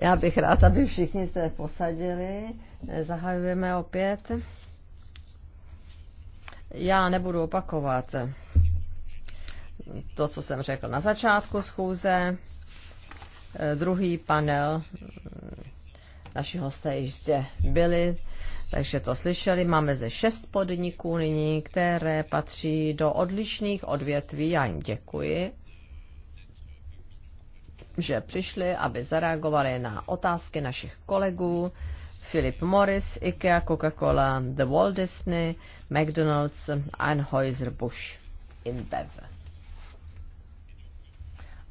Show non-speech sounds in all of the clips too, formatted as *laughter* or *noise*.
Já bych rád, aby všichni se posadili. Zahajujeme opět. Já nebudu opakovat to, co jsem řekl na začátku schůze. Druhý panel mm, naši hosté již byli, takže to slyšeli. Máme zde šest podniků nyní, které patří do odlišných odvětví. Já jim děkuji že přišli, aby zareagovali na otázky našich kolegů. Philip Morris, IKEA, Coca-Cola, The Walt Disney, McDonald's, Anheuser-Busch, InBev.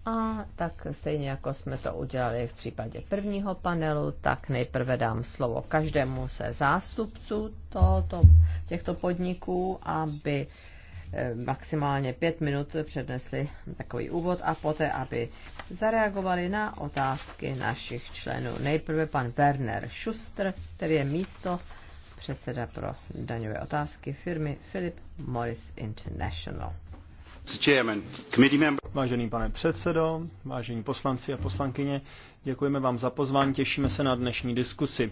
A tak stejně jako jsme to udělali v případě prvního panelu, tak nejprve dám slovo každému se zástupců tohoto, těchto podniků, aby Eh, maximálně pět minut přednesli takový úvod a poté, aby zareagovali na otázky našich členů. Nejprve pan Werner Schuster, který je místo předseda pro daňové otázky firmy Philip Morris International. Vážený pane předsedo, vážení poslanci a poslankyně, děkujeme vám za pozvání, těšíme se na dnešní diskusi.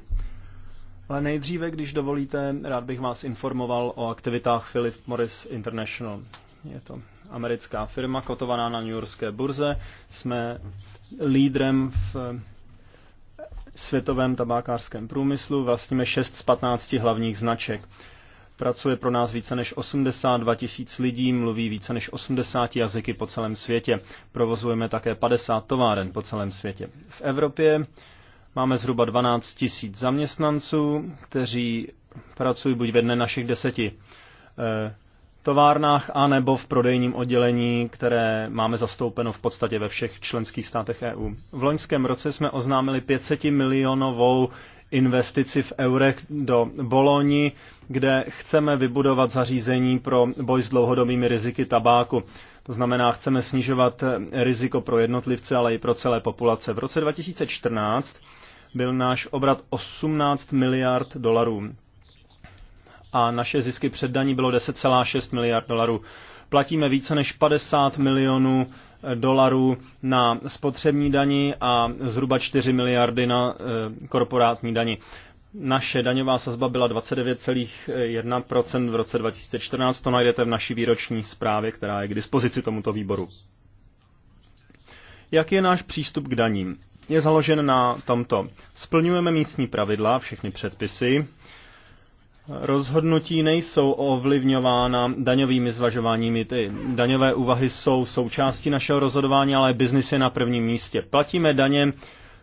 Ale nejdříve, když dovolíte, rád bych vás informoval o aktivitách Philip Morris International. Je to americká firma kotovaná na New Yorkské burze. Jsme lídrem v světovém tabákářském průmyslu, vlastníme 6 z 15 hlavních značek. Pracuje pro nás více než 82 tisíc lidí, mluví více než 80 jazyky po celém světě. Provozujeme také 50 továren po celém světě. V Evropě Máme zhruba 12 tisíc zaměstnanců, kteří pracují buď ve dne našich deseti eh, továrnách, anebo v prodejním oddělení, které máme zastoupeno v podstatě ve všech členských státech EU. V loňském roce jsme oznámili 500 milionovou investici v eurech do Boloni, kde chceme vybudovat zařízení pro boj s dlouhodobými riziky tabáku. To znamená, chceme snižovat riziko pro jednotlivce, ale i pro celé populace. V roce 2014 byl náš obrat 18 miliard dolarů a naše zisky před daní bylo 10,6 miliard dolarů. Platíme více než 50 milionů dolarů na spotřební dani a zhruba 4 miliardy na eh, korporátní dani. Naše daňová sazba byla 29,1% v roce 2014, to najdete v naší výroční zprávě, která je k dispozici tomuto výboru. Jak je náš přístup k daním? je založen na tomto. Splňujeme místní pravidla, všechny předpisy. Rozhodnutí nejsou ovlivňována daňovými zvažováními. Ty daňové úvahy jsou součástí našeho rozhodování, ale biznis je na prvním místě. Platíme daně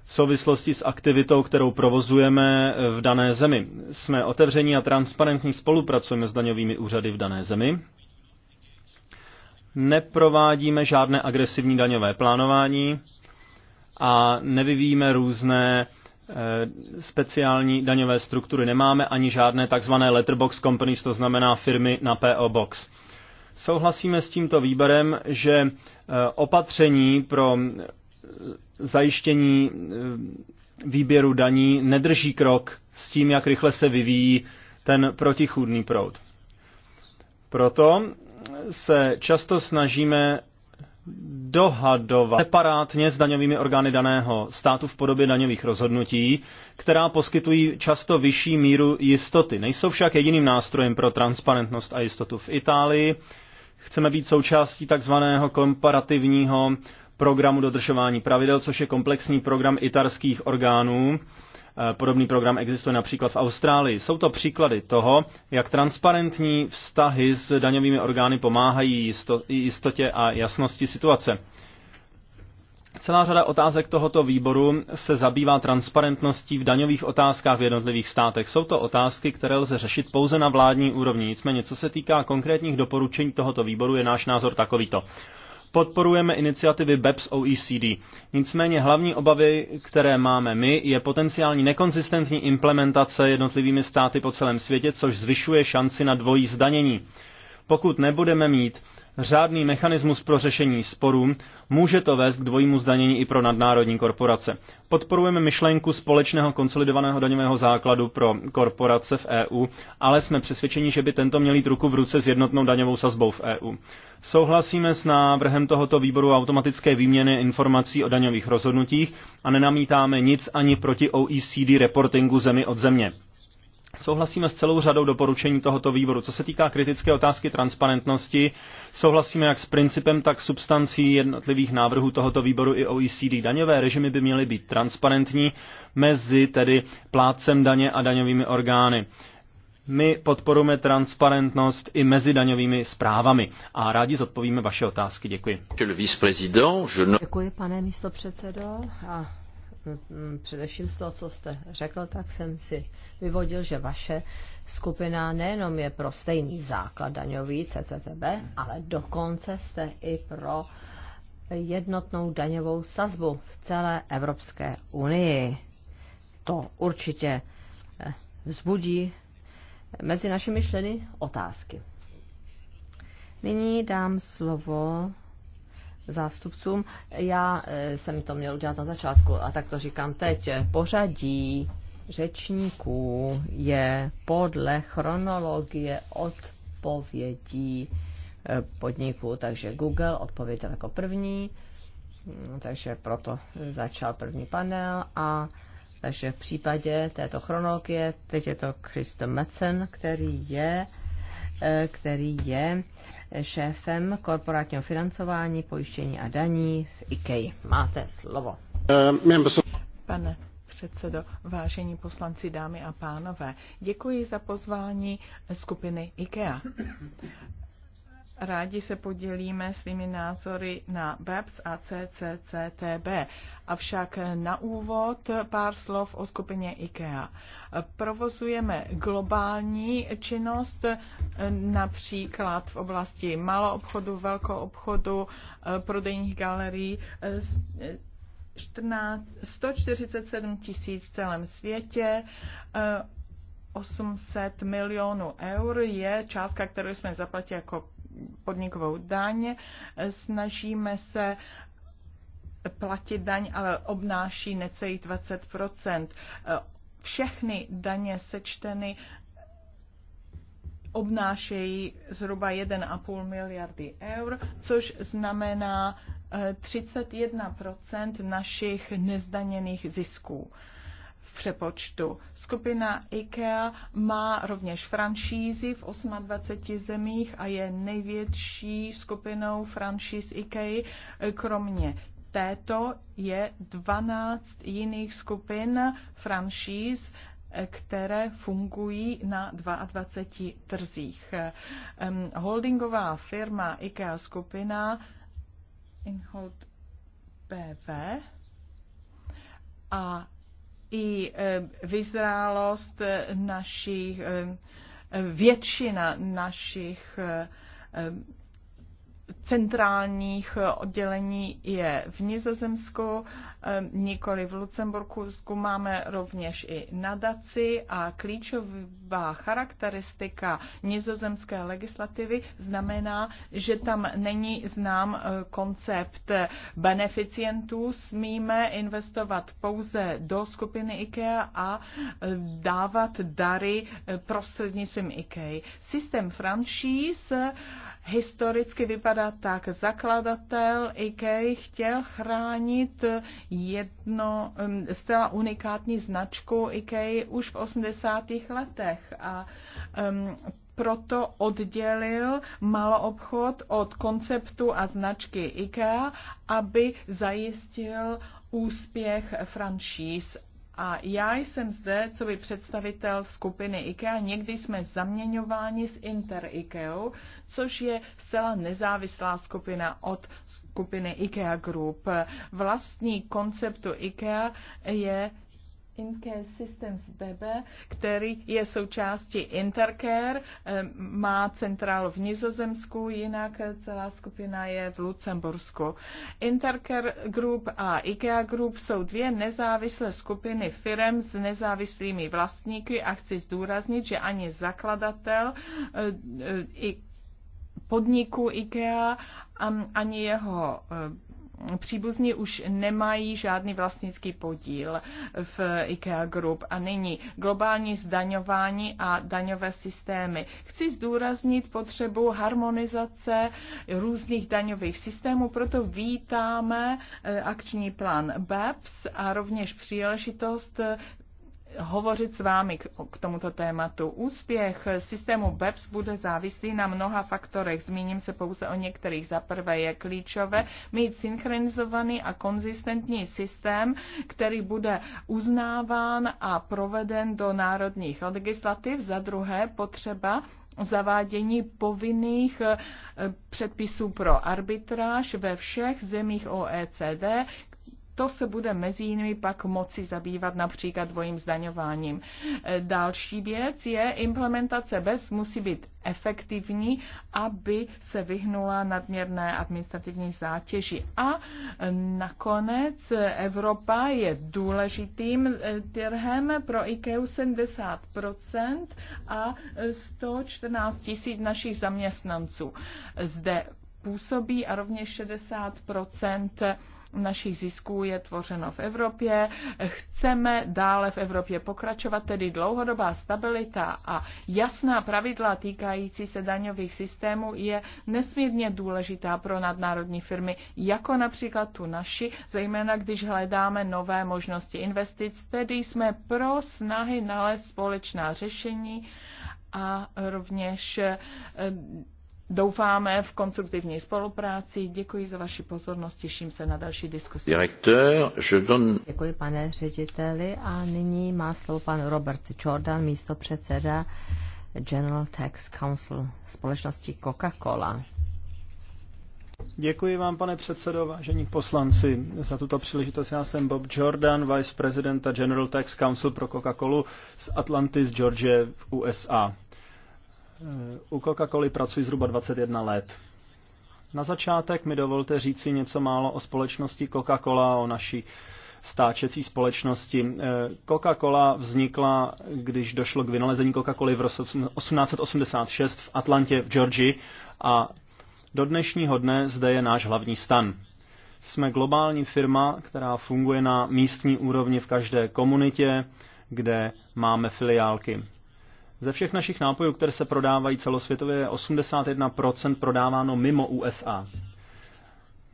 v souvislosti s aktivitou, kterou provozujeme v dané zemi. Jsme otevření a transparentní, spolupracujeme s daňovými úřady v dané zemi. Neprovádíme žádné agresivní daňové plánování a nevyvíjíme různé eh, speciální daňové struktury. Nemáme ani žádné takzvané letterbox companies, to znamená firmy na PO Box. Souhlasíme s tímto výběrem, že eh, opatření pro eh, zajištění výběru daní nedrží krok s tím, jak rychle se vyvíjí ten protichůdný proud. Proto se často snažíme dohadovat separátně s daňovými orgány daného státu v podobě daňových rozhodnutí, která poskytují často vyšší míru jistoty. Nejsou však jediným nástrojem pro transparentnost a jistotu v Itálii. Chceme být součástí takzvaného komparativního programu dodržování pravidel, což je komplexní program italských orgánů, Eh, podobný program existuje například v Austrálii. Jsou to příklady toho, jak transparentní vztahy s daňovými orgány pomáhají jistotě a jasnosti situace. Celá řada otázek tohoto výboru se zabývá transparentností v daňových otázkách v jednotlivých státech. Jsou to otázky, které lze řešit pouze na vládní úrovni. Nicméně, co se týká konkrétních doporučení tohoto výboru, je náš názor takovýto. Podporujeme iniciativy BEPS OECD. Nicméně hlavní obavy, které máme my, je potenciální nekonzistentní implementace jednotlivými státy po celém světě, což zvyšuje šanci na dvojí zdanění. Pokud nebudeme mít řádný mechanismus pro řešení sporů, může to vést k dvojímu zdanění i pro nadnárodní korporace. Podporujeme myšlenku společného konsolidovaného daňového základu pro korporace v EU, ale jsme přesvědčeni, že by tento měl jít ruku v ruce s jednotnou daňovou sazbou v EU. Souhlasíme s návrhem tohoto výboru automatické výměny informací o daňových rozhodnutích a nenamítáme nic ani proti OECD reportingu zemi od země. Souhlasíme s celou řadou doporučení tohoto výboru. Co se týká kritické otázky transparentnosti, souhlasíme jak s principem, tak substancí jednotlivých návrhů tohoto výboru i OECD. Daňové režimy by měly být transparentní mezi tedy plátcem daně a daňovými orgány. My podporujeme transparentnost i mezi daňovými zprávami a rádi zodpovíme vaše otázky. Děkuji. Děkuji, pane předsedo. A Mm, především z toho, co jste řekl, tak jsem si vyvodil, že vaše skupina nejenom je pro stejný základ daňový CCTB, ale dokonce jste i pro jednotnou daňovou sazbu v celé Evropské unii. To určitě eh, vzbudí mezi našimi členy otázky. Nyní dám slovo zástupcům. Já e, jsem to měl udělat na začátku a tak to říkám teď. Pořadí řečníků je podle chronologie odpovědí e, podniku, takže Google odpověděl jako první, mm, takže proto začal první panel a takže v případě této chronologie, teď je to Christo Metzen, který je, e, který je šéfem korporátního financování, pojištění a daní v IKEA. Máte slovo. Pane předsedo, vážení poslanci, dámy a pánové, děkuji za pozvání skupiny IKEA. Rádi se podělíme svými názory na BEPS a CCCTB. Avšak na úvod pár slov o skupině IKEA. Provozujeme globální činnost, například v oblasti maloobchodu, velkoobchodu, prodejních galerií, 147 tisíc v celém světě, 800 milionů eur je částka, kterou jsme zaplatili jako podnikovou daň. Snažíme se platit daň, ale obnáší necelý 20 Všechny daně sečteny obnášejí zhruba 1,5 miliardy eur, což znamená 31 eh, našich nezdaněných zisků přepočtu. Skupina IKEA má rovněž franšízy v 28 zemích a je největší skupinou franšíz IKEA. Kromě této je 12 jiných skupin franšíz, které fungují na 22 trzích. Holdingová firma IKEA skupina Inhold BV a i e, vyzrálost našich, e, e, většina našich centrálních oddělení je v Nizozemsku, eh, nikoli v Lucemburku. Máme rovněž i nadaci a klíčová charakteristika nizozemské legislativy znamená, že tam není znám eh, koncept beneficientů. Smíme investovat pouze do skupiny IKEA a eh, dávat dary prostřednictvím IKEA. Systém franšíz historicky vypadá tak. Zakladatel IKEA chtěl chránit jedno zcela unikátní značku IKEA už v 80. letech a um, proto oddělil maloobchod od konceptu a značky IKEA, aby zajistil úspěch franšíz a já jsem zde, co by představitel skupiny IKEA, někdy jsme zaměňováni s Inter IKEA, což je zcela nezávislá skupina od skupiny IKEA Group. Vlastní konceptu IKEA je Incare Systems BB, který je součástí Intercare, eh, má centrálu v Nizozemsku, jinak celá skupina je v Lucembursku. Intercare Group a IKEA Group jsou dvě nezávislé skupiny firm s nezávislými vlastníky a chci zdůraznit, že ani zakladatel eh, eh, podniku IKEA ani jeho příbuzní už nemají žádný vlastnický podíl v IKEA Group. A nyní globální zdaňování a daňové systémy. Chci zdůraznit potřebu harmonizace různých daňových systémů, proto vítáme eh, akční plán BEPS a rovněž příležitost hovořit s vámi k, k tomuto tématu. Úspěch systému BEPS bude závislý na mnoha faktorech. Zmíním se pouze o některých. Za prvé je klíčové mít synchronizovaný a konzistentní systém, který bude uznáván a proveden do národních legislativ. Za druhé potřeba zavádění povinných eh, předpisů pro arbitráž ve všech zemích OECD, to se bude mezi jinými pak moci zabývat například dvojím zdaňováním. E, další věc je, implementace BES musí být efektivní, aby se vyhnula nadměrné administrativní zátěži. A e, nakonec Evropa je důležitým e, trhem pro IKEA 70% a 114 tisíc našich zaměstnanců. Zde působí a rovněž 60 našich zisků je tvořeno v Evropě. Chceme dále v Evropě pokračovat, tedy dlouhodobá stabilita a jasná pravidla týkající se daňových systémů je nesmírně důležitá pro nadnárodní firmy, jako například tu naši, zejména když hledáme nové možnosti investic, tedy jsme pro snahy nalézt společná řešení a rovněž eh, doufáme v konstruktivní spolupráci. Děkuji za vaši pozornost, těším se na další diskusi. Direktor, je don... Děkuji pane řediteli a nyní má slovo pan Robert Jordan, místo předseda General Tax Council společnosti Coca-Cola. Děkuji vám, pane předsedo, vážení poslanci, za tuto příležitost. Já jsem Bob Jordan, vice prezidenta General Tax Council pro Coca-Colu z Atlantis, Georgia v USA. U Coca-Coly pracuji zhruba 21 let. Na začátek mi dovolte říci něco málo o společnosti Coca-Cola, o naší stáčecí společnosti. Coca-Cola vznikla, když došlo k vynalezení Coca-Coly v roce 1886 v Atlantě v Georgii a do dnešního dne zde je náš hlavní stan. Jsme globální firma, která funguje na místní úrovni v každé komunitě, kde máme filiálky. Ze všech našich nápojů, které se prodávají celosvětově, je 81% prodáváno mimo USA.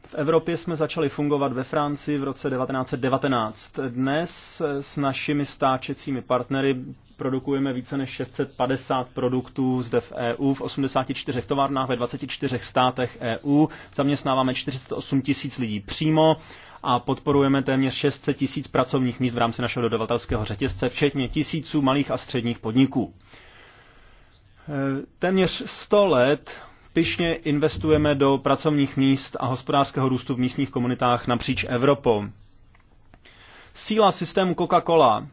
V Evropě jsme začali fungovat ve Francii v roce 1919. Dnes s našimi stáčecími partnery produkujeme více než 650 produktů zde v EU, v 84 továrnách ve 24 státech EU. Zaměstnáváme 48 tisíc lidí přímo a podporujeme téměř 600 tisíc pracovních míst v rámci našeho dodavatelského řetězce, včetně tisíců malých a středních podniků. E, téměř 100 let pyšně investujeme do pracovních míst a hospodářského růstu v místních komunitách napříč Evropou. Síla systému Coca-Cola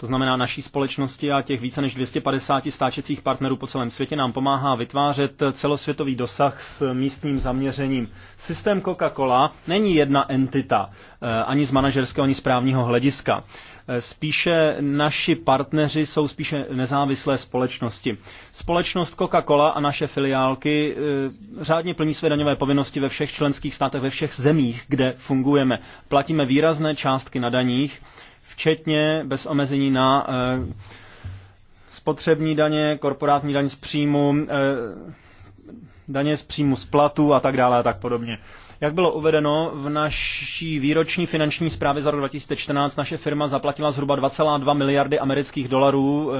to znamená naší společnosti a těch více než 250 stáčecích partnerů po celém světě, nám pomáhá vytvářet celosvětový dosah s místním zaměřením. Systém Coca-Cola není jedna entita, eh, ani z manažerského, ani z právního hlediska. Eh, spíše naši partneři jsou spíše nezávislé společnosti. Společnost Coca-Cola a naše filiálky eh, řádně plní své daňové povinnosti ve všech členských státech, ve všech zemích, kde fungujeme. Platíme výrazné částky na daních, včetně bez omezení na eh, spotřební daně, korporátní daň z příjmu, eh, daně z příjmu z platu a tak dále a tak podobně. Jak bylo uvedeno v naší výroční finanční zprávě za rok 2014, naše firma zaplatila zhruba 2,2 miliardy amerických dolarů eh,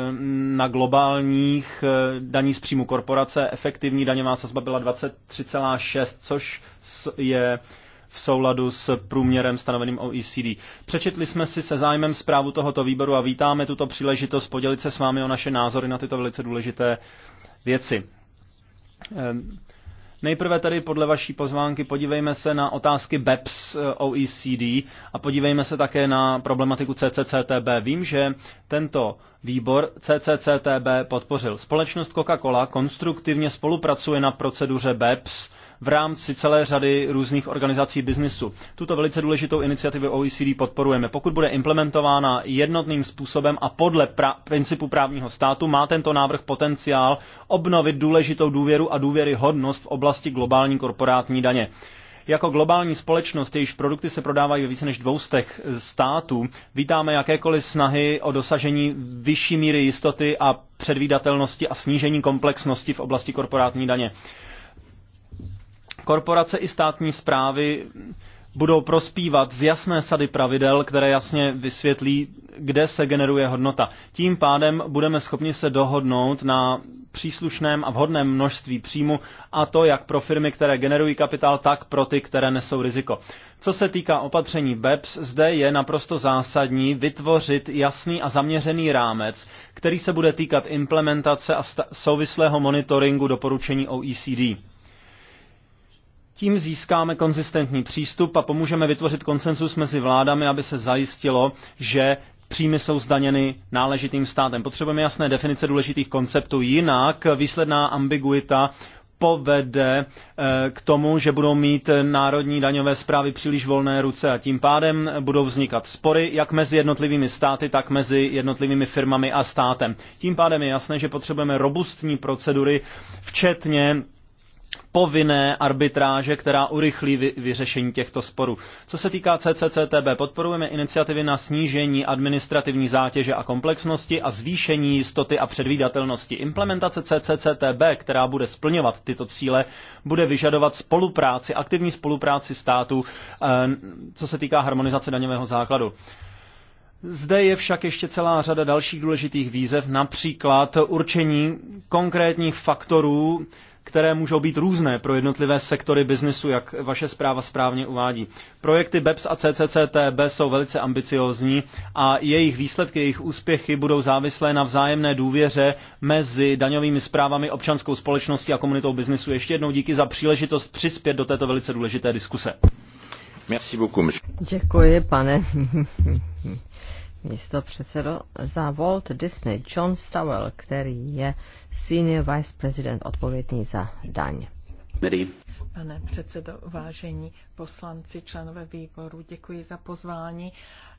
na globálních daní z příjmu korporace. Efektivní daňová sazba byla 23,6, což je v souladu s průměrem stanoveným OECD. Přečetli jsme si se zájmem zprávu tohoto výboru a vítáme tuto příležitost podělit se s vámi o naše názory na tyto velice důležité věci. Ehm, nejprve tady podle vaší pozvánky podívejme se na otázky BEPS eh, OECD a podívejme se také na problematiku CCCTB. Vím, že tento výbor CCCTB podpořil. Společnost Coca-Cola konstruktivně spolupracuje na proceduře BEPS v rámci celé řady různých organizací biznisu. Tuto velice důležitou iniciativu OECD podporujeme. Pokud bude implementována jednotným způsobem a podle pra- principu právního státu, má tento návrh potenciál obnovit důležitou důvěru a důvěryhodnost v oblasti globální korporátní daně. Jako globální společnost, jejíž produkty se prodávají ve více než 200 států, vítáme jakékoliv snahy o dosažení vyšší míry jistoty a předvídatelnosti a snížení komplexnosti v oblasti korporátní daně. Korporace i státní zprávy budou prospívat z jasné sady pravidel, které jasně vysvětlí, kde se generuje hodnota. Tím pádem budeme schopni se dohodnout na příslušném a vhodném množství příjmu a to jak pro firmy, které generují kapitál, tak pro ty, které nesou riziko. Co se týká opatření BEPS, zde je naprosto zásadní vytvořit jasný a zaměřený rámec, který se bude týkat implementace a souvislého monitoringu doporučení OECD. Tím získáme konzistentní přístup a pomůžeme vytvořit konsensus mezi vládami, aby se zajistilo, že příjmy jsou zdaněny náležitým státem. Potřebujeme jasné definice důležitých konceptů, jinak výsledná ambiguita povede eh, k tomu, že budou mít národní daňové zprávy příliš volné ruce a tím pádem budou vznikat spory jak mezi jednotlivými státy, tak mezi jednotlivými firmami a státem. Tím pádem je jasné, že potřebujeme robustní procedury, včetně povinné arbitráže, která urychlí vy, vyřešení těchto sporů. Co se týká CCCTB, podporujeme iniciativy na snížení administrativní zátěže a komplexnosti a zvýšení jistoty a předvídatelnosti. Implementace CCCTB, která bude splňovat tyto cíle, bude vyžadovat spolupráci, aktivní spolupráci států, eh, co se týká harmonizace daňového základu. Zde je však ještě celá řada dalších důležitých výzev, například určení konkrétních faktorů, které můžou být různé pro jednotlivé sektory biznesu, jak vaše zpráva správně uvádí. Projekty BEPS a CCCTB jsou velice ambiciózní a jejich výsledky, jejich úspěchy budou závislé na vzájemné důvěře mezi daňovými zprávami, občanskou společností a komunitou biznesu. Ještě jednou díky za příležitost přispět do této velice důležité diskuse. Děkuji, pane *laughs* místo předsedo za Walt Disney John Stowell, který je senior vice president odpovědný za daň. Pane předsedo, vážení poslanci, členové výboru, děkuji za pozvání.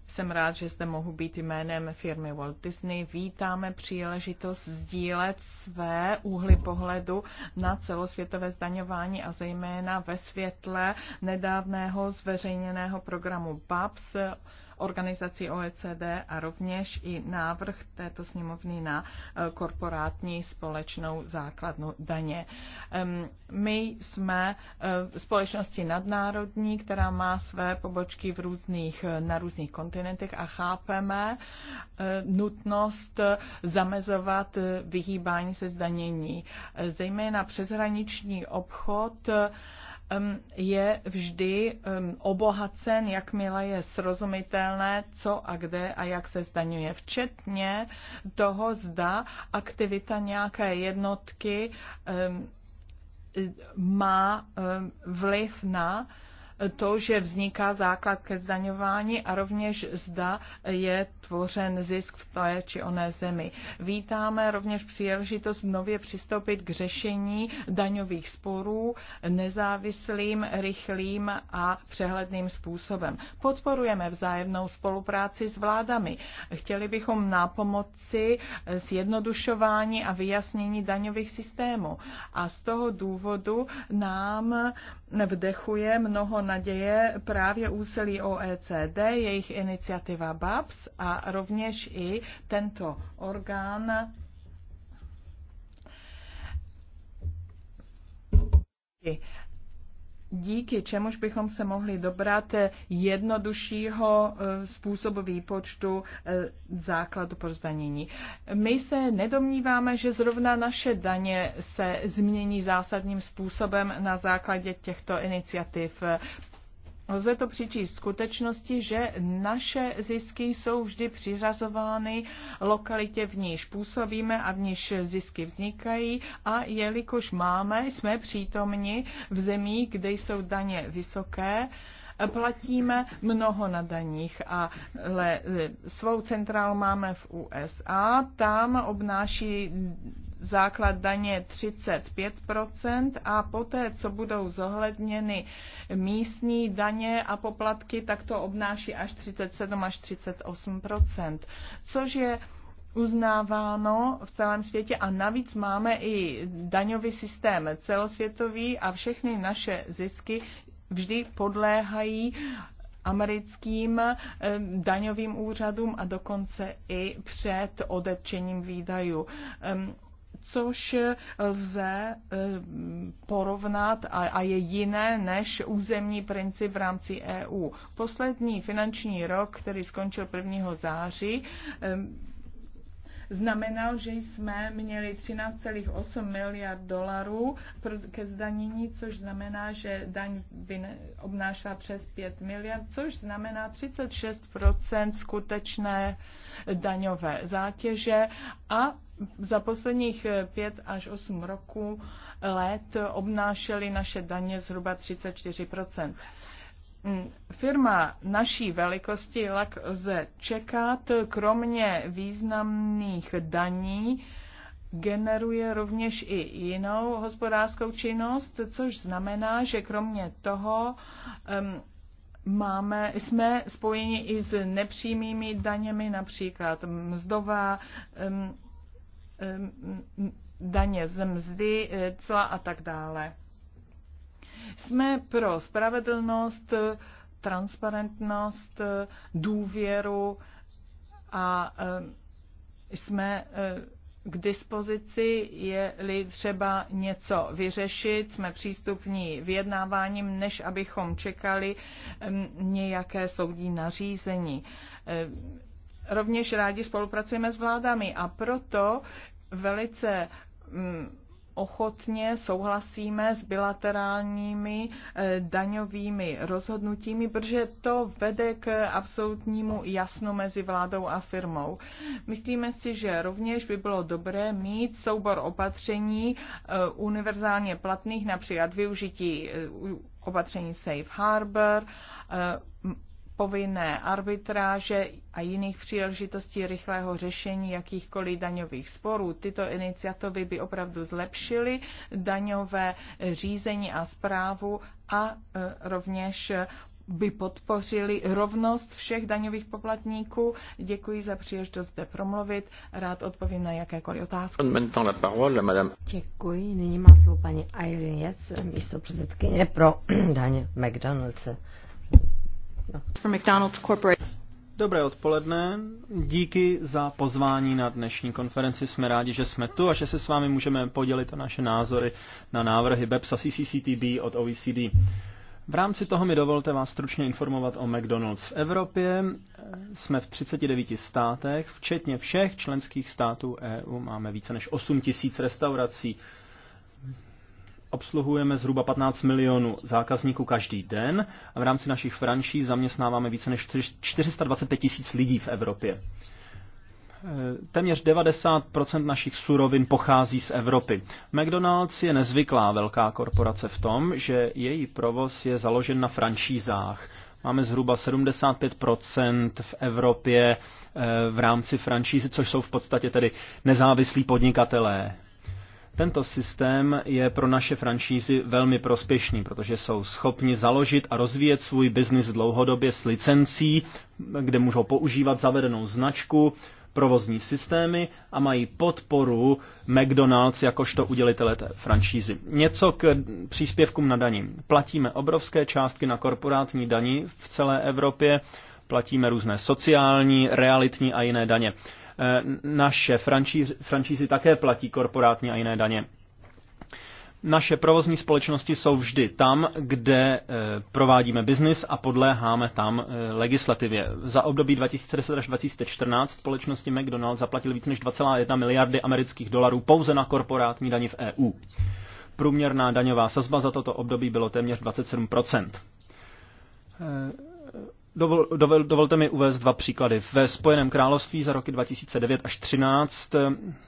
Jsem rád, že zde mohu být jménem firmy Walt Disney. Vítáme příležitost sdílet své úhly pohledu na celosvětové zdaňování a zejména ve světle nedávného zveřejněného programu BAPS organizací OECD a rovněž i návrh této sněmovny na eh, korporátní společnou základnu daně. My jsme v eh, společnosti nadnárodní, která má své pobočky v různých, eh, na různých kontinentech a chápeme nutnost zamezovat vyhýbání se zdanění. Zejména přeshraniční obchod je vždy obohacen, jakmile je srozumitelné, co a kde a jak se zdaňuje, včetně toho, zda aktivita nějaké jednotky má vliv na to, že vzniká základ ke zdaňování a rovněž zda je tvořen zisk v té či oné zemi. Vítáme rovněž příležitost nově přistoupit k řešení daňových sporů nezávislým, rychlým a přehledným způsobem. Podporujeme vzájemnou spolupráci s vládami. Chtěli bychom na pomoci zjednodušování a vyjasnění daňových systémů. A z toho důvodu nám vdechuje mnoho naděje právě úsilí OECD, jejich iniciativa BAPS a rovněž i tento orgán díky čemuž bychom se mohli dobrat jednoduššího e, způsobu výpočtu e, základu pro zdanění. My se nedomníváme, že zrovna naše daně se změní zásadním způsobem na základě těchto iniciativ Lze to přičíst skutečnosti, že naše zisky jsou vždy přiřazovány lokalitě, v níž působíme a v níž zisky vznikají a jelikož máme, jsme přítomni v zemí, kde jsou daně vysoké, platíme mnoho na daních, ale e, svou centrál máme v USA, tam obnáší základ daně 35% a poté, co budou zohledněny místní daně a poplatky, tak to obnáší až 37 až 38%, což je uznáváno v celém světě a navíc máme i daňový systém celosvětový a všechny naše zisky vždy podléhají americkým daňovým úřadům a dokonce i před odepčením výdajů což lze eh, porovnat a je jiné než územní princip v rámci EU. Poslední finanční rok, který skončil 1. září, eh, znamenal, že jsme měli 13,8 miliard dolarů ke zdanění, což znamená, že daň obnášela přes 5 miliard, což znamená 36 skutečné daňové zátěže a za posledních pět až osm roků let obnášely naše daně zhruba 34 Firma naší velikosti lze čekat, kromě významných daní, generuje rovněž i jinou hospodářskou činnost, což znamená, že kromě toho um, máme, jsme spojeni i s nepřímými daněmi, například mzdová, um, um, daně z mzdy, e, cla a tak dále. Jsme pro spravedlnost, transparentnost, důvěru a eh, jsme eh, k dispozici, je-li třeba něco vyřešit, jsme přístupní vyjednáváním, než abychom čekali mm, nějaké soudní nařízení. Eh, rovněž rádi spolupracujeme s vládami a proto velice mm, ochotně souhlasíme s bilaterálními eh, daňovými rozhodnutími, protože to vede k absolutnímu jasno mezi vládou a firmou. Myslíme si, že rovněž by bylo dobré mít soubor opatření eh, univerzálně platných, například využití eh, opatření Safe Harbor, povinné arbitráže a jiných příležitostí rychlého řešení jakýchkoliv daňových sporů. Tyto iniciativy by opravdu zlepšily daňové řízení a zprávu a e, rovněž by podpořili rovnost všech daňových poplatníků. Děkuji za příležitost zde promluvit. Rád odpovím na jakékoliv otázky. Děkuji. Nyní má slovo paní Irene Jec, místo předsedkyně pro *clears throat* daně McDonald's. Dobré odpoledne. Díky za pozvání na dnešní konferenci. Jsme rádi, že jsme tu a že se s vámi můžeme podělit o naše názory na návrhy BEPS a CCCTB od OECD. V rámci toho mi dovolte vás stručně informovat o McDonald's. V Evropě eh, jsme v 39 státech, včetně všech členských států EU. Máme více než 8 tisíc restaurací obsluhujeme zhruba 15 milionů zákazníků každý den a v rámci našich franší zaměstnáváme více než 425 tisíc lidí v Evropě. Eh, téměř 90% našich surovin pochází z Evropy. McDonald's je nezvyklá velká korporace v tom, že její provoz je založen na franšízách. Máme zhruba 75% v Evropě eh, v rámci franšízy, což jsou v podstatě tedy nezávislí podnikatelé. Tento systém je pro naše franšízy velmi prospěšný, protože jsou schopni založit a rozvíjet svůj biznis dlouhodobě s licencí, kde můžou používat zavedenou značku, provozní systémy a mají podporu McDonald's jakožto udělitele té franšízy. Něco k příspěvkům na daní. Platíme obrovské částky na korporátní daní v celé Evropě, platíme různé sociální, realitní a jiné daně. Eh, naše franšízy, také platí korporátní a jiné daně. Naše provozní společnosti jsou vždy tam, kde eh, provádíme biznis a podléháme tam eh, legislativě. Za období 2010 až 2014 společnosti McDonald's zaplatili víc než 2,1 miliardy amerických dolarů pouze na korporátní daní v EU. Průměrná daňová sazba za toto období bylo téměř 27 Dovol, dovol, dovolte mi uvést dva příklady. Ve Spojeném království za roky 2009 až 2013 eh,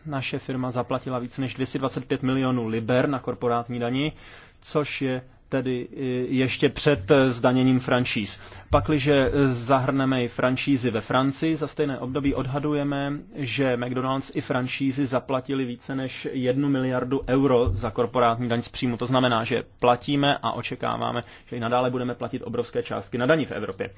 naše firma zaplatila více než 225 milionů liber na korporátní dani, což je tedy eh, ještě před eh, zdaněním franšíz. Pakliže eh, zahrneme i franšízy ve Francii, za stejné období odhadujeme, že McDonald's i franšízy zaplatili více než jednu miliardu euro za korporátní daň z příjmu. To znamená, že platíme a očekáváme, že i nadále budeme platit obrovské částky na daní v Evropě.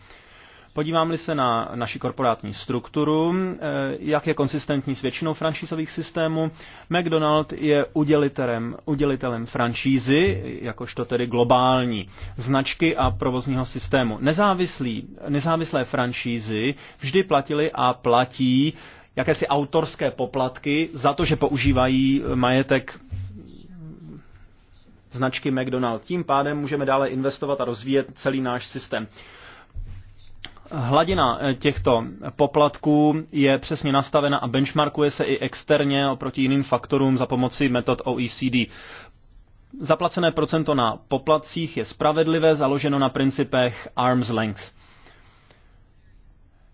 Podíváme-li se na naši korporátní strukturu, eh, jak je konsistentní s většinou franšízových systémů, McDonald je udělitelem, udělitelem franšízy, jakožto tedy globální značky a provozního systému. Nezávislí, nezávislé franšízy vždy platili a platí jakési autorské poplatky za to, že používají majetek značky McDonald. Tím pádem můžeme dále investovat a rozvíjet celý náš systém. Hladina eh, těchto poplatků je přesně nastavena a benchmarkuje se i externě oproti jiným faktorům za pomoci metod OECD. Zaplacené procento na poplatcích je spravedlivé, založeno na principech arm's length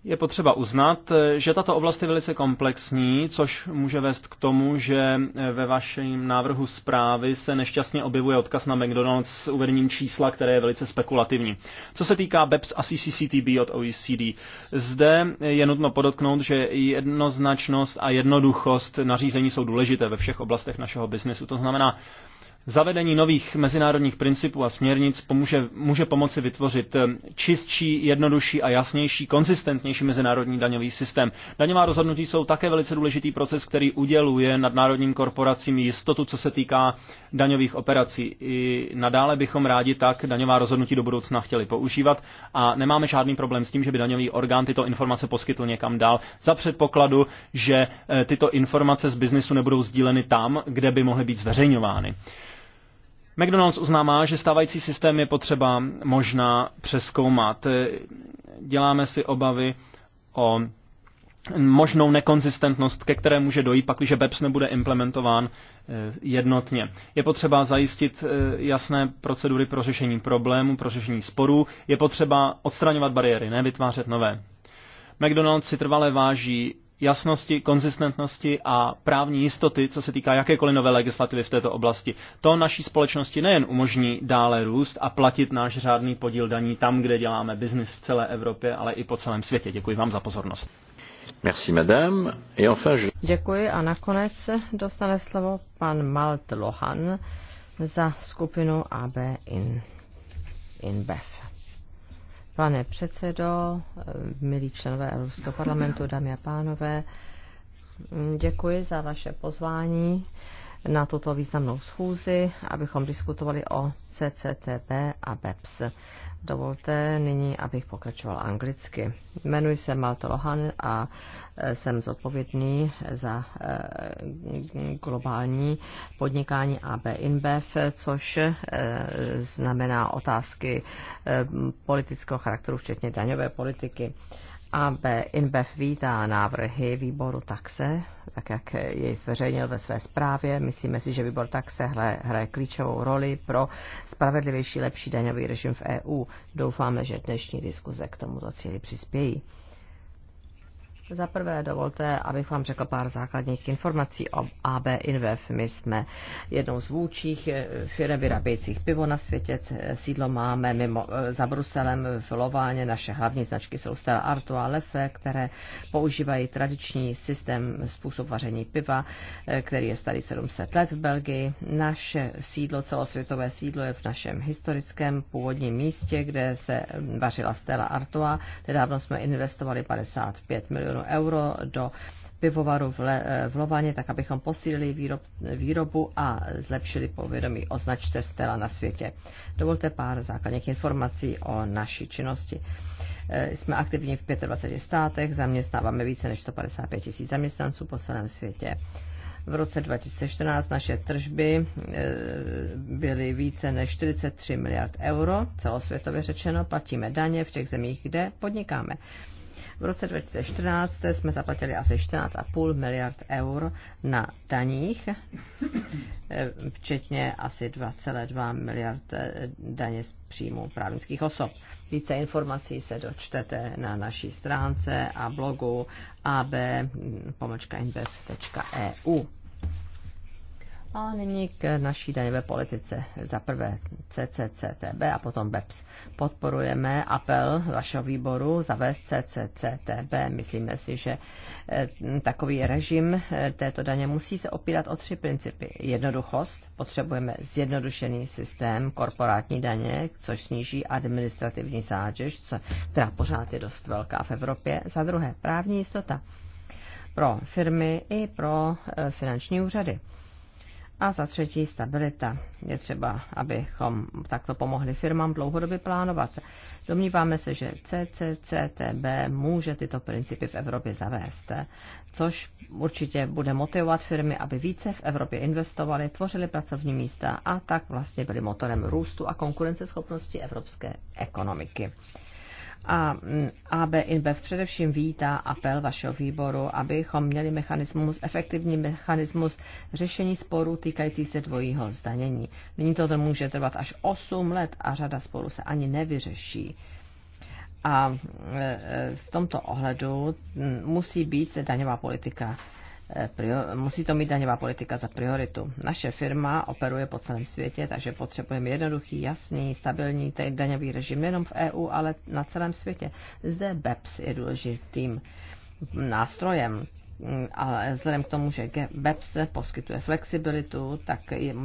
je potřeba uznat, že tato oblast je velice komplexní, což může vést k tomu, že ve vašem návrhu zprávy se nešťastně objevuje odkaz na McDonald's s uvedením čísla, které je velice spekulativní. Co se týká BEPS a CCCTB od OECD, zde je nutno podotknout, že jednoznačnost a jednoduchost nařízení jsou důležité ve všech oblastech našeho biznesu. To znamená, Zavedení nových mezinárodních principů a směrnic pomůže, může pomoci vytvořit eh, čistší, jednodušší a jasnější, konzistentnější mezinárodní daňový systém. Daňová rozhodnutí jsou také velice důležitý proces, který uděluje nadnárodním korporacím jistotu, co se týká daňových operací. I nadále bychom rádi tak daňová rozhodnutí do budoucna chtěli používat a nemáme žádný problém s tím, že by daňový orgán tyto informace poskytl někam dál, za předpokladu, že eh, tyto informace z biznesu nebudou sdíleny tam, kde by mohly být zveřejňovány. McDonald's uznává, že stávající systém je potřeba možná přeskoumat. Děláme si obavy o možnou nekonzistentnost, ke které může dojít, pakliže BEPS nebude implementován eh, jednotně. Je potřeba zajistit eh, jasné procedury pro řešení problémů, pro řešení sporů, je potřeba odstraňovat bariéry, ne vytvářet nové. McDonald's si trvale váží jasnosti, konzistentnosti a právní jistoty, co se týká jakékoliv nové legislativy v této oblasti. To naší společnosti nejen umožní dále růst a platit náš řádný podíl daní tam, kde děláme biznis v celé Evropě, ale i po celém světě. Děkuji vám za pozornost. Merci, madame. Et enfin, je... Děkuji a nakonec dostane slovo pan Malt Lohan za skupinu AB in, Beth. Pane předsedo, milí členové Evropského parlamentu, dámy a pánové, děkuji za vaše pozvání na tuto významnou schůzi, abychom diskutovali o CCTB a BEPS. Dovolte nyní, abych pokračoval anglicky. Jmenuji se Malto Lohan a e, jsem zodpovědný za e, globální podnikání AB InBev, což e, znamená otázky politického charakteru, včetně daňové politiky. AB InBev vítá návrhy výboru taxe, tak jak jej zveřejnil ve své zprávě. Myslíme si, že výbor taxe hraje klíčovou roli pro spravedlivější, lepší daňový režim v EU. Doufáme, že dnešní diskuze k tomuto cíli přispějí. Za prvé dovolte, abych vám řekl pár základních informací o AB InVev. My jsme jednou z vůčích firm vyrábějících pivo na světě. Sídlo máme mimo, eh, za Bruselem v Lováně. Naše hlavní značky jsou Stella Artois a Lefe, které používají tradiční systém způsob vaření piva, eh, který je starý 700 let v Belgii. Naše sídlo, celosvětové sídlo je v našem historickém původním místě, kde se vařila Stella Artois. Nedávno jsme investovali 55 milionů milionu euro do pivovaru v, Le, eh, v Lovaně, tak abychom posílili výrob, výrobu a zlepšili povědomí o značce Stella na světě. Dovolte pár základních informací o naší činnosti. Eh, jsme aktivní v 25 státech, zaměstnáváme více než 155 tisíc zaměstnanců po celém světě. V roce 2014 naše tržby eh, byly více než 43 miliard euro, celosvětově řečeno, platíme daně v těch zemích, kde podnikáme. V roce 2014 jsme zaplatili asi 14,5 miliard eur na daních, eh, včetně asi 2,2 miliard eh, daně z příjmu právnických osob. Více informací se dočtete na naší stránce a blogu ab.invest.eu. A nyní k naší daňové politice. Za prvé CCCTB a potom BEPS. Podporujeme apel vašeho výboru zavést CCCTB. Myslíme si, že eh, takový režim eh, této daně musí se opírat o tři principy. Jednoduchost. Potřebujeme zjednodušený systém korporátní daně, což sníží administrativní zátěž, která pořád je dost velká v Evropě. Za druhé právní jistota pro firmy i pro eh, finanční úřady a za třetí stabilita. Je třeba, abychom takto pomohli firmám dlouhodobě plánovat. Domníváme se, že CCCTB může tyto principy v Evropě zavést, což určitě bude motivovat firmy, aby více v Evropě investovaly, tvořily pracovní místa a tak vlastně byly motorem růstu a konkurenceschopnosti evropské ekonomiky. A mm, AB InBev především vítá apel vašeho výboru, abychom měli mechanismus, efektivní mechanismus řešení sporů týkající se dvojího zdanění. Nyní to může trvat až 8 let a řada sporů se ani nevyřeší. A e, e, v tomto ohledu mm, musí být daňová politika Eh, musí to mít daňová politika za prioritu. Naše firma operuje po celém světě, takže potřebujeme jednoduchý, jasný, stabilní daňový režim nejenom v EU, ale na celém světě. Zde BEPS je důležitým nástrojem, mm, ale vzhledem k tomu, že BEPS poskytuje flexibilitu, tak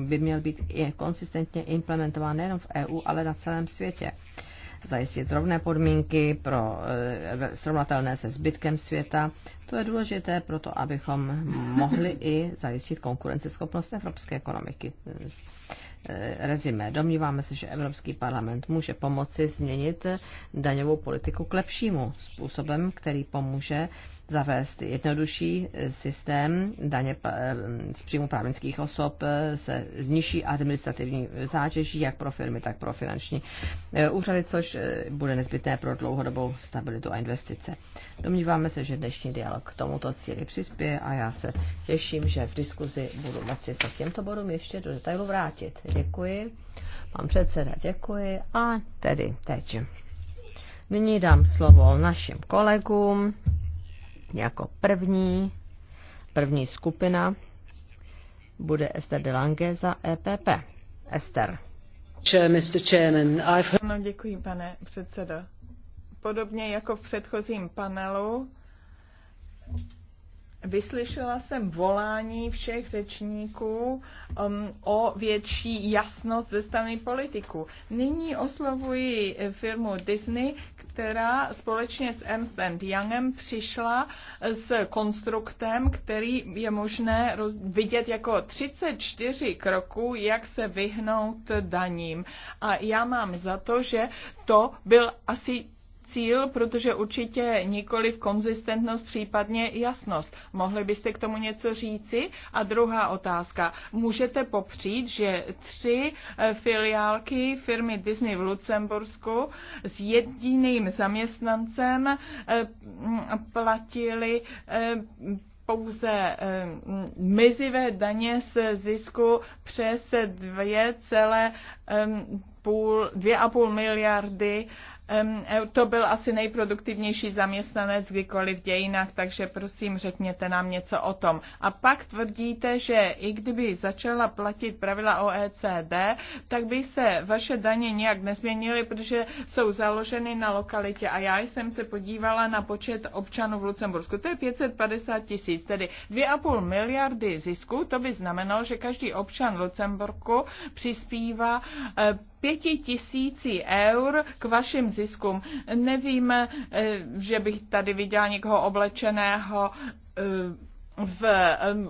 by měl být i konsistentně implementován nejenom v EU, ale na celém světě zajistit rovné podmínky pro eh, srovnatelné se zbytkem světa. To je důležité proto, abychom mohli i zajistit konkurenceschopnost evropské ekonomiky. Eh, Rezime. Domníváme se, že Evropský parlament může pomoci změnit daňovou politiku k lepšímu způsobem, který pomůže zavést jednodušší eh, systém daně eh, z příjmu právnických osob eh, se zniší administrativní zátěží jak pro firmy, tak pro finanční úřady, což bude nezbytné pro dlouhodobou stabilitu a investice. Domníváme se, že dnešní dialog k tomuto cíli přispěje a já se těším, že v diskuzi budu moci se k těmto bodům ještě do detailu vrátit. Děkuji. Pan předseda, děkuji. A tedy teď. Nyní dám slovo našim kolegům. Jako první, první skupina bude Esther de Lange za EPP. Esther. No, děkuji, pane předsedo. Podobně jako v předchozím panelu, Vyslyšela jsem volání všech řečníků um, o větší jasnost ze strany politiku. Nyní oslovuji firmu Disney, která společně s Ernst Youngem přišla s konstruktem, který je možné vidět jako 34 kroků, jak se vyhnout daním. A já mám za to, že to byl asi cíl, protože určitě nikoli v konzistentnost, případně jasnost. Mohli byste k tomu něco říci? A druhá otázka. Můžete popřít, že tři eh, filiálky firmy Disney v Lucembursku s jediným zaměstnancem eh, platili eh, pouze mizivé daně z zisku přes 2,5 miliardy E, to byl asi nejproduktivnější zaměstnanec kdykoliv v dějinách, takže prosím řekněte nám něco o tom. A pak tvrdíte, že i kdyby začala platit pravidla OECD, tak by se vaše daně nějak nezměnily, protože jsou založeny na lokalitě. A já jsem se podívala na počet občanů v Lucembursku. To je 550 tisíc, tedy 2,5 miliardy zisku. To by znamenalo, že každý občan Lucemburku přispívá e, pěti tisíci eur k vašim ziskům. Nevím, eh, že bych tady viděla někoho oblečeného eh, v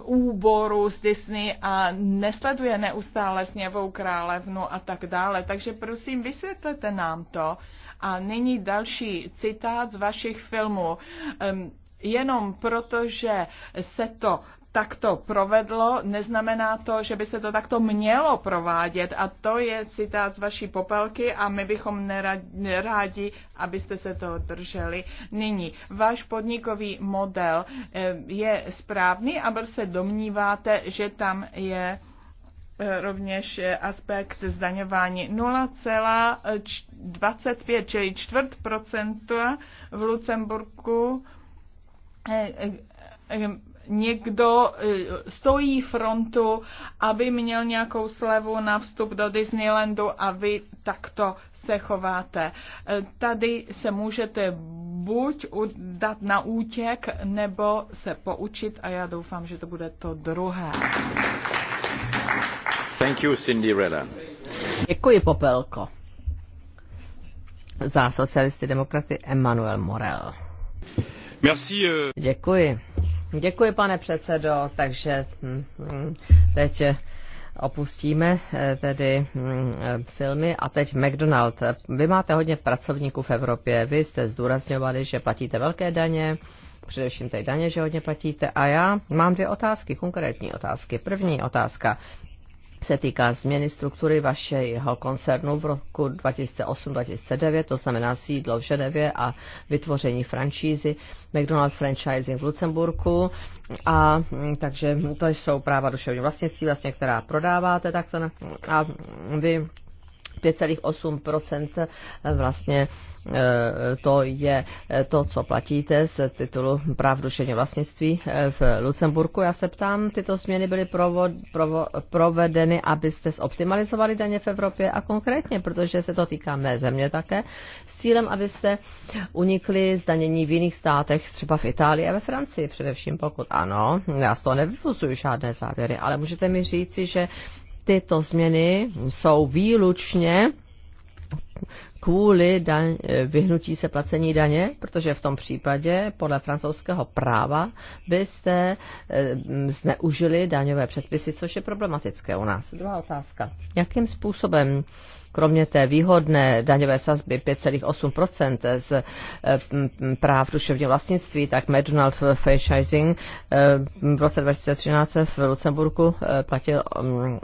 úboru z Disney a nesleduje neustále sněvou králevnu a tak dále. Takže prosím, vysvětlete nám to. A nyní další citát z vašich filmů. Jenom protože se to takto provedlo, neznamená to, že by se to takto mělo provádět. A to je citát z vaší popelky a my bychom rádi, abyste se to drželi. Nyní, váš podnikový model eh, je správný a byl se domníváte, že tam je eh, rovněž eh, aspekt zdaňování 0,25, čili čtvrt procenta v Lucemburku někdo e, stojí frontu, aby měl nějakou slevu na vstup do Disneylandu a vy takto se chováte. E, tady se můžete buď dát na útěk, nebo se poučit a já doufám, že to bude to druhé. Thank you, Cinderella. Děkuji, Popelko. Za socialisty demokraty Emmanuel Morel. Merci. Euh, Děkuji Děkuji, pane předsedo. Takže mm, mm, teď opustíme eh, tedy mm, eh, filmy a teď McDonald. Vy máte hodně pracovníků v Evropě, vy jste zdůrazňovali, že platíte velké daně, především té daně, že hodně platíte. A já mám dvě otázky, konkrétní otázky. První otázka se týká změny struktury vašeho koncernu v roku 2008-2009, to znamená sídlo v Ženevě a vytvoření franšízy McDonald's Franchising v Lucemburku. A mm, takže to jsou práva duševního vlastnictví, vlastně, která prodáváte takto. A vy 5,8% eh, vlastně eh, to je eh, to, co platíte z titulu práv rušení vlastnictví v Lucemburku. Já se ptám, tyto změny byly provo, provo, provedeny, abyste zoptimalizovali daně v Evropě a konkrétně, protože se to týká mé země také, s cílem, abyste unikli zdanění v jiných státech, třeba v Itálii a ve Francii především, pokud ano. Já z toho nevypusuju žádné závěry, ale můžete mi říci, že tyto změny jsou výlučně kvůli daň, eh, vyhnutí se placení daně, protože v tom případě podle francouzského práva byste eh, zneužili daňové předpisy, což je problematické u nás. Druhá otázka. Jakým způsobem kromě té výhodné daňové sazby 5,8% z eh, práv duševního vlastnictví, tak McDonald Franchising v roce 2013 v Lucemburku platil mm,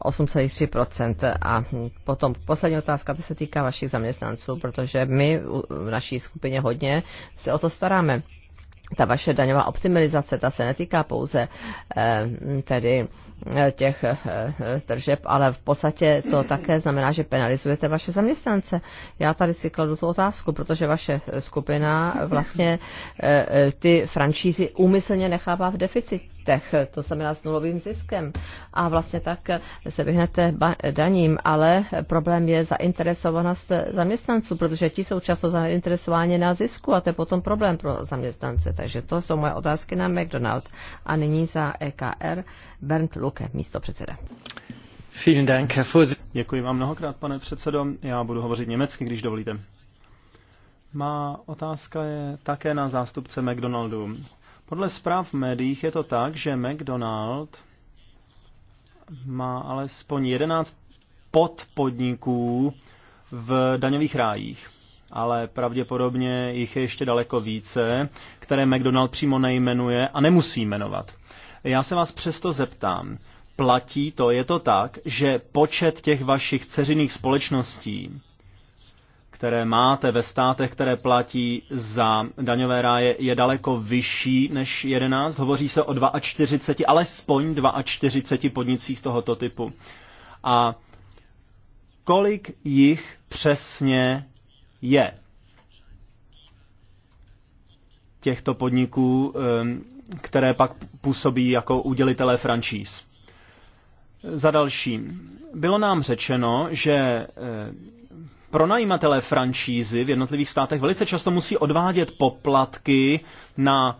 8,3%. A potom poslední otázka, to se týká vašich zaměstnanců, protože my v naší skupině hodně se o to staráme. Ta vaše daňová optimalizace, ta se netýká pouze eh, tedy eh, těch eh, tržeb, ale v podstatě to také znamená, že penalizujete vaše zaměstnance. Já tady si kladu tu otázku, protože vaše skupina vlastně ty francízy úmyslně nechává v deficit, projektech, to znamená s nulovým ziskem. A vlastně tak se vyhnete daním, ale problém je zainteresovanost zaměstnanců, protože ti jsou často zainteresováni na zisku a to je potom problém pro zaměstnance. Takže to jsou moje otázky na McDonald. A nyní za EKR Bernd Luke, místo předseda. Děkuji vám mnohokrát, pane předsedo. Já budu hovořit německy, když dovolíte. Má otázka je také na zástupce McDonaldu. Podle zpráv v médiích je to tak, že McDonald má alespoň 11 podpodniků v daňových rájích, ale pravděpodobně jich je ještě daleko více, které McDonald přímo nejmenuje a nemusí jmenovat. Já se vás přesto zeptám, platí to, je to tak, že počet těch vašich ceřiných společností které máte ve státech, které platí za daňové ráje, je daleko vyšší než 11. Hovoří se o 42, alespoň 42 podnicích tohoto typu. A kolik jich přesně je? těchto podniků, které pak působí jako udělitelé franšíz. Za dalším bylo nám řečeno, že pronajímatelé franšízy v jednotlivých státech velice často musí odvádět poplatky na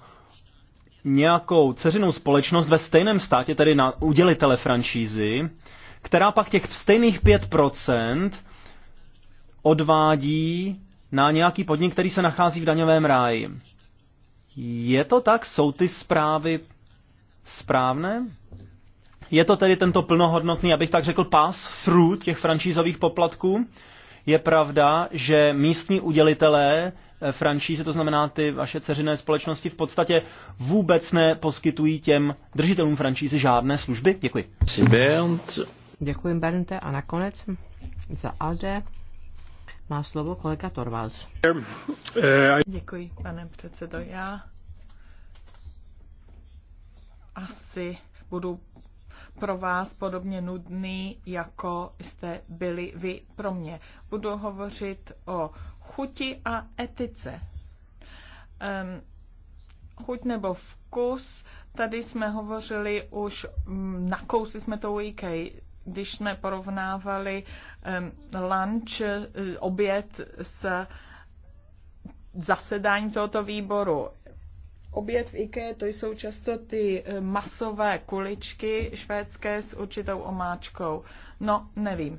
nějakou ceřinou společnost ve stejném státě, tedy na udělitele franšízy, která pak těch stejných 5% odvádí na nějaký podnik, který se nachází v daňovém ráji. Je to tak? Jsou ty zprávy správné? Je to tedy tento plnohodnotný, abych tak řekl, pass through těch franšízových poplatků? Je pravda, že místní udělitelé eh, franšízy, to znamená ty vaše ceřiné společnosti, v podstatě vůbec neposkytují těm držitelům franšízy žádné služby? Děkuji. Děkuji, Bernte. A nakonec za ALDE má slovo kolega Torvalds. Děkuji, pane předsedo. Já asi budu pro vás podobně nudný, jako jste byli vy pro mě. Budu hovořit o chuti a etice. Um, chuť nebo vkus, tady jsme hovořili už, mm, nakousli jsme to u IKEA, když jsme porovnávali um, lunch, e, oběd s zasedáním tohoto výboru oběd v IKEA, to jsou často ty eh, masové kuličky švédské s určitou omáčkou. No, nevím.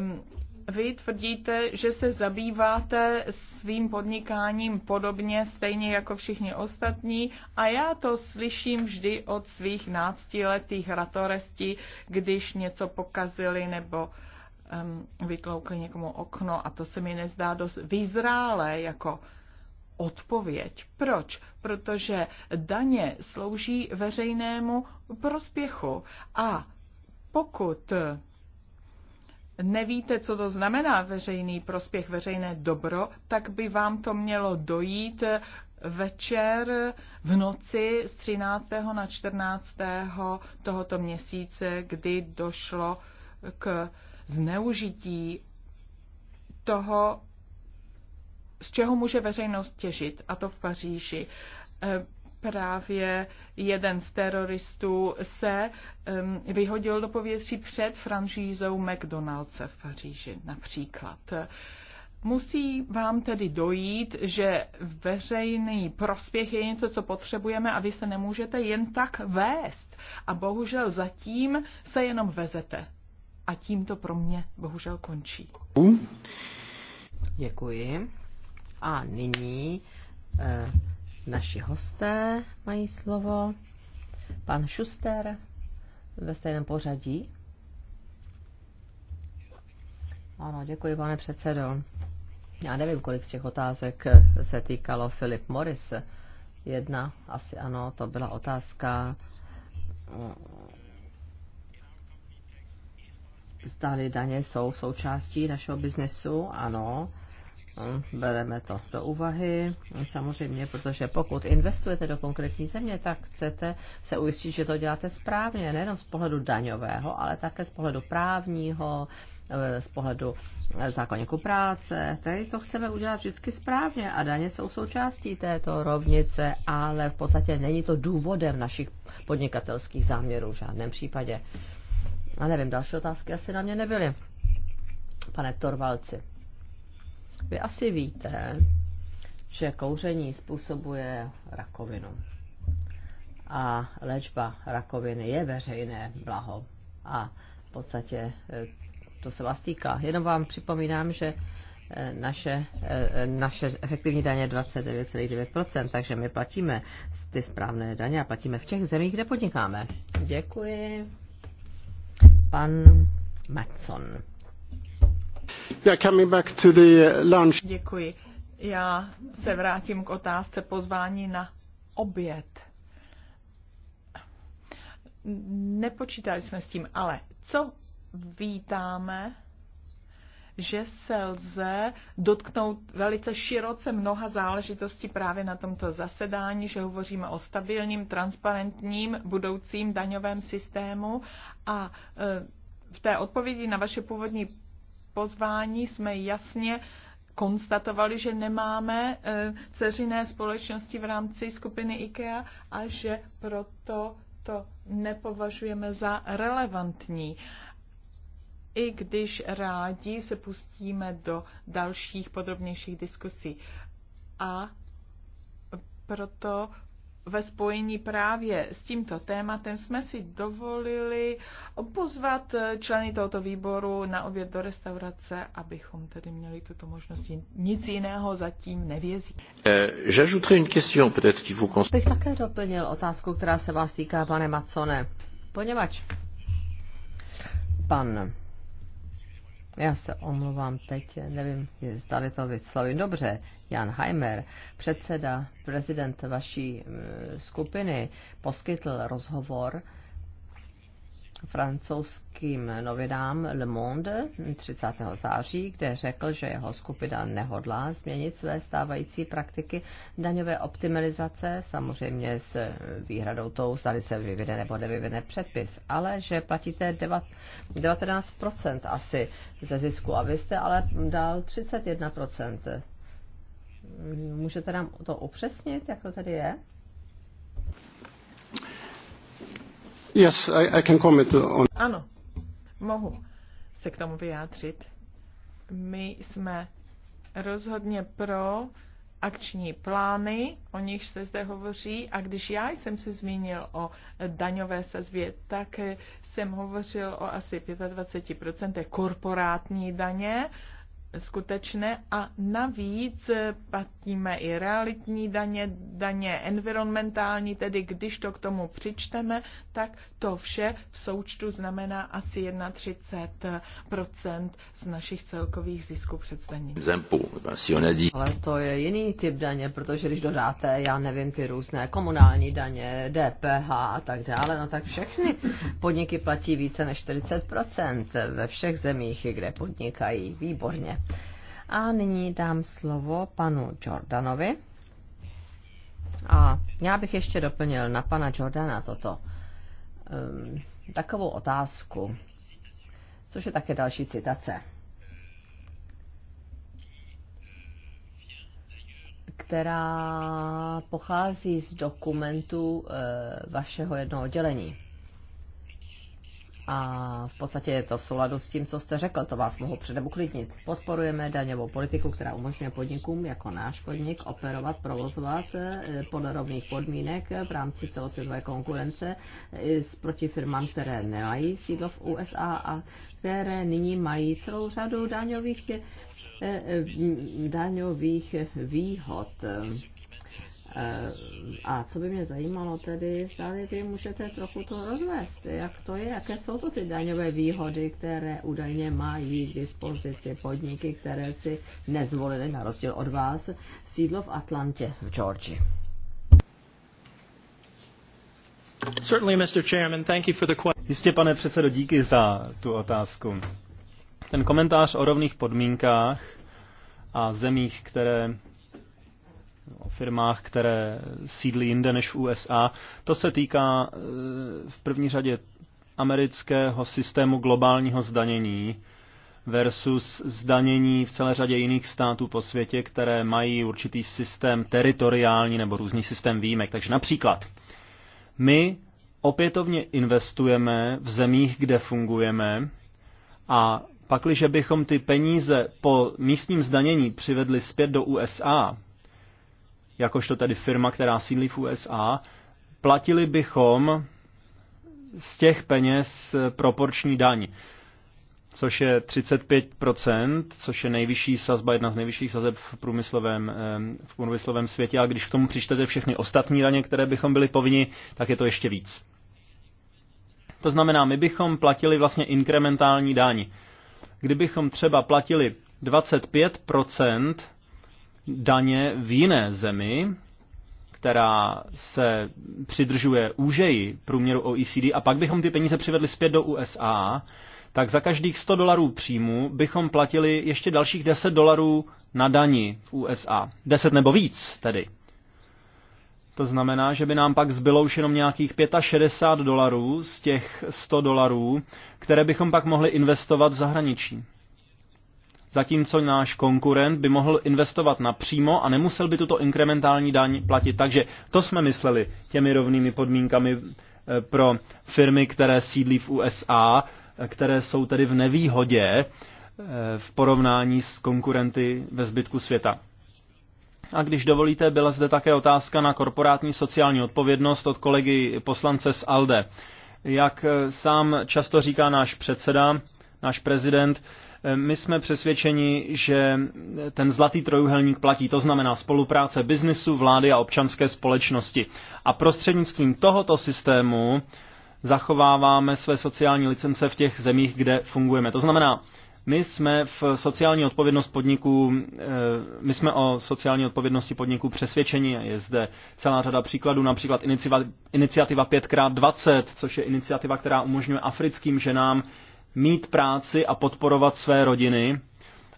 Um, vy tvrdíte, že se zabýváte svým podnikáním podobně, stejně jako všichni ostatní a já to slyším vždy od svých náctiletých ratorestí, když něco pokazili nebo um, vytloukli někomu okno a to se mi nezdá dost vyzrálé jako odpověď. Proč? Protože daně slouží veřejnému prospěchu a pokud nevíte, co to znamená veřejný prospěch, veřejné dobro, tak by vám to mělo dojít večer v noci z 13. na 14. tohoto měsíce, kdy došlo k zneužití toho, z čeho může veřejnost těžit, a to v Paříži. E, právě jeden z teroristů se um, vyhodil do povětří před franšízou McDonald'se v Paříži například. Musí vám tedy dojít, že veřejný prospěch je něco, co potřebujeme a vy se nemůžete jen tak vést. A bohužel zatím se jenom vezete. A tím to pro mě bohužel končí. Děkuji. A nyní eh, naši hosté mají slovo. Pan Šuster ve stejném pořadí. Ano, děkuji, pane předsedo. Já nevím, kolik z těch otázek se týkalo Filip Morris. Jedna, asi ano, to byla otázka eh, zdali daně jsou součástí našeho biznesu, ano. Bereme to do úvahy, samozřejmě, protože pokud investujete do konkrétní země, tak chcete se ujistit, že to děláte správně, nejenom z pohledu daňového, ale také z pohledu právního, eh, z pohledu zákonníku práce. Tady to chceme udělat vždycky správně a daně jsou součástí této rovnice, ale v podstatě není to důvodem našich podnikatelských záměrů v žádném případě. A nevím, další otázky asi na mě nebyly. Pane Torvalci. Vy asi víte, že kouření způsobuje rakovinu. A léčba rakoviny je veřejné blaho. A v podstatě e, to se vás týká. Jenom vám připomínám, že e, naše, e, naše efektivní daně je 29,9%, takže my platíme ty správné daně a platíme v těch zemích, kde podnikáme. Děkuji. Pan Matson. Uh, Děkuji. Já se vrátím k otázce pozvání na oběd. Nepočítali jsme s tím, ale co vítáme, že se lze dotknout velice široce mnoha záležitostí právě na tomto zasedání, že hovoříme o stabilním, transparentním budoucím daňovém systému a eh, v té odpovědi na vaše původní pozvání jsme jasně konstatovali, že nemáme e, ceřiné společnosti v rámci skupiny IKEA a že proto to nepovažujeme za relevantní. I když rádi se pustíme do dalších podrobnějších diskusí. A proto ve spojení právě s tímto tématem jsme si dovolili pozvat eh, členy tohoto výboru na oběd do restaurace, abychom tedy měli tuto možnost. Nic jiného zatím nevězí. Eh, Bych také doplnil otázku, která se vás týká, pane Macone. Poněvadž pan já se omluvám, teď, nevím, zdali to vyslovím dobře. Jan Heimer, předseda, prezident vaší eh, skupiny, poskytl rozhovor francouzským novinám Le Monde 30. září, kde řekl, že jeho skupina nehodlá změnit své stávající praktiky daňové optimalizace, samozřejmě s eh, výhradou tou, zdali se vyvede nebo nevyvede předpis, ale že platíte 19% asi ze zisku a vy jste ale dal 31%. Můžete nám to upřesnit, jak to tady je? Yes, I, I can comment on... Ano, mohu se k tomu vyjádřit. My jsme rozhodně pro akční plány, o nich se zde hovoří. A když já jsem se zmínil o daňové sazbě, tak jsem hovořil o asi 25% korporátní daně skutečné a navíc platíme i realitní daně, daně environmentální, tedy když to k tomu přičteme, tak to vše v součtu znamená asi 31% z našich celkových zisků před zdaním. Ale to je jiný typ daně, protože když dodáte, já nevím, ty různé komunální daně, DPH a tak dále, no tak všechny podniky platí více než 40% ve všech zemích, kde podnikají. Výborně. A nyní dám slovo panu Jordanovi. A já bych ještě doplnil na pana Jordana toto um, takovou otázku, což je také další citace, která pochází z dokumentu uh, vašeho jednoho oddělení a v podstatě je to v souladu s tím, co jste řekl, to vás mohu předem uklidnit. Podporujeme daňovou politiku, která umožňuje podnikům jako náš podnik operovat, provozovat eh, podle rovných podmínek eh, v rámci celosvětové konkurence eh, proti firmám, které nemají sídlo v USA a které nyní mají celou řadu daňových, daňových výhod Eh, a co by mě zajímalo tedy, zda vy můžete trochu to rozvést, jak to je, jaké jsou to ty daňové výhody, které údajně mají k dispozici podniky, které si nezvolili, na rozdíl od vás, sídlo v Atlantě v Georgii. Certainly, Mr. Chairman, thank you for the question. Jistě, pane předsedo, díky za tu otázku. Ten komentář o rovných podmínkách a zemích, které o firmách, které sídlí jinde než v USA. To se týká e, v první řadě amerického systému globálního zdanění versus zdanění v celé řadě jiných států po světě, které mají určitý systém teritoriální nebo různý systém výjimek. Takže například my opětovně investujeme v zemích, kde fungujeme a pakliže bychom ty peníze po místním zdanění přivedli zpět do USA, jakožto tedy firma, která sídlí v USA, platili bychom z těch peněz proporční daň, což je 35%, což je nejvyšší sazba, jedna z nejvyšších sazeb v průmyslovém, v průmyslovém světě. A když k tomu přičtete všechny ostatní daně, které bychom byli povinni, tak je to ještě víc. To znamená, my bychom platili vlastně inkrementální daň. Kdybychom třeba platili 25 daně v jiné zemi, která se přidržuje úžeji průměru OECD a pak bychom ty peníze přivedli zpět do USA, tak za každých 100 dolarů příjmu bychom platili ještě dalších 10 dolarů na dani v USA. 10 nebo víc tedy. To znamená, že by nám pak zbylo už jenom nějakých 65 dolarů z těch 100 dolarů, které bychom pak mohli investovat v zahraničí zatímco náš konkurent by mohl investovat napřímo a nemusel by tuto inkrementální daň platit. Takže to jsme mysleli těmi rovnými podmínkami eh, pro firmy, které sídlí v USA, eh, které jsou tedy v nevýhodě eh, v porovnání s konkurenty ve zbytku světa. A když dovolíte, byla zde také otázka na korporátní sociální odpovědnost od kolegy poslance z ALDE. Jak sám často říká náš předseda, náš prezident, my jsme přesvědčeni, že ten zlatý trojuhelník platí, to znamená spolupráce biznisu, vlády a občanské společnosti. A prostřednictvím tohoto systému zachováváme své sociální licence v těch zemích, kde fungujeme. To znamená, my jsme v sociální odpovědnost podniků, eh, my jsme o sociální odpovědnosti podniků přesvědčeni, je zde celá řada příkladů, například iniciativa 5x20, což je iniciativa, která umožňuje africkým ženám mít práci a podporovat své rodiny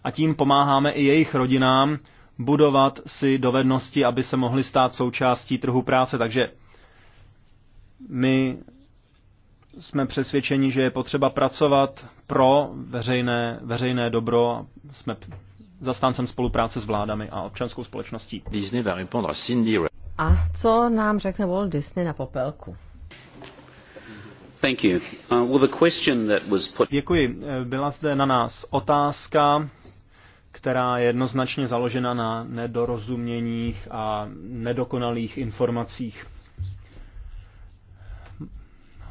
a tím pomáháme i jejich rodinám budovat si dovednosti, aby se mohli stát součástí trhu práce. Takže my jsme přesvědčeni, že je potřeba pracovat pro veřejné, veřejné dobro. Jsme zastáncem spolupráce s vládami a občanskou společností. Disney va répondre Cindy. A co nám řekne Walt Disney na popelku? Děkuji. Byla zde na nás otázka, která je jednoznačně založena na nedorozuměních a nedokonalých informacích.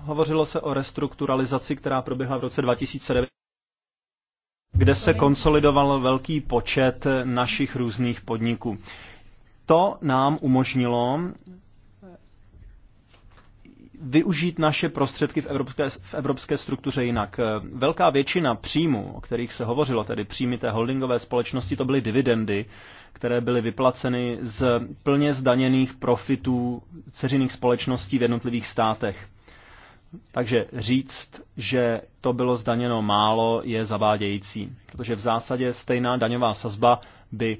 Hovořilo se o restrukturalizaci, která proběhla v roce 2009 kde se konsolidoval velký počet našich různých podniků. To nám umožnilo využít naše prostředky v evropské, v evropské struktuře jinak. Eh, velká většina příjmů, o kterých se hovořilo, tedy příjmy té holdingové společnosti, to byly dividendy, které byly vyplaceny z plně zdaněných profitů ceřiných společností v jednotlivých státech. Takže říct, že to bylo zdaněno málo, je zavádějící, protože v zásadě stejná daňová sazba by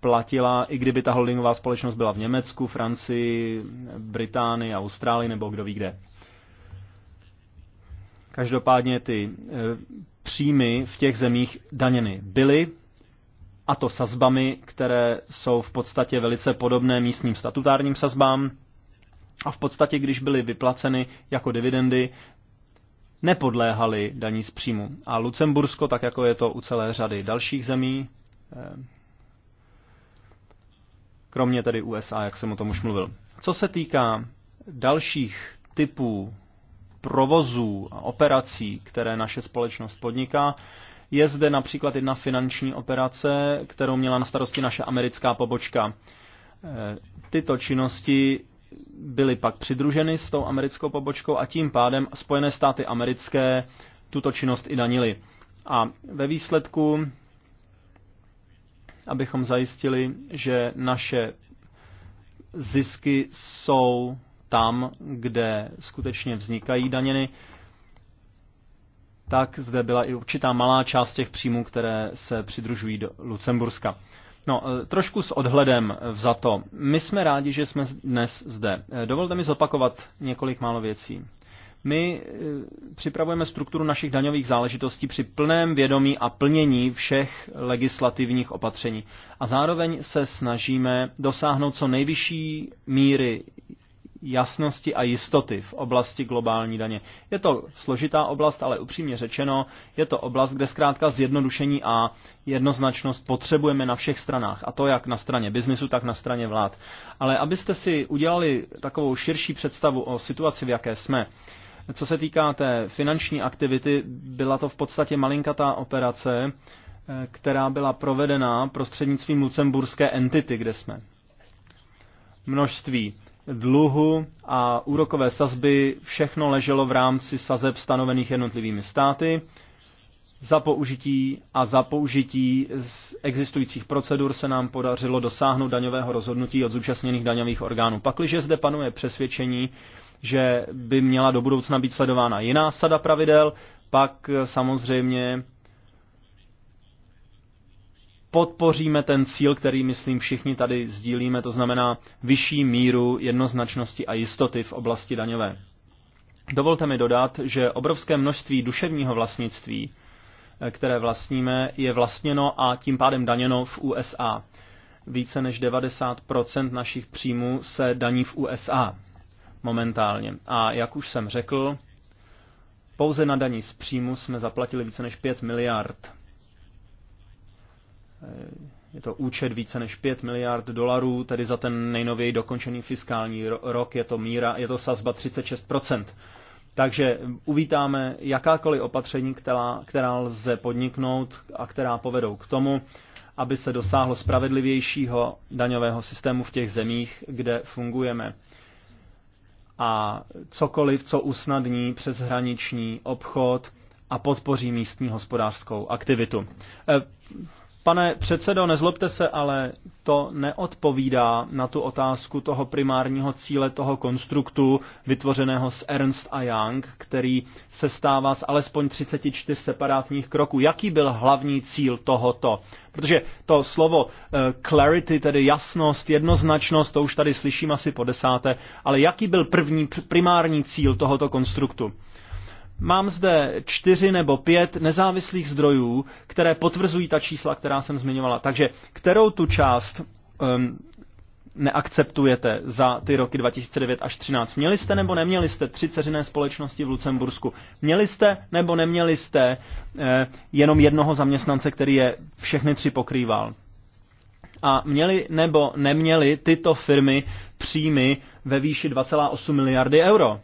platila, i kdyby ta holdingová společnost byla v Německu, Francii, Británii, Austrálii nebo kdo ví kde. Každopádně ty eh, příjmy v těch zemích daněny byly, a to sazbami, které jsou v podstatě velice podobné místním statutárním sazbám. A v podstatě, když byly vyplaceny jako dividendy, nepodléhaly daní z příjmu. A Lucembursko, tak jako je to u celé řady dalších zemí, eh, kromě tedy USA, jak jsem o tom už mluvil. Co se týká dalších typů provozů a operací, které naše společnost podniká, je zde například jedna finanční operace, kterou měla na starosti naše americká pobočka. E, tyto činnosti byly pak přidruženy s tou americkou pobočkou a tím pádem Spojené státy americké tuto činnost i danily. A ve výsledku abychom zajistili, že naše zisky jsou tam, kde skutečně vznikají daněny, tak zde byla i určitá malá část těch příjmů, které se přidružují do Lucemburska. No, e, trošku s odhledem za to. My jsme rádi, že jsme dnes zde. E, dovolte mi zopakovat několik málo věcí. My eh, připravujeme strukturu našich daňových záležitostí při plném vědomí a plnění všech legislativních opatření. A zároveň se snažíme dosáhnout co nejvyšší míry jasnosti a jistoty v oblasti globální daně. Je to složitá oblast, ale upřímně řečeno, je to oblast, kde zkrátka zjednodušení a jednoznačnost potřebujeme na všech stranách. A to jak na straně biznisu, tak na straně vlád. Ale abyste si udělali takovou širší představu o situaci, v jaké jsme, co se týká té finanční aktivity, byla to v podstatě malinkatá operace, eh, která byla provedena prostřednictvím lucemburské entity, kde jsme. Množství dluhu a úrokové sazby všechno leželo v rámci sazeb stanovených jednotlivými státy. Za použití a za použití z existujících procedur se nám podařilo dosáhnout daňového rozhodnutí od zúčastněných daňových orgánů. Pakliže zde panuje přesvědčení, že by měla do budoucna být sledována jiná sada pravidel, pak eh, samozřejmě podpoříme ten cíl, který, myslím, všichni tady sdílíme, to znamená vyšší míru jednoznačnosti a jistoty v oblasti daňové. Dovolte mi dodat, že obrovské množství duševního vlastnictví, eh, které vlastníme, je vlastněno a tím pádem daněno v USA. Více než 90 našich příjmů se daní v USA momentálně. A jak už jsem řekl, pouze na daní z příjmu jsme zaplatili více než 5 miliard. Eh, je to účet více než 5 miliard dolarů, tedy za ten nejnověji dokončený fiskální rok je to míra, je to sazba 36 takže uvítáme jakákoliv opatření, která, která lze podniknout a která povedou k tomu, aby se dosáhlo spravedlivějšího daňového systému v těch zemích, kde fungujeme a cokoliv, co usnadní přeshraniční obchod a podpoří místní hospodářskou aktivitu. Eh, Pane předsedo, nezlobte se, ale to neodpovídá na tu otázku toho primárního cíle toho konstruktu vytvořeného s Ernst a Young, který se stává z alespoň 34 separátních kroků. Jaký byl hlavní cíl tohoto? Protože to slovo eh, clarity, tedy jasnost, jednoznačnost, to už tady slyším asi po desáté, ale jaký byl první primární cíl tohoto konstruktu? Mám zde čtyři nebo pět nezávislých zdrojů, které potvrzují ta čísla, která jsem zmiňovala. Takže kterou tu část um, neakceptujete za ty roky 2009 až 2013? Měli jste nebo neměli jste tři ceřiné společnosti v Lucembursku? Měli jste nebo neměli jste eh, jenom jednoho zaměstnance, který je všechny tři pokrýval? a měli nebo neměli tyto firmy příjmy ve výši 2,8 miliardy euro.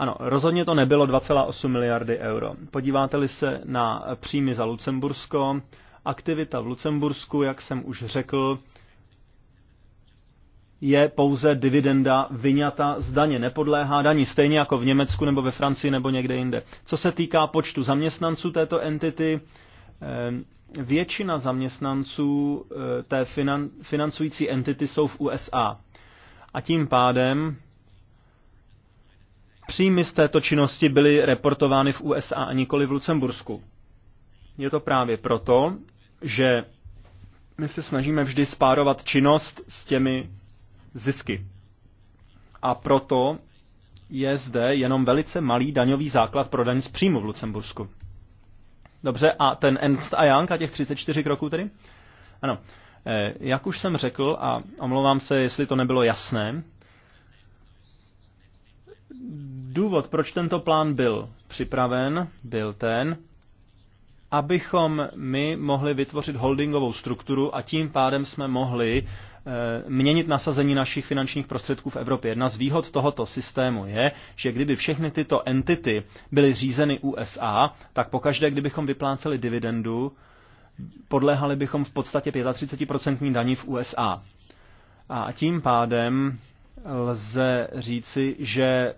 Ano, rozhodně to nebylo 2,8 miliardy euro. Podíváte-li se na příjmy za Lucembursko, aktivita v Lucembursku, jak jsem už řekl, je pouze dividenda vyňata z daně, nepodléhá daní, stejně jako v Německu nebo ve Francii nebo někde jinde. Co se týká počtu zaměstnanců této entity, eh, většina zaměstnanců eh, té financující entity jsou v USA. A tím pádem příjmy z této činnosti byly reportovány v USA a nikoli v Lucembursku. Je to právě proto, že my se snažíme vždy spárovat činnost s těmi zisky. A proto je zde jenom velice malý daňový základ pro daň z příjmu v Lucembursku. Dobře, a ten Ernst a Young a těch 34 kroků tedy? Ano, eh, jak už jsem řekl, a omlouvám se, jestli to nebylo jasné, Důvod, proč tento plán byl připraven, byl ten, abychom my mohli vytvořit holdingovou strukturu a tím pádem jsme mohli eh, měnit nasazení našich finančních prostředků v Evropě. Jedna z výhod tohoto systému je, že kdyby všechny tyto entity byly řízeny USA, tak pokaždé, kdybychom vypláceli dividendu, podléhali bychom v podstatě 35% daní v USA. A tím pádem lze říci, že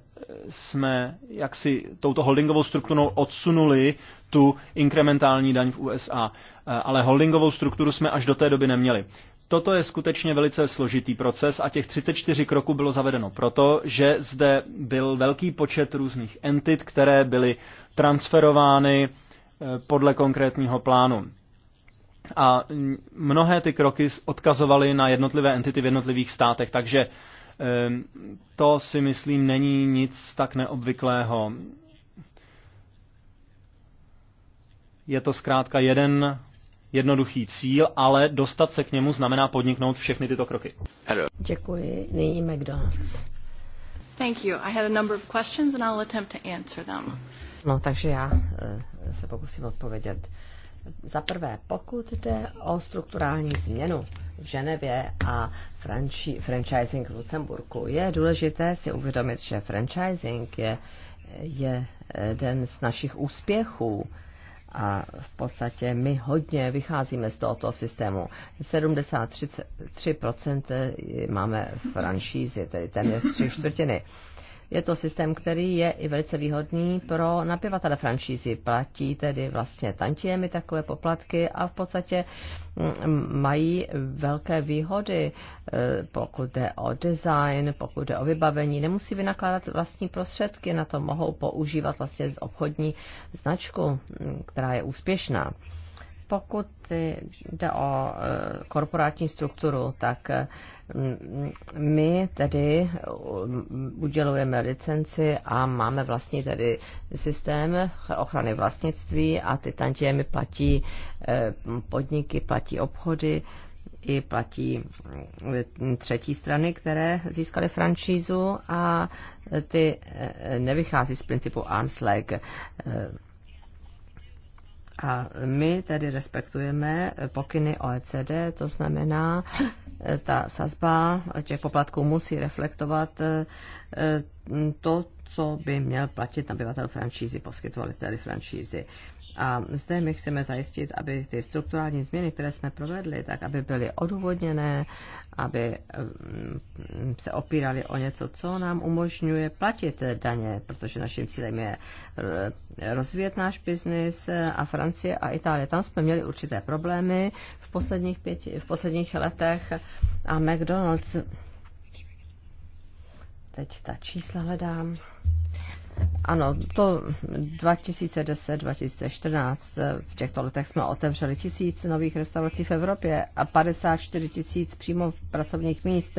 jsme jaksi touto holdingovou strukturou odsunuli tu inkrementální daň v USA. Ale holdingovou strukturu jsme až do té doby neměli. Toto je skutečně velice složitý proces a těch 34 kroků bylo zavedeno proto, že zde byl velký počet různých entit, které byly transferovány eh, podle konkrétního plánu. A mnohé ty kroky odkazovaly na jednotlivé entity v jednotlivých státech, takže Ehm, to si myslím není nic tak neobvyklého. Je to zkrátka jeden jednoduchý cíl, ale dostat se k němu znamená podniknout všechny tyto kroky. Děkuji. Nyní McDonald's. Thank you. I had a number of questions and I'll attempt to answer them. No, takže já eh, se pokusím odpovědět. Za prvé, pokud jde o strukturální změnu, v Ženevě a franchi- franchising v Lucemburku. Je důležité si uvědomit, že franchising je, je jeden eh, z našich úspěchů a v podstatě my hodně vycházíme z tohoto systému. 73% eh, máme franšízy, tedy téměř tři čtvrtiny. Je to systém, který je i velice výhodný pro napěvatele franšízy. Platí tedy vlastně tantiemi takové poplatky a v podstatě mm, mají velké výhody, e, pokud jde o design, pokud jde o vybavení. Nemusí vynakládat vlastní prostředky, na to mohou používat vlastně obchodní značku, mm, která je úspěšná pokud jde o e, korporátní strukturu, tak e, my tedy udělujeme licenci a máme vlastní tedy systém ochrany vlastnictví a ty tantiemy platí eh, podniky, platí obchody i platí mm, třetí strany, které získaly franšízu a ty eh, nevychází z principu arm's leg. -like eh, a my tedy respektujeme pokyny OECD, to znamená, ta sazba těch poplatků musí reflektovat eh, to, co by měl platit nabyvatel franšízy, poskytovatel tedy franšízy. A zde my chceme zajistit, aby ty strukturální změny, které jsme provedli, tak aby byly odůvodněné, aby mm, se opírali o něco, co nám umožňuje platit daně, protože naším cílem je eh, rozvíjet náš biznis eh, a Francie a Itálie. Tam jsme měli určité problémy v posledních, pěti, v posledních letech a McDonald's teď ta čísla hledám. Ano, to 2010, 2014, v těchto letech jsme otevřeli tisíc nových restaurací v Evropě a 54 tisíc přímo pracovních míst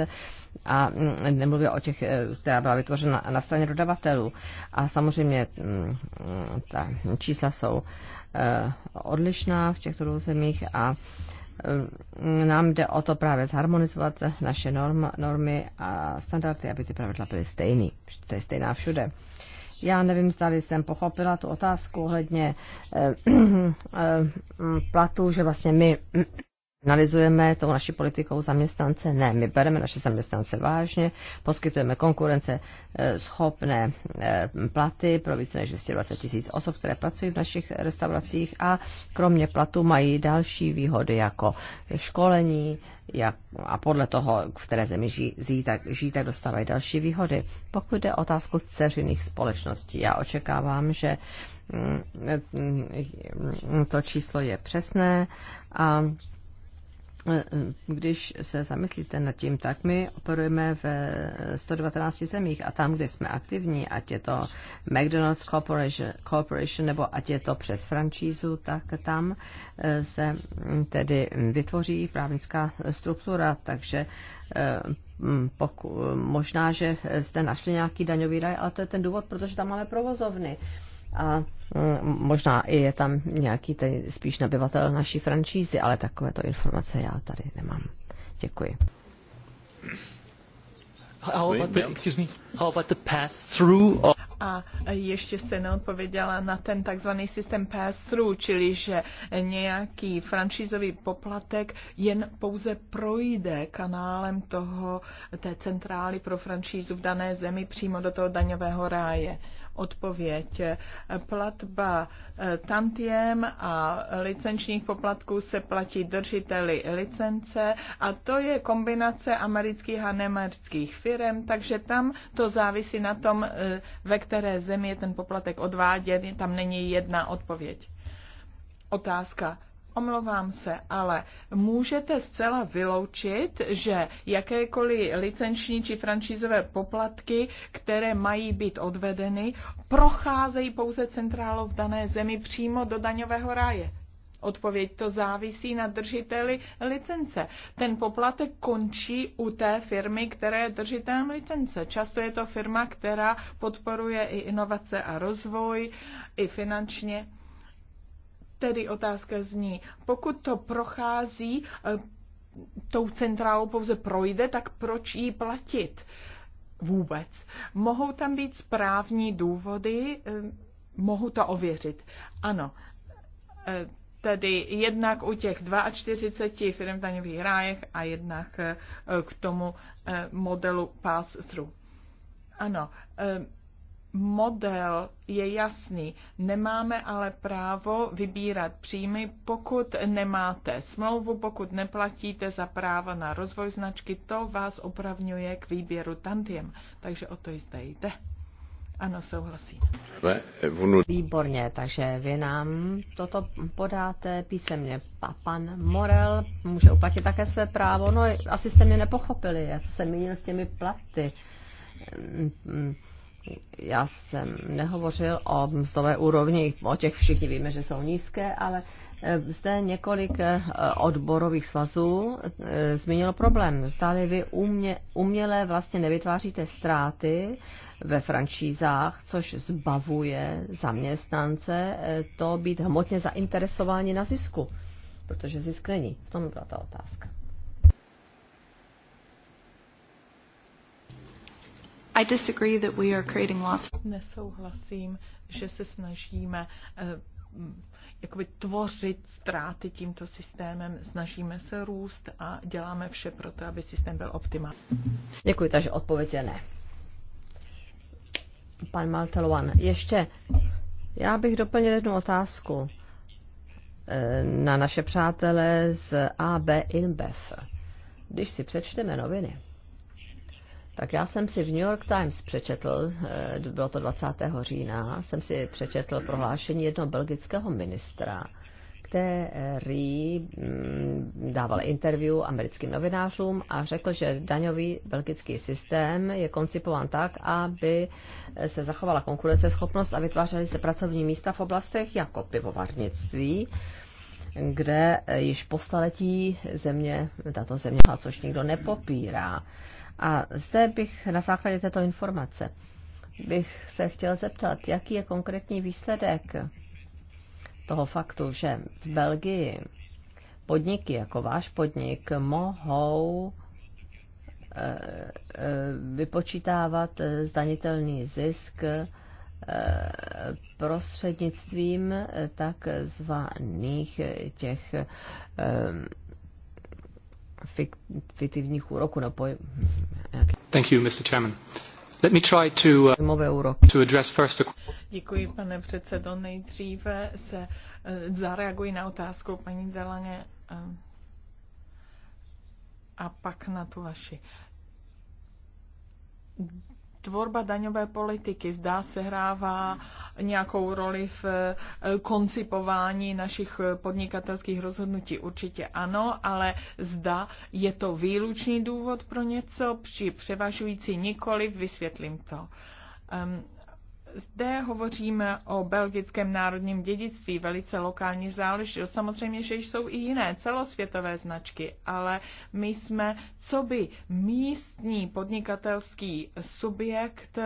a mm, nemluvě o těch, eh, která byla vytvořena na straně dodavatelů. A samozřejmě mm, ta čísla jsou eh, odlišná v těchto dvou zemích a Eh, nám jde o to právě zharmonizovat naše norm, normy a standardy, aby ty pravidla byly stejný, stejná všude. Já nevím, zda jsem pochopila tu otázku ohledně eh, *clears throat* eh, mm, platu, že vlastně my analyzujeme tou naší politikou zaměstnance. Ne, my bereme naše zaměstnance vážně, poskytujeme konkurence eh, schopné eh, platy pro více než 220 tisíc osob, které pracují v našich restauracích a kromě platu mají další výhody jako školení jak, a podle toho, v které zemi žijí, tak, žijí, tak dostávají další výhody. Pokud jde o otázku dceřiných společností, já očekávám, že mm, mm, to číslo je přesné a Eh, eh, když se zamyslíte nad tím, tak my operujeme ve eh, 119 zemích a tam, kde jsme aktivní, ať je to McDonald's Corporation, Corporation nebo ať je to přes francízu, tak tam se hm, tedy vytvoří právnická struktura, takže hm, poku, možná, že jste našli nějaký daňový raj, ale to je ten důvod, protože tam máme provozovny a mm, možná i je tam nějaký ten spíš nabyvatel naší francízy, ale takovéto informace já tady nemám. Děkuji. A ještě jste neodpověděla na ten takzvaný systém pass-through, čili že nějaký franšízový poplatek jen pouze projde kanálem toho, té centrály pro franšízu v dané zemi přímo do toho daňového ráje odpověď. Platba eh, tantiem a licenčních poplatků se platí držiteli licence a to je kombinace amerických a nemerických firm, takže tam to závisí na tom, eh, ve které zemi je ten poplatek odváděn, tam není jedna odpověď. Otázka Omlouvám se, ale můžete zcela vyloučit, že jakékoliv licenční či franšízové poplatky, které mají být odvedeny, procházejí pouze centrálou v dané zemi přímo do daňového ráje. Odpověď to závisí na držiteli licence. Ten poplatek končí u té firmy, která je držitelem licence. Často je to firma, která podporuje i inovace a rozvoj, i finančně Tedy otázka zní, pokud to prochází eh, tou centrálou pouze projde, tak proč ji platit vůbec? Mohou tam být správní důvody, eh, mohu to ověřit. Ano, eh, tedy jednak u těch 42 firm v daňových rájech a jednak k tomu modelu pass-through. Ano, model je jasný. Nemáme ale právo vybírat příjmy, pokud nemáte smlouvu, pokud neplatíte za právo na rozvoj značky, to vás opravňuje k výběru tantiem. Takže o to jste jde. Ano, souhlasím. Výborně, takže vy nám toto podáte písemně. A pan Morel může uplatit také své právo. No, asi jste mě nepochopili, já jsem mínil s těmi platy já jsem nehovořil o mzdové úrovni, o těch všichni víme, že jsou nízké, ale e, zde několik e, odborových svazů e, zmínilo problém. Zdali vy umě, uměle vlastně nevytváříte ztráty ve franšízách, což zbavuje zaměstnance to být hmotně zainteresováni na zisku, protože zisk není. V tom byla ta otázka. I disagree that we are creating lots. Nesouhlasím, že se snažíme eh, jakoby tvořit ztráty tímto systémem, snažíme se růst a děláme vše pro to, aby systém byl optimální. Děkuji, takže odpověď je ne. Pan Maltelovan, ještě já bych doplnil jednu otázku eh, na naše přátele z AB InBev. Když si přečteme noviny, tak já jsem si v New York Times přečetl, eh, bylo to 20. října, jsem si přečetl prohlášení jednoho belgického ministra, který mm, dával interview americkým novinářům a řekl, že daňový belgický systém je koncipován tak, aby se zachovala konkurenceschopnost a vytvářely se pracovní místa v oblastech jako pivovarnictví, kde již po staletí země, tato země, což nikdo nepopírá. A zde bych na základě této informace bych se chtěl zeptat, jaký je konkrétní výsledek toho faktu, že v Belgii podniky jako váš podnik mohou eh, eh, vypočítávat eh, zdanitelný zisk prostřednictvím takzvaných těch fiktivních úroků nebo nějaký... Thank you, Mr. Chairman. Let me try to, uh, to address first a... Děkuji, pane předsedo. Nejdříve se uh, zareaguji na otázku paní Zelaně uh, eh, a pak na tu vaši tvorba daňové politiky zdá se hrává nějakou roli v eh, koncipování našich podnikatelských rozhodnutí. Určitě ano, ale zda je to výlučný důvod pro něco, při převažující nikoli, vysvětlím to. Um, zde hovoříme o belgickém národním dědictví, velice lokální záležitost. Samozřejmě, že jsou i jiné celosvětové značky, ale my jsme co by místní podnikatelský subjekt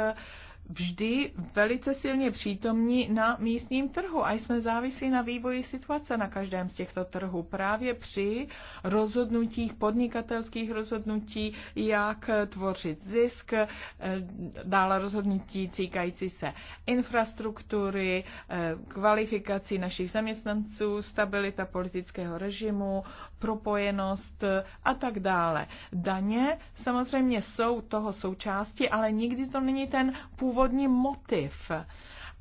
vždy velice silně přítomní na místním trhu a jsme závislí na vývoji situace na každém z těchto trhů. Právě při rozhodnutích, podnikatelských rozhodnutí, jak tvořit zisk, eh, dále rozhodnutí týkající se infrastruktury, eh, kvalifikací našich zaměstnanců, stabilita politického režimu, propojenost eh, a tak dále. Daně samozřejmě jsou toho součástí, ale nikdy to není ten původ původní motiv.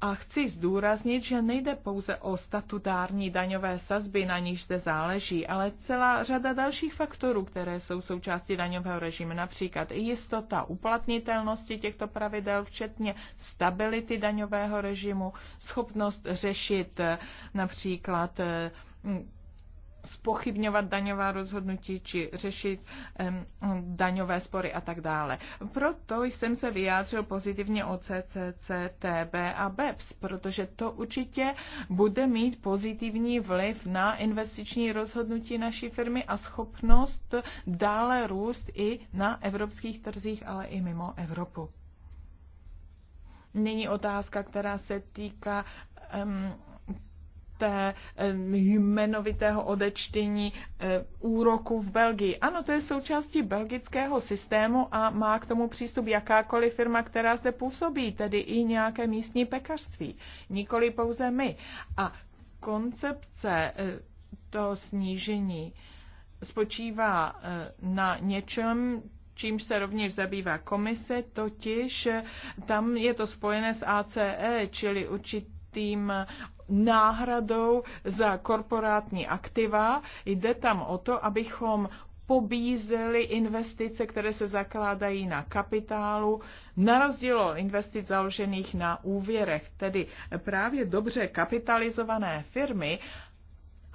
A chci zdůraznit, že nejde pouze o statutární daňové sazby, na níž zde záleží, ale celá řada dalších faktorů, které jsou součástí daňového režimu, například i jistota uplatnitelnosti těchto pravidel, včetně stability daňového režimu, schopnost řešit eh, například eh, spochybňovat daňová rozhodnutí či řešit um, daňové spory a tak dále. Proto jsem se vyjádřil pozitivně o TB a BEPS, protože to určitě bude mít pozitivní vliv na investiční rozhodnutí naší firmy a schopnost dále růst i na evropských trzích, ale i mimo Evropu. Nyní otázka, která se týká um, té jmenovitého odečtení e, úroku v Belgii. Ano, to je součástí belgického systému a má k tomu přístup jakákoliv firma, která zde působí, tedy i nějaké místní pekařství, nikoli pouze my. A koncepce e, toho snížení spočívá e, na něčem, čímž se rovněž zabývá komise, totiž tam je to spojené s ACE, čili určitým náhradou za korporátní aktiva. Jde tam o to, abychom pobízeli investice, které se zakládají na kapitálu, na rozdíl od investic založených na úvěrech. Tedy právě dobře kapitalizované firmy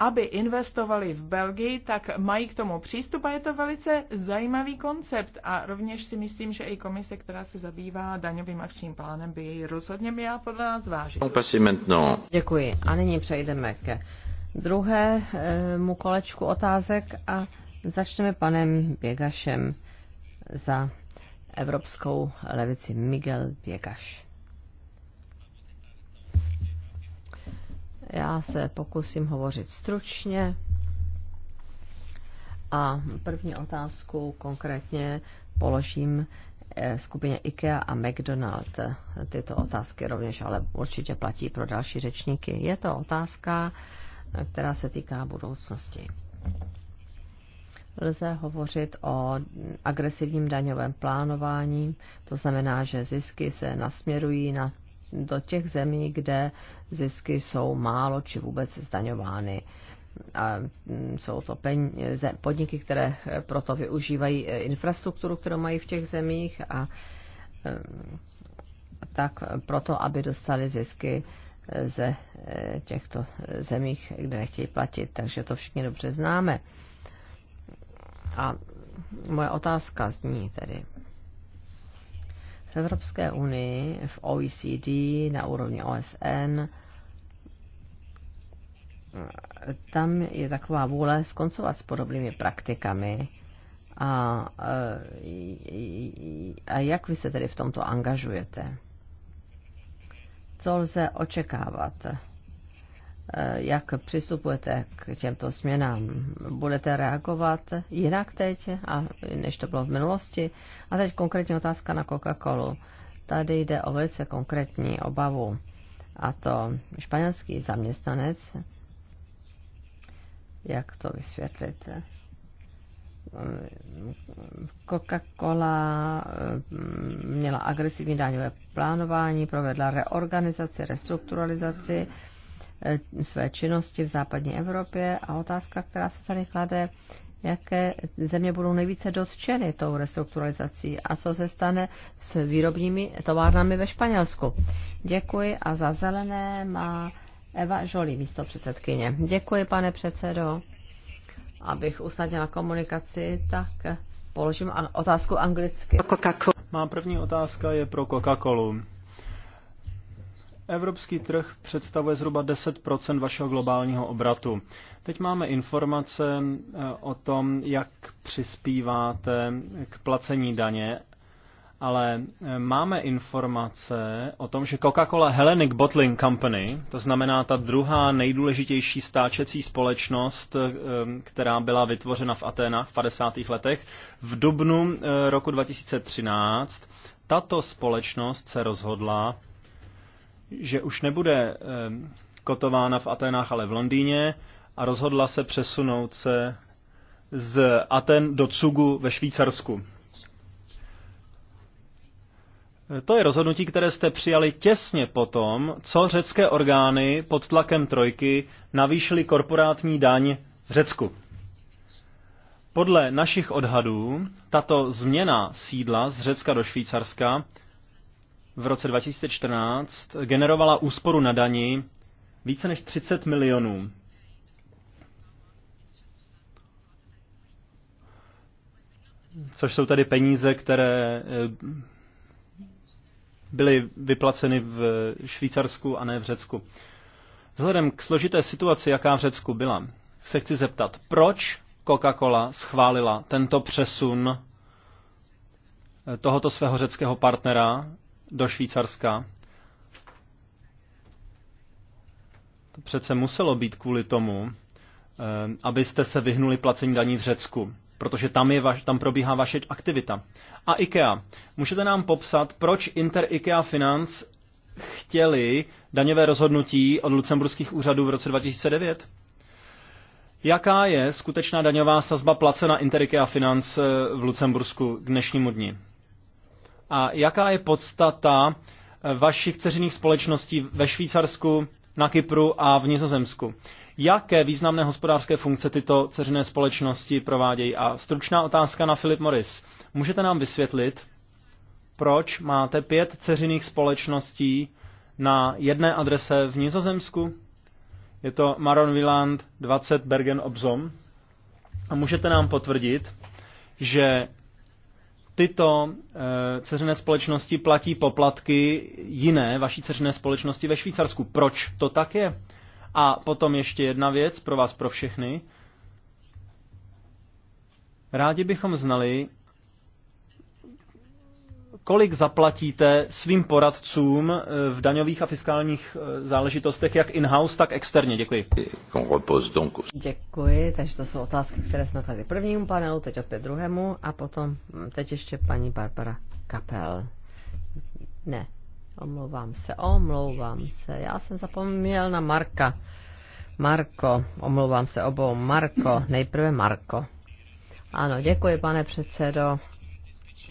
aby investovali v Belgii, tak mají k tomu přístup a je to velice zajímavý koncept. A rovněž si myslím, že i komise, která se zabývá daňovým akčním plánem, by jej rozhodně měla podle nás vážit. Děkuji. A nyní přejdeme ke druhému kolečku otázek a začneme panem Běgašem za Evropskou levici Miguel Běgaš. Já se pokusím hovořit stručně. A první otázku konkrétně položím eh, skupině IKEA a McDonald. Tyto otázky rovněž ale určitě platí pro další řečníky. Je to otázka, která se týká budoucnosti. Lze hovořit o agresivním daňovém plánování, to znamená, že zisky se nasměrují na do těch zemí, kde zisky jsou málo či vůbec zdaňovány. A mm, jsou to peníze, podniky, které eh, proto využívají eh, infrastrukturu, kterou mají v těch zemích a eh, tak proto, aby dostali zisky ze těchto zemích, kde nechtějí platit. Takže to všichni dobře známe. A moje otázka zní tedy, v Evropské unii, v OECD, na úrovni OSN, tam je taková vůle skoncovat s podobnými praktikami. A, a jak vy se tedy v tomto angažujete? Co lze očekávat? Eh, jak přistupujete k těmto změnám. Budete reagovat jinak teď, a, než to bylo v minulosti? A teď konkrétní otázka na Coca-Colu. Tady jde o velice konkrétní obavu. A to španělský zaměstnanec, jak to vysvětlit? Coca-Cola eh, měla agresivní daňové plánování, provedla reorganizaci, restrukturalizaci Eh, své činnosti v západní Evropě a otázka, která se tady klade, jaké země budou nejvíce dotčeny tou restrukturalizací a co se stane s výrobními továrnami ve Španělsku. Děkuji a za zelené má Eva Žolí, místo předsedkyně. Děkuji, pane předsedo. Abych usnadnila komunikaci, tak položím otázku anglicky. Mám první otázka je pro Coca-Colu. Evropský trh představuje zhruba 10 vašeho globálního obratu. Teď máme informace eh, o tom, jak přispíváte k placení daně, ale eh, máme informace o tom, že Coca-Cola Hellenic Bottling Company, to znamená ta druhá nejdůležitější stáčecí společnost, eh, která byla vytvořena v Aténách v 50. letech, v dubnu roku 2013 tato společnost se rozhodla že už nebude eh, kotována v Aténách, ale v Londýně a rozhodla se přesunout se z Aten do Cugu ve Švýcarsku. Eh, to je rozhodnutí, které jste přijali těsně potom, co řecké orgány pod tlakem trojky navýšily korporátní daň v Řecku. Podle našich odhadů tato změna sídla z Řecka do Švýcarska v roce 2014 generovala úsporu na dani více než 30 milionů. Což jsou tady peníze, které eh, byly vyplaceny v Švýcarsku a ne v Řecku. Vzhledem k složité situaci, jaká v Řecku byla, se chci zeptat, proč Coca-Cola schválila tento přesun eh, tohoto svého řeckého partnera do Švýcarska. To přece muselo být kvůli tomu, eh, abyste se vyhnuli placení daní v Řecku, protože tam, je vaš, tam probíhá vaše aktivita. A IKEA. Můžete nám popsat, proč Inter IKEA Finance chtěli daňové rozhodnutí od lucemburských úřadů v roce 2009? Jaká je skutečná daňová sazba placena Inter IKEA Finance eh, v Lucembursku k dnešnímu dni? a jaká je podstata eh, vašich ceřiných společností ve Švýcarsku, na Kypru a v Nizozemsku. Jaké významné hospodářské funkce tyto ceřiné společnosti provádějí? A stručná otázka na Philip Morris. Můžete nám vysvětlit, proč máte pět ceřiných společností na jedné adrese v Nizozemsku? Je to Maron Wieland 20 Bergen Obzom. A můžete nám potvrdit, že tyto e, ceřené společnosti platí poplatky jiné vaší ceřené společnosti ve Švýcarsku. Proč to tak je? A potom ještě jedna věc pro vás, pro všechny. Rádi bychom znali, kolik zaplatíte svým poradcům eh, v daňových a fiskálních eh, záležitostech, jak in-house, tak externě? Děkuji. Děkuji, takže to jsou otázky, které jsme tady prvnímu panelu, teď opět druhému a potom hm, teď ještě paní Barbara Kapel. Ne, omlouvám se, omlouvám se, já jsem zapomněl na Marka. Marko, omlouvám se obou, Marko, nejprve Marko. Ano, děkuji, pane předsedo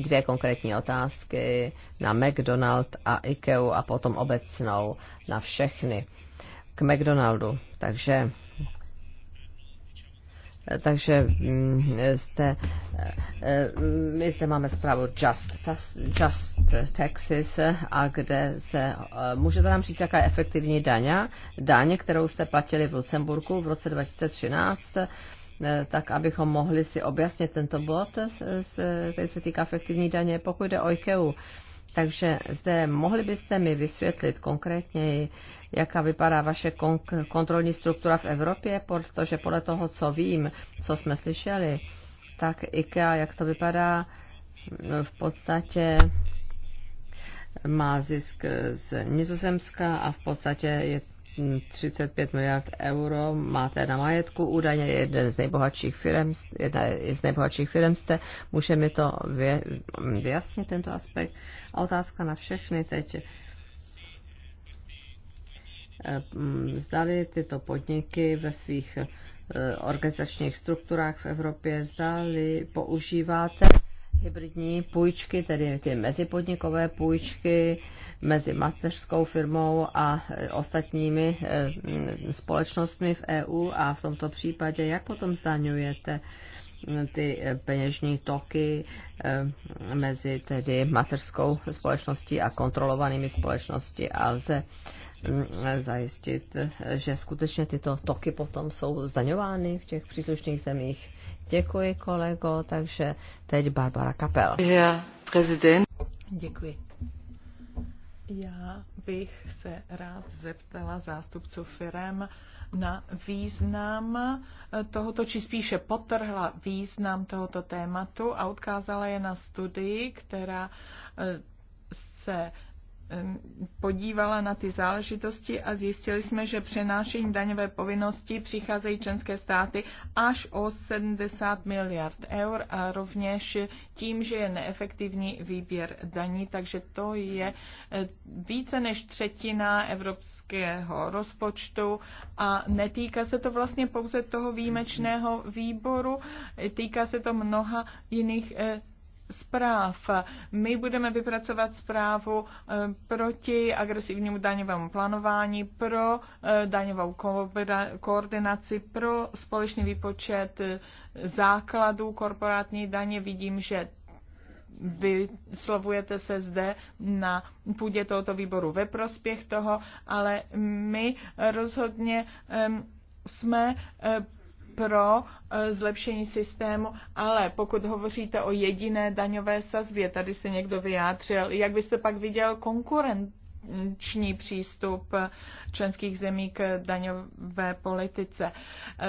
dvě konkrétní otázky na McDonald a IKEA a potom obecnou na všechny. K McDonaldu. Takže takže jste, mm, eh, my zde máme zprávu Just, Just Texas, a kde se, eh, můžete nám říct, jaká je efektivní daně, daně, kterou jste platili v Lucemburku v roce 2013, Eh, tak abychom mohli si objasnit tento bod, eh, který se týká efektivní daně, pokud jde o IKEA. Takže zde mohli byste mi vysvětlit konkrétně, jaká vypadá vaše kontrolní struktura v Evropě, protože podle toho, co vím, co jsme slyšeli, tak IKEA, jak to vypadá, eh, v podstatě má zisk z Nizozemska a v podstatě je 35 miliard euro máte na majetku, údajně jeden z nejbohatších firm, jedna z nejbohatších firm jste, může mi to vyjasnit tento aspekt. A otázka na všechny teď. Eh, mm, zdali tyto podniky ve svých eh, organizačních strukturách v Evropě, zdali používáte hybridní půjčky, tedy ty mezipodnikové půjčky mezi mateřskou firmou a e, ostatními e, společnostmi v EU a v tomto případě, jak potom zdaňujete ty e, peněžní toky mezi tedy mateřskou společností a kontrolovanými společnosti a lze zajistit, že skutečně tyto toky potom jsou zdaňovány v těch příslušných zemích. Děkuji, kolego. Takže teď Barbara Kapel. Já, prezident. Děkuji. Já bych se rád zeptala zástupců firem na význam tohoto, či spíše potrhla význam tohoto tématu a odkázala je na studii, která eh, se podívala na ty záležitosti a zjistili jsme, že přenášení daňové povinnosti přicházejí členské státy až o 70 miliard eur a rovněž tím, že je neefektivní výběr daní, takže to je eh, více než třetina evropského rozpočtu a netýká se to vlastně pouze toho výjimečného výboru, týká se to mnoha jiných eh, zpráv. My budeme vypracovat zprávu eh, proti agresivnímu daňovému plánování, pro eh, daňovou koordinaci, pro společný výpočet eh, základů korporátní daně. Vidím, že vyslovujete se zde na půdě tohoto výboru ve prospěch toho, ale my rozhodně jsme pro eh, zlepšení systému, ale pokud hovoříte o jediné daňové sazbě, tady se někdo vyjádřil, jak byste pak viděl konkurent, funkční přístup členských zemí k daňové politice.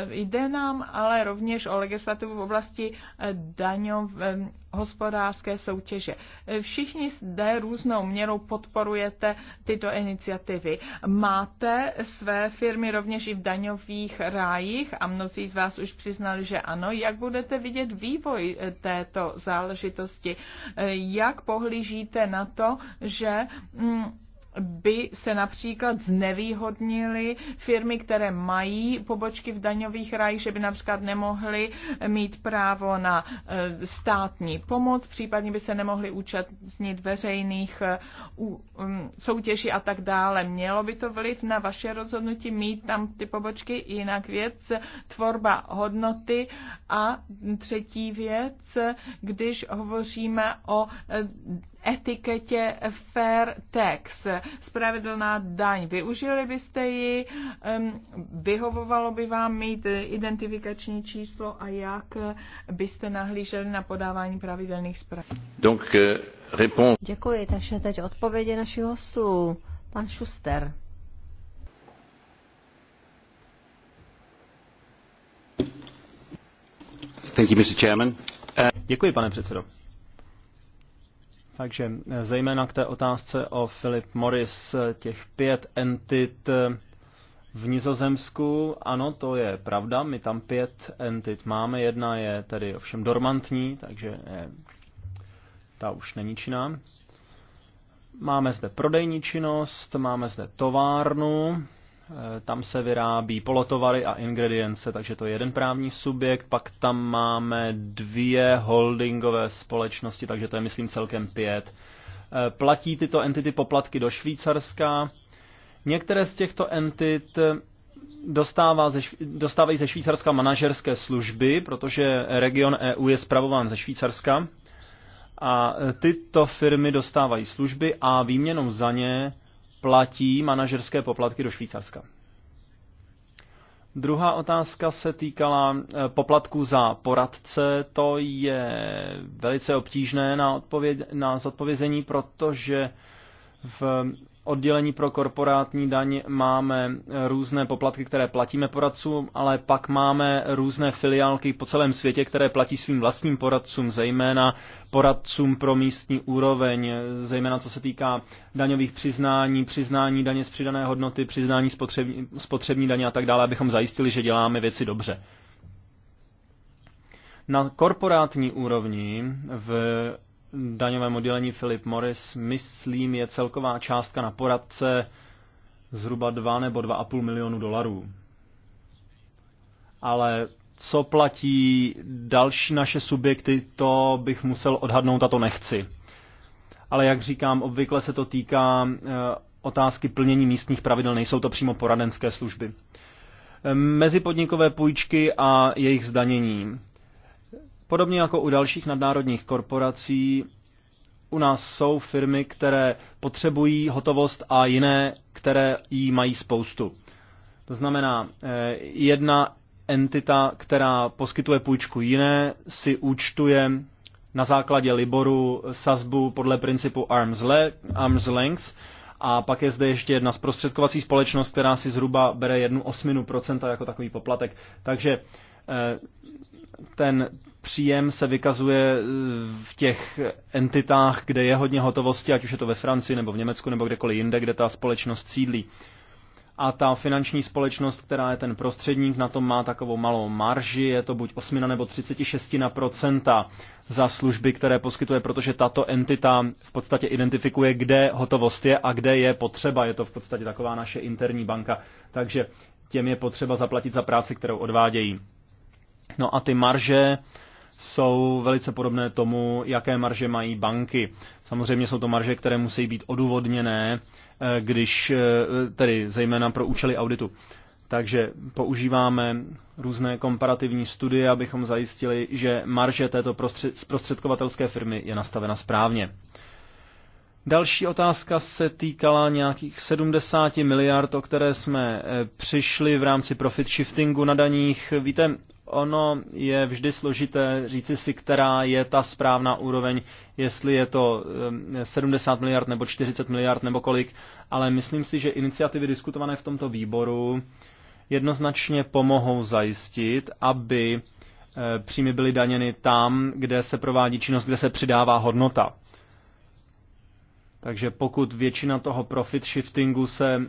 Jde nám ale rovněž o legislativu v oblasti daňové hospodářské soutěže. Všichni zde různou měrou podporujete tyto iniciativy. Máte své firmy rovněž i v daňových rájích a mnozí z vás už přiznali, že ano. Jak budete vidět vývoj této záležitosti? Jak pohlížíte na to, že mm, by se například znevýhodnily firmy, které mají pobočky v daňových rajích, že by například nemohly mít právo na e, státní pomoc, případně by se nemohly účastnit veřejných e, um, soutěží a tak dále. Mělo by to vliv na vaše rozhodnutí mít tam ty pobočky, jinak věc, tvorba hodnoty a třetí věc, když hovoříme o e, etiketě Fair Tax, spravedlná daň. Využili byste ji, vyhovovalo by vám mít identifikační číslo a jak byste nahlíželi na podávání pravidelných zpráv? Euh, Děkuji, takže teď odpovědi našich hostů. Pan Schuster. Thank you, Mr. Chairman. Děkuji, pane předsedo. Takže eh, zejména k té otázce o Philip Morris, eh, těch pět entit eh, v Nizozemsku, ano, to je pravda, my tam pět entit máme, jedna je tedy ovšem dormantní, takže je, ta už není činná. Máme zde prodejní činnost, máme zde továrnu, Eh, tam se vyrábí polotovary a ingredience, takže to je jeden právní subjekt, pak tam máme dvě holdingové společnosti, takže to je myslím celkem pět. Eh, platí tyto entity poplatky do Švýcarska. Některé z těchto entit eh, dostává ze, dostávají ze Švýcarska manažerské služby, protože region EU je spravován ze Švýcarska. A tyto firmy dostávají služby a výměnou za ně platí manažerské poplatky do Švýcarska. Druhá otázka se týkala eh, poplatku za poradce. To je velice obtížné na, odpověd, na zodpovězení, protože v oddělení pro korporátní daň máme různé poplatky, které platíme poradcům, ale pak máme různé filiálky po celém světě, které platí svým vlastním poradcům, zejména poradcům pro místní úroveň, zejména co se týká daňových přiznání, přiznání daně z přidané hodnoty, přiznání spotřební, spotřební daně a tak dále, abychom zajistili, že děláme věci dobře. Na korporátní úrovni v daňovém oddělení Philip Morris, myslím, je celková částka na poradce zhruba 2 nebo 2,5 milionu dolarů. Ale co platí další naše subjekty, to bych musel odhadnout a to nechci. Ale jak říkám, obvykle se to týká eh, otázky plnění místních pravidel, nejsou to přímo poradenské služby. Eh, mezipodnikové půjčky a jejich zdanění. Podobně jako u dalších nadnárodních korporací, u nás jsou firmy, které potřebují hotovost a jiné, které jí mají spoustu. To znamená, eh, jedna entita, která poskytuje půjčku jiné, si účtuje na základě Liboru sazbu podle principu arm's, le- arm's length a pak je zde ještě jedna zprostředkovací společnost, která si zhruba bere jednu osminu procenta jako takový poplatek. Takže eh, ten, příjem se vykazuje e, v těch entitách, kde je hodně hotovosti, ať už je to ve Francii nebo v Německu nebo kdekoliv jinde, kde ta společnost sídlí. A ta finanční společnost, která je ten prostředník, na tom má takovou malou marži, je to buď 8 nebo 36 procenta za služby, které poskytuje, protože tato entita v podstatě identifikuje, kde hotovost je a kde je potřeba. Je to v podstatě taková naše interní banka. Takže těm je potřeba zaplatit za práci, kterou odvádějí. No a ty marže jsou velice podobné tomu, jaké marže mají banky. Samozřejmě jsou to marže, které musí být odůvodněné, eh, když eh, tedy zejména pro účely auditu. Takže používáme různé komparativní studie, abychom zajistili, že marže této zprostředkovatelské firmy je nastavena správně. Další otázka se týkala nějakých 70 miliard, o které jsme eh, přišli v rámci profit shiftingu na daních. Víte, ono je vždy složité říci si, která je ta správná úroveň, jestli je to 70 eh, miliard nebo 40 miliard nebo kolik, ale myslím si, že iniciativy diskutované v tomto výboru jednoznačně pomohou zajistit, aby eh, příjmy byly daněny tam, kde se provádí činnost, kde se přidává hodnota. Takže pokud většina toho profit shiftingu se e,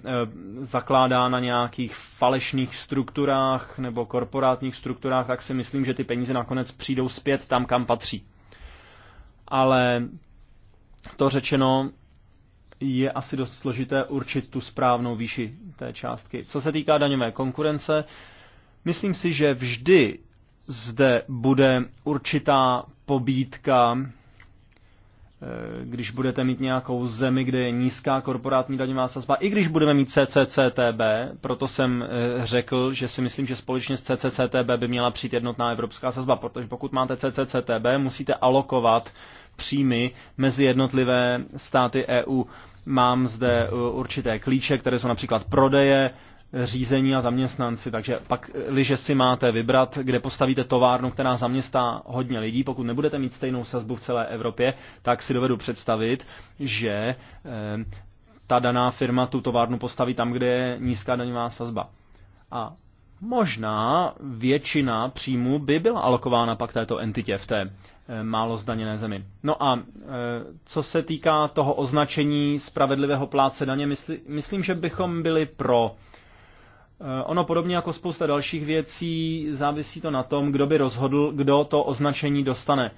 zakládá na nějakých falešných strukturách nebo korporátních strukturách, tak si myslím, že ty peníze nakonec přijdou zpět tam, kam patří. Ale to řečeno, je asi dost složité určit tu správnou výši té částky. Co se týká daňové konkurence, myslím si, že vždy zde bude určitá pobídka Eh, když budete mít nějakou zemi, kde je nízká korporátní daňová sazba, i když budeme mít CCCTB, proto jsem eh, řekl, že si myslím, že společně s CCCTB by měla přijít jednotná evropská sazba, protože pokud máte CCCTB, musíte alokovat příjmy mezi jednotlivé státy EU. Mám zde eh, určité klíče, které jsou například prodeje, řízení a zaměstnanci. Takže pak, eh, liže si máte vybrat, kde postavíte továrnu, která zaměstná hodně lidí, pokud nebudete mít stejnou sazbu v celé Evropě, tak si dovedu představit, že eh, ta daná firma tu továrnu postaví tam, kde je nízká daňová sazba. A možná většina příjmu by byla alokována pak této entitě v té eh, málo zdaněné zemi. No a co se týká toho označení spravedlivého pláce daně, myslím, že bychom byli pro Eh, ono podobně jako spousta dalších věcí závisí to na tom, kdo by rozhodl, kdo to označení dostane.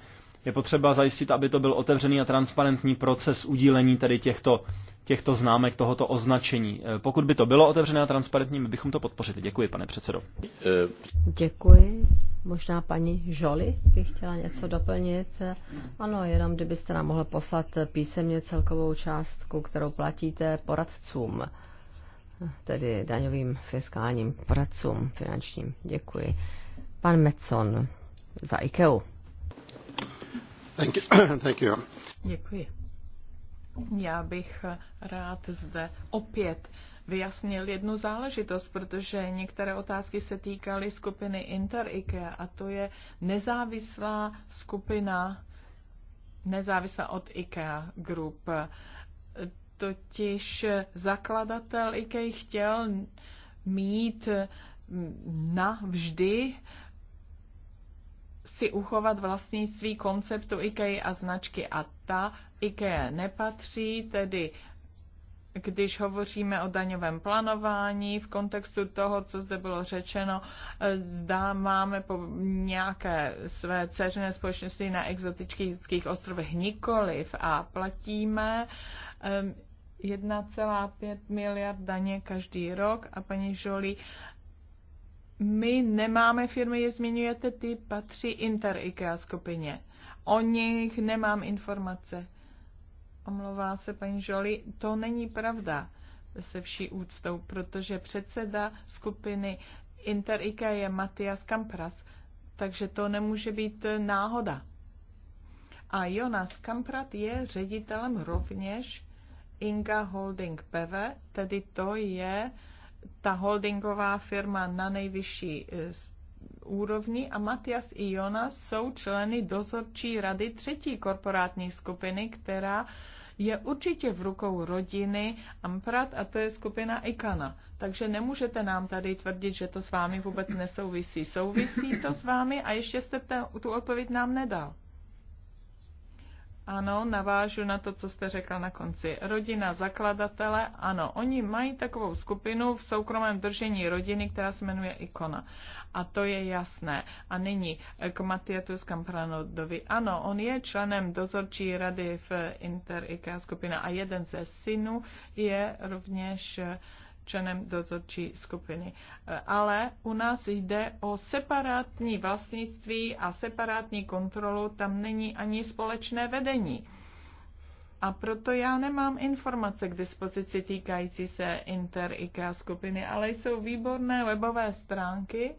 Je potřeba zajistit, aby to byl otevřený a transparentní proces udílení tedy těchto, těchto známek, tohoto označení. Eh, pokud by to bylo otevřené a transparentní, my bychom to podpořili. Děkuji, pane předsedo. Děkuji. Možná paní Žoli by chtěla něco doplnit. Ano, jenom kdybyste nám mohla poslat písemně celkovou částku, kterou platíte poradcům tedy daňovým fiskálním pracům finančním. Děkuji. Pan Metson za IKEA. *coughs* Thank you. Děkuji. Já bych rád zde opět vyjasnil jednu záležitost, protože některé otázky se týkaly skupiny Inter IKEA a to je nezávislá skupina, nezávislá od IKEA Group totiž zakladatel IKEA chtěl mít navždy si uchovat vlastnictví konceptu IKEA a značky a ta IKEA nepatří, tedy když hovoříme o daňovém plánování v kontextu toho, co zde bylo řečeno, zda máme po nějaké své ceřené společnosti na exotických ostrovech nikoliv a platíme 1,5 ehm, miliard daně každý rok a paní Žoli, my nemáme firmy, je zmiňujete, ty patří Inter IKEA skupině. O nich nemám informace. Omlouvá se paní Žoli, to není pravda se vší úctou, protože předseda skupiny Inter IKEA je Matias Kampras, takže to nemůže být náhoda. A Jonas Kamprat je ředitelem rovněž Inga Holding P.V. tedy to je ta holdingová firma na nejvyšší e, úrovni a Matias i Jonas jsou členy dozorčí rady třetí korporátní skupiny, která je určitě v rukou rodiny Amprat a to je skupina Ikana. Takže nemůžete nám tady tvrdit, že to s vámi vůbec nesouvisí. Souvisí to s vámi a ještě jste tu odpověď nám nedal. Ano, navážu na to, co jste řekla na konci. Rodina zakladatele, ano, oni mají takovou skupinu v soukromém držení rodiny, která se jmenuje Ikona. A to je jasné. A nyní k Matiatu Skampranodovi. Ano, on je členem dozorčí rady v Inter IKEA skupina a jeden ze synů je rovněž uh, členem dozorčí skupiny. Ale u nás jde o separátní vlastnictví a separátní kontrolu, tam není ani společné vedení. A proto já nemám informace k dispozici týkající se Inter IK skupiny, ale jsou výborné webové stránky,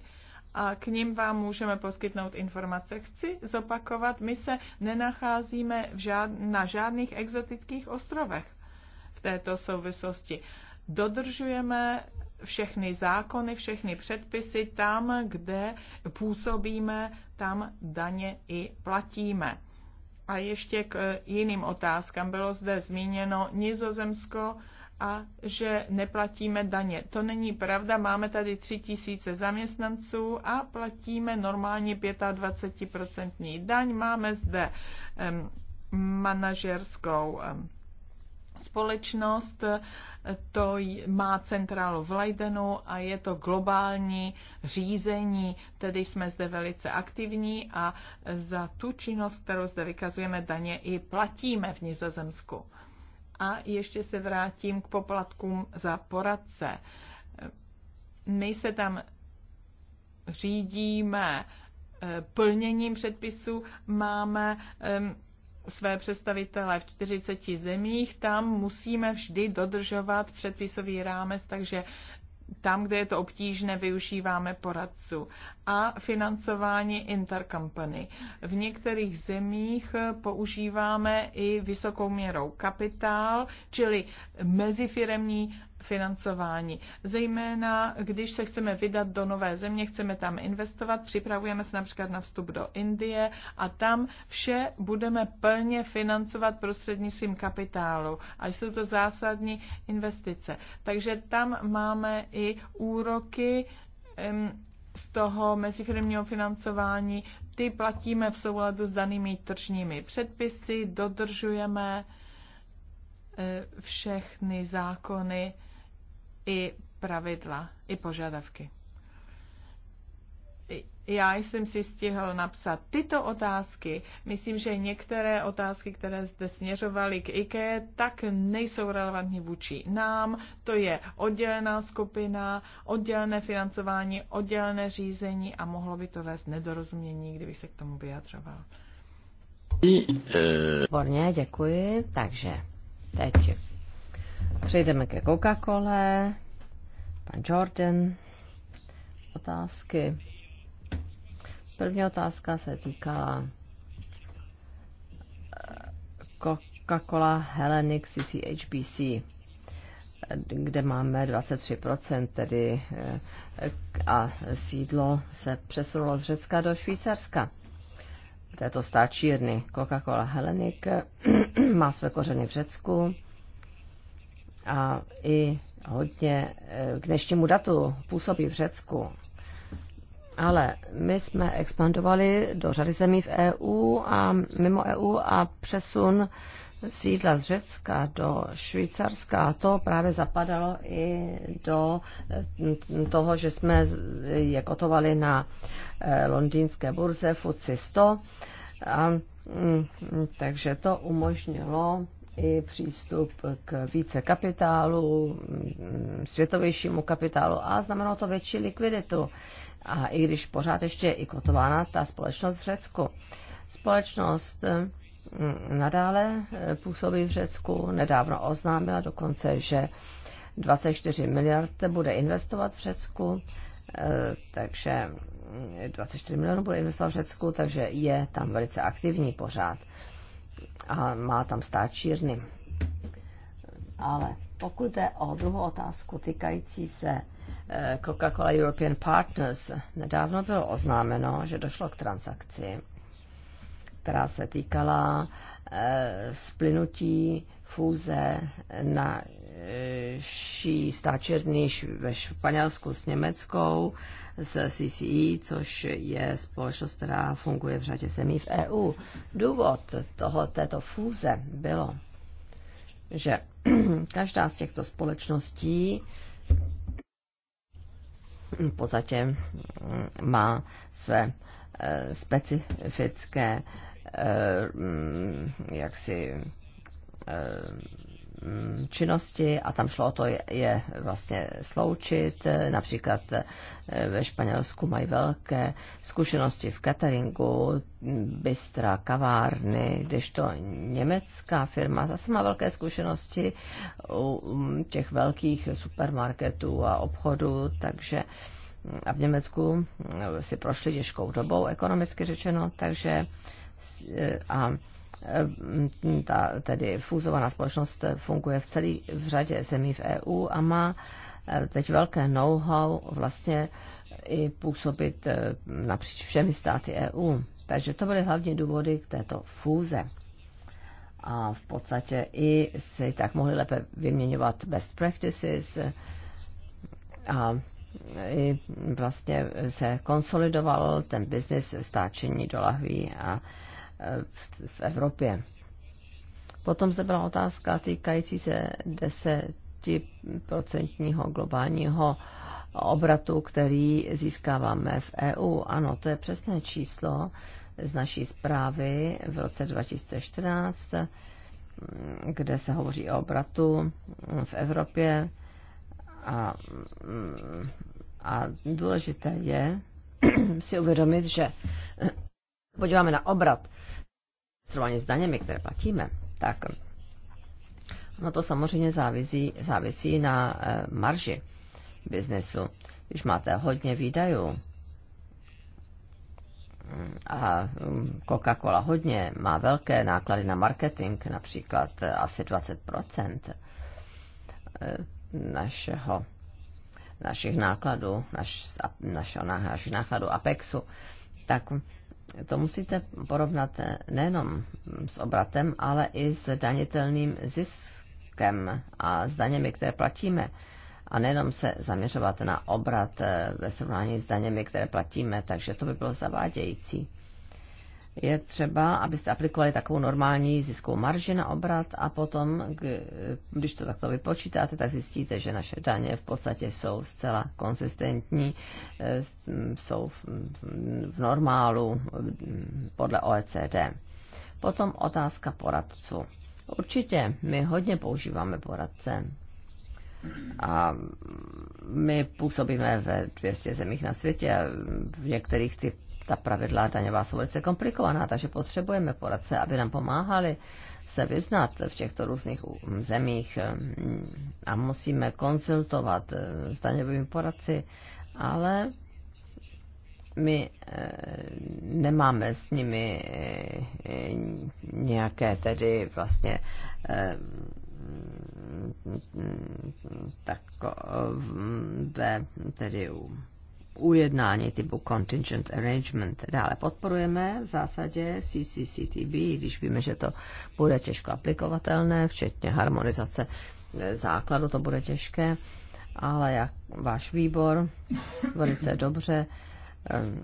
a k ním vám můžeme poskytnout informace. Chci zopakovat, my se nenacházíme v žád, na žádných exotických ostrovech v této souvislosti dodržujeme všechny zákony, všechny předpisy tam, kde působíme, tam daně i platíme. A ještě k jiným otázkám. Bylo zde zmíněno Nizozemsko a že neplatíme daně. To není pravda, máme tady 3000 zaměstnanců a platíme normálně 25% daň. Máme zde um, manažerskou um, společnost, to má centrálu v Leidenu a je to globální řízení, tedy jsme zde velice aktivní a za tu činnost, kterou zde vykazujeme daně, i platíme v Nizozemsku. A ještě se vrátím k poplatkům za poradce. My se tam řídíme eh, plněním předpisů, máme své představitele v 40 zemích, tam musíme vždy dodržovat předpisový rámec, takže tam, kde je to obtížné, využíváme poradců. A financování intercompany. V některých zemích používáme i vysokou měrou kapitál, čili mezifiremní financování. Zejména, když se chceme vydat do nové země, chceme tam investovat, připravujeme se například na vstup do Indie a tam vše budeme plně financovat prostřednictvím kapitálu. A jsou to zásadní investice. Takže tam máme i úroky z toho mezifirmního financování. Ty platíme v souladu s danými tržními předpisy, dodržujeme eh, všechny zákony i pravidla, i požadavky. Já jsem si stihl napsat tyto otázky. Myslím, že některé otázky, které zde směřovaly k IKE, tak nejsou relevantní vůči nám. To je oddělená skupina, oddělené financování, oddělené řízení a mohlo by to vést nedorozumění, kdyby se k tomu vyjadřoval. Eh, Výborně, děkuji. Takže teď Přejdeme ke Coca-Cole. Pan Jordan. Otázky. První otázka se týkala eh, Coca-Cola Hellenic CCHBC, kde máme 23%, tedy eh, a sídlo se přesunulo z Řecka do Švýcarska. Této stáčírny Coca-Cola Hellenic eh, *clears throat* má své kořeny v Řecku a i hodně eh, k dnešnímu datu působí v Řecku. Ale my jsme expandovali do řady zemí v EU a mimo EU a přesun sídla z Řecka do Švýcarska a to právě zapadalo i do eh, toho, že jsme je kotovali na eh, londýnské burze FTSE 100 a mm, takže to umožnilo i přístup k více kapitálu, světovějšímu kapitálu a znamenalo to větší likviditu. A i když pořád ještě je i kotována ta společnost v Řecku. Společnost mm, nadále eh, působí v Řecku, nedávno oznámila dokonce, že 24 miliard bude investovat v Řecku, eh, takže 24 mm, milionů bude investovat v Řecku, takže je tam velice aktivní pořád a má tam stát čírny. Ale pokud jde o druhou otázku týkající se eh, Coca-Cola European Partners, nedávno bylo oznámeno, že došlo k transakci, která se týkala eh, splynutí fůze naší eh, stáčerny ve Španělsku s Německou, s CCI, e, což je společnost, která funguje v řadě zemí v EU. Důvod toho, této fúze bylo, že *clears throat* každá z těchto společností v podstatě mm, má své eh, specifické eh, mm, jaksi Eh, činnosti a tam šlo o to je vlastně sloučit. Například eh, ve Španělsku mají velké zkušenosti v cateringu, bystra, kavárny, kdežto německá firma zase má velké zkušenosti u těch velkých supermarketů a obchodů, takže a v Německu eh, si prošli těžkou dobou ekonomicky řečeno, takže a Eh, ta tedy fúzovaná společnost funguje v celé v řadě zemí v EU a má eh, teď velké know-how vlastně i působit eh, napříč všemi státy EU. Takže to byly hlavní důvody k této fúze. A v podstatě i si tak mohli lépe vyměňovat best practices a i vlastně se konsolidoval ten biznis stáčení do lahví a Eh, v, v Evropě. Potom zde byla otázka týkající se 10% globálního obratu, který získáváme v EU. Ano, to je přesné číslo z naší zprávy v roce 2014, kde se hovoří o obratu v Evropě. A, a důležité je si uvědomit, že podíváme na obrat, srovnání s daněmi, které platíme, tak no to samozřejmě závisí, závisí na eh, marži biznesu. Když máte hodně výdajů, a hm, Coca-Cola hodně má velké náklady na marketing, například eh, asi 20% eh, našeho, našich nákladů, naš, našeho, našich nákladů Apexu, tak to musíte porovnat eh, nejenom s obratem, ale i s danitelným ziskem a s daněmi, které platíme. A nejenom se zaměřovat na obrat eh, ve srovnání s daněmi, které platíme, takže to by bylo zavádějící je třeba, abyste aplikovali takovou normální ziskovou marži na obrat a potom, když to takto vypočítáte, tak zjistíte, že naše daně v podstatě jsou zcela konsistentní, eh, jsou v normálu mm, podle OECD. Potom otázka poradců. Určitě, my hodně používáme poradce. A my působíme ve 200 zemích na světě a v některých ty ta pravidla daňová jsou velice komplikovaná, takže potřebujeme poradce, aby nám pomáhali se vyznat v těchto různých zemích eh, a musíme konzultovat eh, s daňovými poradci, ale my eh, nemáme s nimi nějaké tedy vlastně takové tedy ujednání typu contingent arrangement. Dále podporujeme v zásadě CCCTB, když víme, že to bude těžko aplikovatelné, včetně harmonizace základu, to bude těžké, ale jak váš výbor velice dobře ehm,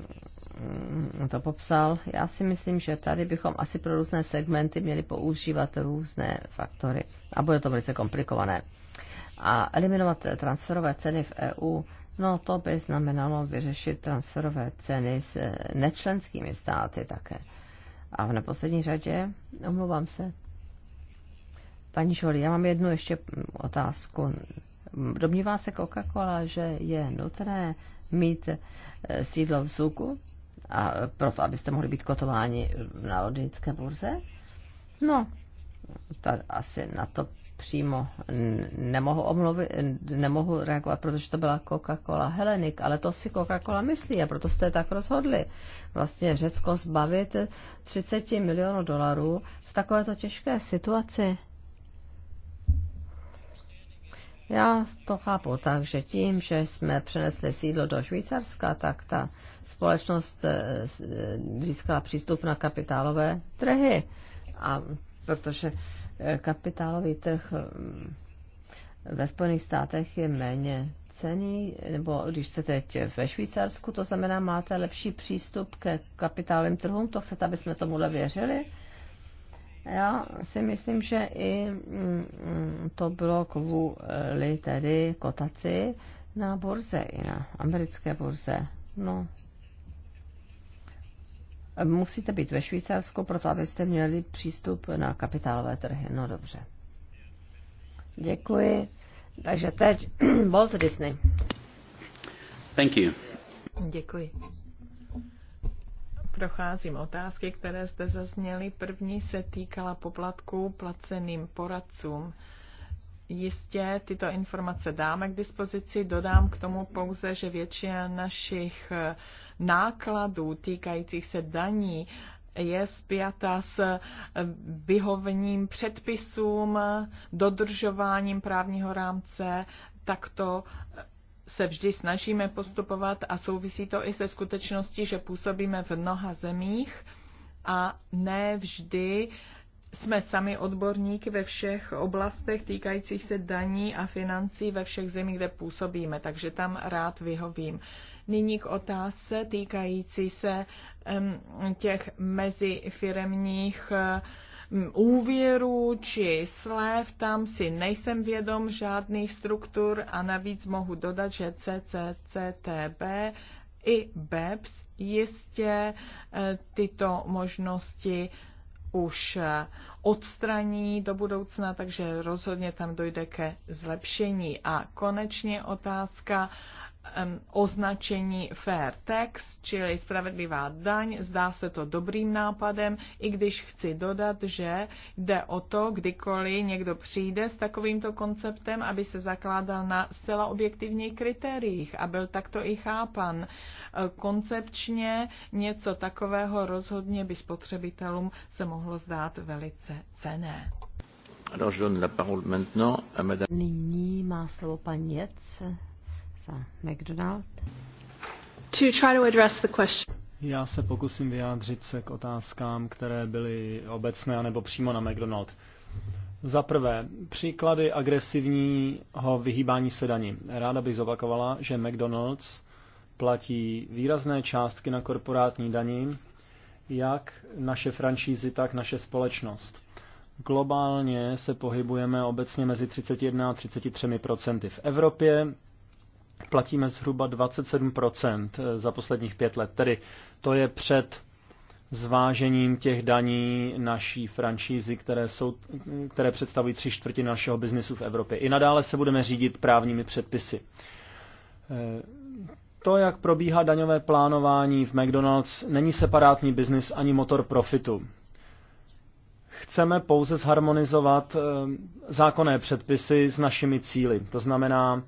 to popsal. Já si myslím, že tady bychom asi pro různé segmenty měli používat různé faktory a bude to velice komplikované. A eliminovat transferové ceny v EU No to by znamenalo vyřešit transferové ceny s eh, nečlenskými státy také. A v neposlední řadě, omlouvám se, paní Žoli, já mám jednu ještě mm, otázku. Domnívá se Coca-Cola, že je nutné mít eh, sídlo v Zuku, a proto, abyste mohli být kotováni na londýnské burze? No, tady asi na to přímo nemohu, omluvit, nemohu reagovat, protože to byla Coca-Cola Helenik, ale to si Coca-Cola myslí a proto jste tak rozhodli. Vlastně Řecko zbavit 30 milionů dolarů v takovéto těžké situaci. Já to chápu tak, že tím, že jsme přenesli sídlo do Švýcarska, tak ta společnost eh, eh, získala přístup na kapitálové trhy. A protože kapitálový trh mm, ve Spojených státech je méně cený, nebo když se teď ve Švýcarsku, to znamená, máte lepší přístup ke kapitálovým trhům, to chcete, aby jsme tomuhle věřili? Já si myslím, že i mm, to bylo kvůli tedy kotaci na burze, i na americké burze. No, musíte být ve Švýcarsku, proto abyste měli přístup na kapitálové trhy. No dobře. Děkuji. Takže teď *clears throat* Walt Disney. Thank you. Děkuji. Procházím otázky, které zde zazněly. První se týkala poplatků placeným poradcům. Jistě tyto informace dáme k dispozici. Dodám k tomu pouze, že většina našich eh, nákladů týkajících se daní je zpěta s eh, vyhovením předpisům, dodržováním právního rámce, takto eh, se vždy snažíme postupovat a souvisí to i se skutečností, že působíme v mnoha zemích a ne vždy uh, jsme sami odborníky ve všech oblastech týkajících se daní a financí ve všech zemích, kde působíme, takže tam rád vyhovím. Nyní k otázce týkající se um, těch mezifiremních um, úvěrů či slev. Tam si nejsem vědom žádných struktur a navíc mohu dodat, že CCCTB i BEPS jistě eh, tyto možnosti už eh, odstraní do budoucna, takže rozhodně tam dojde ke zlepšení. A konečně otázka označení fair tax, čili spravedlivá daň. Zdá se to dobrým nápadem, i když chci dodat, že jde o to, kdykoliv někdo přijde s takovýmto konceptem, aby se zakládal na zcela objektivních kritériích a byl takto i chápan. E, koncepčně něco takového rozhodně by spotřebitelům se mohlo zdát velice cené. Alors je donne la parole maintenant à madame. Nyní má slovo pan Jec za McDonald. To try to address the question. Já se pokusím vyjádřit se k otázkám, které byly obecné anebo přímo na McDonald. Za prvé, příklady agresivního vyhýbání se daní. Ráda bych zopakovala, že McDonald's platí výrazné částky na korporátní daní, jak naše franšízy, tak naše společnost. Globálně se pohybujeme obecně mezi 31 a 33 procenty. V Evropě platíme zhruba 27% eh, za posledních pět let. Tedy to je před zvážením těch daní naší franšízy, které, jsou, které představují tři čtvrtiny našeho biznesu v Evropě. I nadále se budeme řídit právními předpisy. Eh, to, jak probíhá daňové plánování v McDonald's, není separátní biznis ani motor profitu. Chceme pouze zharmonizovat eh, zákonné předpisy s našimi cíly. To znamená,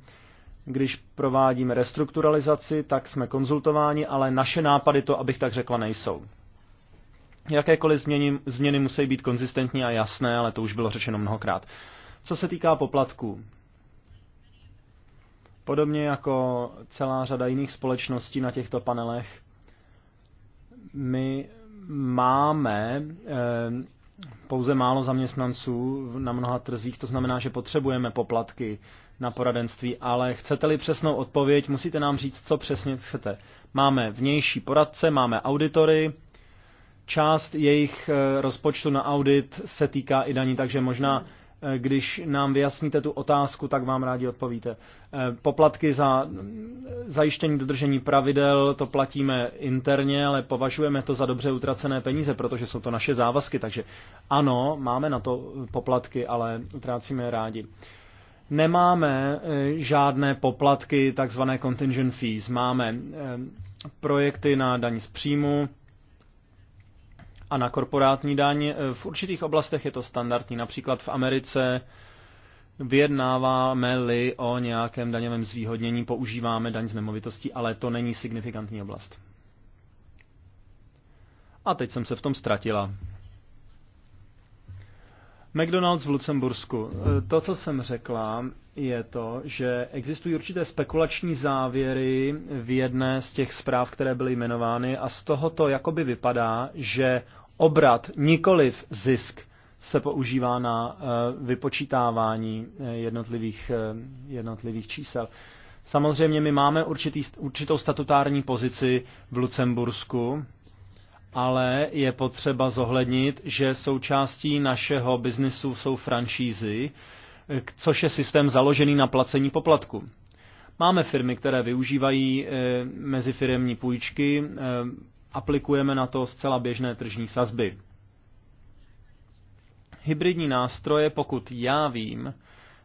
když provádíme restrukturalizaci, tak jsme konzultováni, ale naše nápady to, abych tak řekla, nejsou. Jakékoliv změny, změny musí být konzistentní a jasné, ale to už bylo řečeno mnohokrát. Co se týká poplatků, podobně jako celá řada jiných společností na těchto panelech, my máme eh, pouze málo zaměstnanců na mnoha trzích, to znamená, že potřebujeme poplatky na poradenství, ale chcete-li přesnou odpověď, musíte nám říct, co přesně chcete. Máme vnější poradce, máme auditory, část jejich eh, rozpočtu na audit se týká i daní, takže možná eh, když nám vyjasníte tu otázku, tak vám rádi odpovíte. Eh, poplatky za mm, zajištění dodržení pravidel, to platíme interně, ale považujeme to za dobře utracené peníze, protože jsou to naše závazky, takže ano, máme na to poplatky, ale utrácíme je rádi nemáme eh, žádné poplatky, takzvané contingent fees. Máme eh, projekty na daň z příjmu a na korporátní daň. Eh, v určitých oblastech je to standardní. Například v Americe vyjednáváme-li o nějakém daňovém zvýhodnění, používáme daň z nemovitostí, ale to není signifikantní oblast. A teď jsem se v tom ztratila. McDonald's v Lucembursku. E, to, co jsem řekla, je to, že existují určité spekulační závěry v jedné z těch zpráv, které byly jmenovány a z toho to jakoby vypadá, že obrat, nikoliv zisk, se používá na e, vypočítávání e, jednotlivých, jednotlivých čísel. Samozřejmě my máme určitý, určitou statutární pozici v Lucembursku, ale je potřeba zohlednit, že součástí našeho biznisu jsou franšízy, což je systém založený na placení poplatku. Máme firmy, které využívají eh, mezifiremní půjčky, eh, aplikujeme na to zcela běžné tržní sazby. Hybridní nástroje, pokud já vím,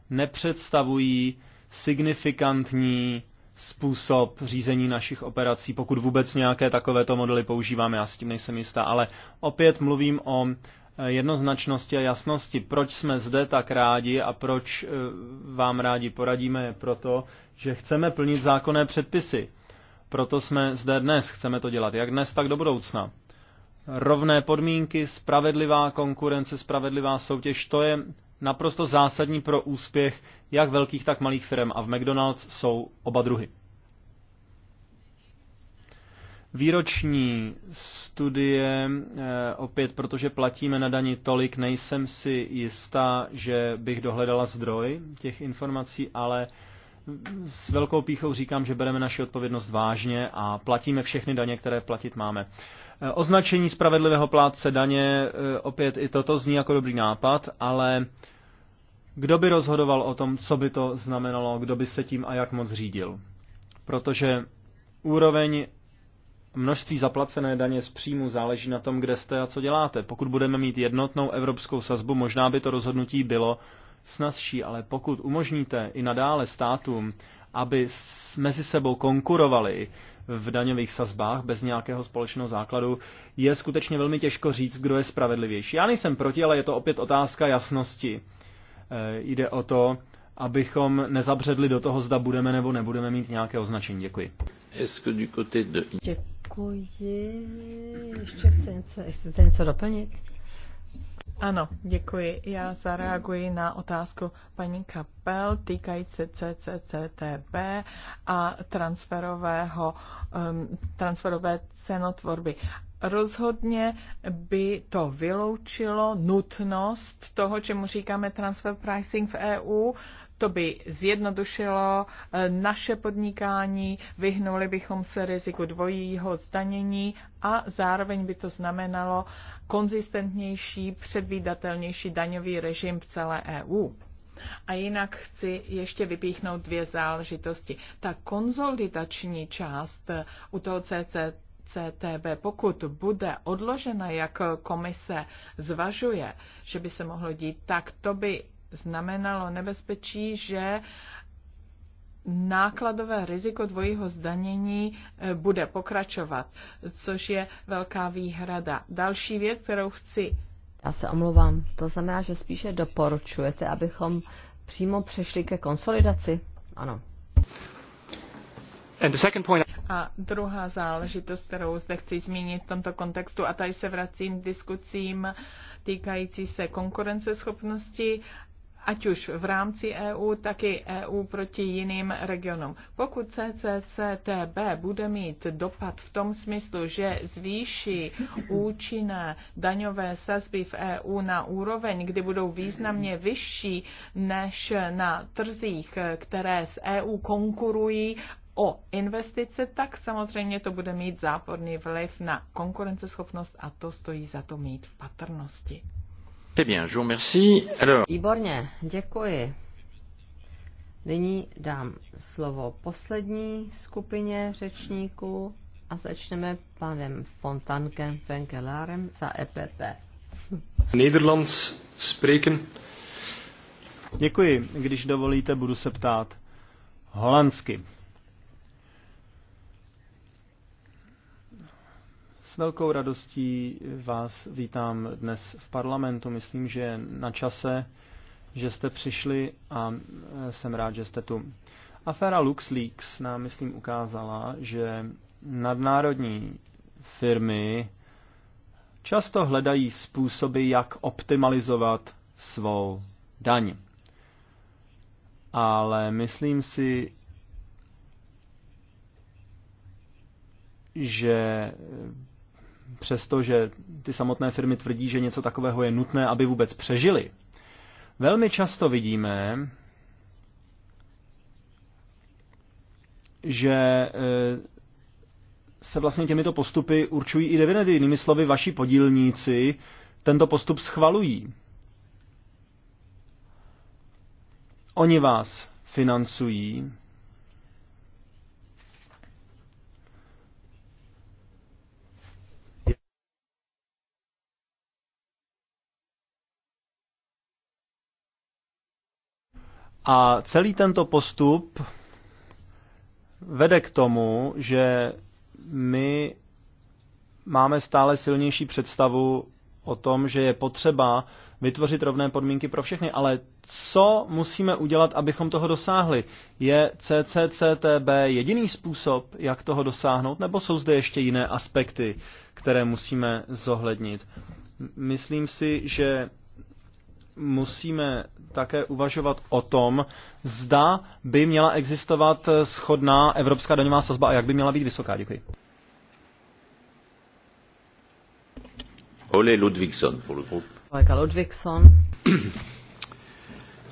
nepředstavují signifikantní způsob řízení našich operací, pokud vůbec nějaké takovéto modely používáme, já s tím nejsem jistá, ale opět mluvím o eh, jednoznačnosti a jasnosti, proč jsme zde tak rádi a proč eh, vám rádi poradíme, je proto, že chceme plnit zákonné předpisy. Proto jsme zde dnes, chceme to dělat, jak dnes, tak do budoucna. Rovné podmínky, spravedlivá konkurence, spravedlivá soutěž, to je naprosto zásadní pro úspěch jak velkých, tak malých firm a v McDonald's jsou oba druhy. Výroční studie, eh, opět protože platíme na dani tolik, nejsem si jistá, že bych dohledala zdroj těch informací, ale s velkou píchou říkám, že bereme naši odpovědnost vážně a platíme všechny daně, které platit máme. Eh, označení spravedlivého plátce daně, eh, opět i toto zní jako dobrý nápad, ale kdo by rozhodoval o tom, co by to znamenalo, kdo by se tím a jak moc řídil? Protože úroveň množství zaplacené daně z příjmu záleží na tom, kde jste a co děláte. Pokud budeme mít jednotnou evropskou sazbu, možná by to rozhodnutí bylo snazší, ale pokud umožníte i nadále státům, aby mezi sebou konkurovali v daňových sazbách bez nějakého společného základu, je skutečně velmi těžko říct, kdo je spravedlivější. Já nejsem proti, ale je to opět otázka jasnosti. E, jde o to, abychom nezabředli do toho, zda budeme nebo nebudeme mít nějaké označení. Děkuji. Děkuji. Ještě chce něco, ještě chce něco doplnit? Ano, děkuji. Já zareaguji na otázku paní Kapel týkající CCCTB a transferového, um, transferové cenotvorby. Rozhodně by to vyloučilo nutnost toho, čemu říkáme transfer pricing v EU, to by zjednodušilo eh, naše podnikání, vyhnuli bychom se riziku dvojího zdanění a zároveň by to znamenalo konzistentnější, předvídatelnější daňový režim v celé EU. A jinak chci ještě vypíchnout dvě záležitosti. Ta konzolidační část eh, u toho CCTB, CTB, pokud bude odložena, jak komise zvažuje, že by se mohlo dít, tak to by znamenalo nebezpečí, že nákladové riziko dvojího zdanění eh, bude pokračovat, což je velká výhrada. Další věc, kterou chci. Já se omlouvám. To znamená, že spíše doporučujete, abychom přímo přešli ke konsolidaci? Ano. And the second point... A druhá záležitost, kterou zde chci zmínit v tomto kontextu, a tady se vracím k diskusím týkající se konkurenceschopnosti ať už v rámci EU, tak i EU proti jiným regionům. Pokud CCCTB bude mít dopad v tom smyslu, že zvýší účinné daňové sazby v EU na úroveň, kdy budou významně vyšší než na trzích, které z EU konkurují o investice, tak samozřejmě to bude mít záporný vliv na konkurenceschopnost a to stojí za to mít v patrnosti. Eh Výborně, děkuji. Nyní dám slovo poslední skupině řečníků a začneme panem Fontankem Fenkelárem za EPP. Nederlands spreken. Děkuji. Když dovolíte, budu se ptát holandsky. S velkou radostí vás vítám dnes v parlamentu. Myslím, že je na čase, že jste přišli a e, jsem rád, že jste tu. Aféra LuxLeaks nám, myslím, ukázala, že nadnárodní firmy často hledají způsoby, jak optimalizovat svou daň. Ale myslím si, že přestože ty samotné firmy tvrdí, že něco takového je nutné, aby vůbec přežili, velmi často vidíme, že eh, se vlastně těmito postupy určují i dividendy. Jinými slovy, vaši podílníci tento postup schvalují. Oni vás financují A celý tento postup vede k tomu, že my máme stále silnější představu o tom, že je potřeba vytvořit rovné podmínky pro všechny, ale co musíme udělat, abychom toho dosáhli? Je CCCTB jediný způsob, jak toho dosáhnout, nebo jsou zde ještě jiné aspekty, které musíme zohlednit? Myslím si, že musíme také uvažovat o tom, zda by měla existovat schodná evropská daňová sazba a jak by měla být vysoká. Děkuji. Ole Ludvíkson, pro Ludvíkson.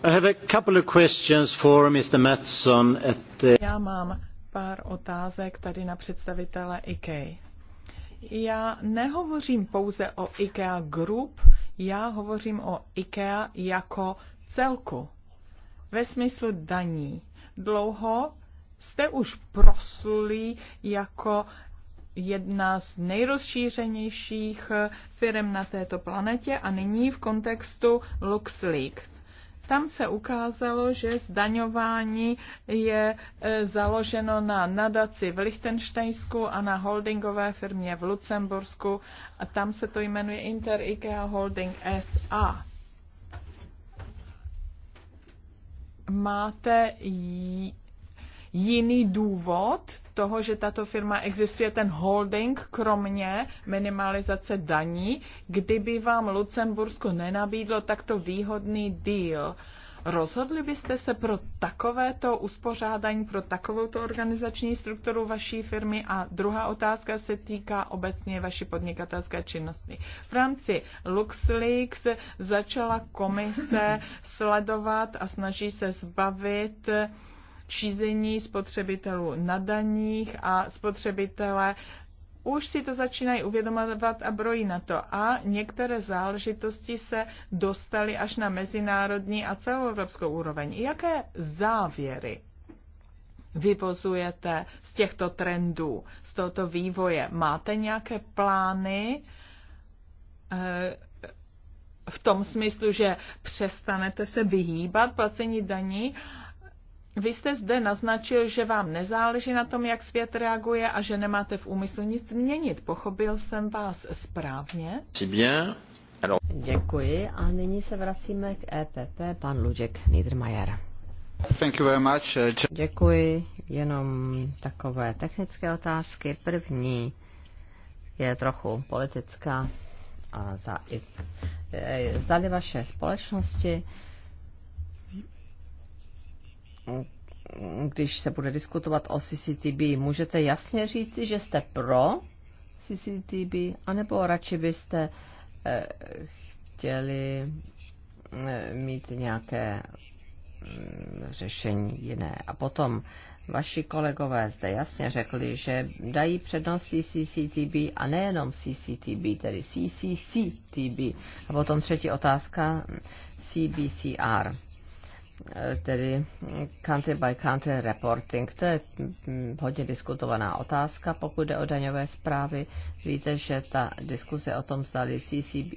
I have a couple of questions for Mr. Matson at the... Já mám pár otázek tady na představitele IKEA. Já nehovořím pouze o IKEA Group, já hovořím o IKEA jako celku. Ve smyslu daní. Dlouho jste už prosluli jako jedna z nejrozšířenějších firm na této planetě a nyní v kontextu LuxLeaks tam se ukázalo, že zdaňování je e, založeno na nadaci v Lichtensteinsku a na holdingové firmě v Lucembursku a tam se to jmenuje Inter IKEA Holding SA. Máte jiný důvod toho, že tato firma existuje, ten holding, kromě minimalizace daní, kdyby vám Lucembursko nenabídlo takto výhodný deal, Rozhodli byste se pro takovéto uspořádání, pro takovouto organizační strukturu vaší firmy? A druhá otázka se týká obecně vaší podnikatelské činnosti. V rámci LuxLeaks začala komise sledovat a snaží se zbavit řízení spotřebitelů na daních a spotřebitelé už si to začínají uvědomovat a brojí na to. A některé záležitosti se dostaly až na mezinárodní a celoevropskou úroveň. Jaké závěry vyvozujete z těchto trendů, z tohoto vývoje? Máte nějaké plány eh, v tom smyslu, že přestanete se vyhýbat placení daní? Vy jste zde naznačil, že vám nezáleží na tom, jak svět reaguje a že nemáte v úmyslu nic změnit. Pochopil jsem vás správně? Děkuji a nyní se vracíme k EPP, pan Luděk Niedermayer. Thank you very much. Eh, Děkuji, jenom takové technické otázky. První je trochu politická. A za, eh, zdali vaše společnosti když se bude diskutovat o CCTB, můžete jasně říct, že jste pro CCTB, anebo radši byste eh, chtěli eh, mít nějaké mm, řešení jiné. A potom vaši kolegové zde jasně řekli, že dají přednost CCCTB a nejenom CCTB, tedy CCCTB. A potom třetí otázka CBCR. E, tedy country by country reporting. To je mm, hodně diskutovaná otázka, pokud jde o daňové zprávy. Víte, že ta diskuse o tom, zda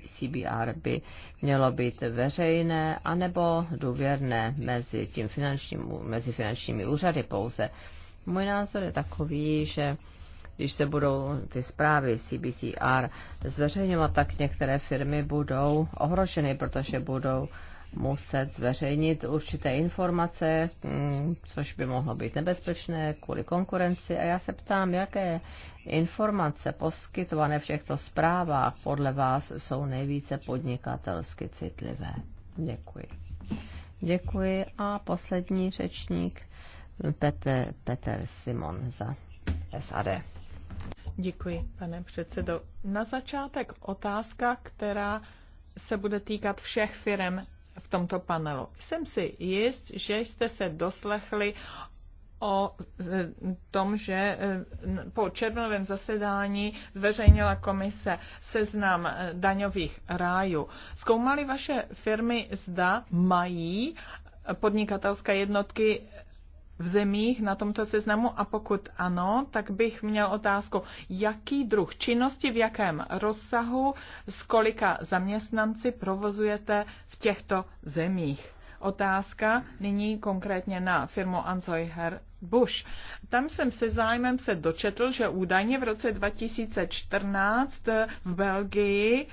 CBR by mělo být veřejné anebo důvěrné mezi, tím finančním, mezi finančními úřady pouze. Můj názor je takový, že když se budou ty zprávy CBCR zveřejňovat, tak některé firmy budou ohroženy, protože budou uh, muset zveřejnit určité informace, mm, což by mohlo být nebezpečné kvůli konkurenci. A já se ptám, jaké informace poskytované v těchto zprávách podle vás jsou nejvíce podnikatelsky citlivé. Děkuji. Děkuji. A poslední řečník Petr, Petr Simon za SAD. Děkuji, pane předsedo. Na začátek otázka, která se bude týkat všech firm v tomto panelu. Jsem si jist, že jste se doslechli o e, tom, že e, po červnovém zasedání zveřejnila komise seznam e, daňových rájů. Zkoumali vaše firmy, zda mají podnikatelské jednotky v zemích na tomto seznamu a pokud ano, tak bych měl otázku, jaký druh činnosti, v jakém rozsahu, s kolika zaměstnanci provozujete v těchto zemích. Otázka nyní konkrétně na firmu Anzoy Her Bush. Tam jsem se zájmem se dočetl, že údajně v roce 2014 v Belgii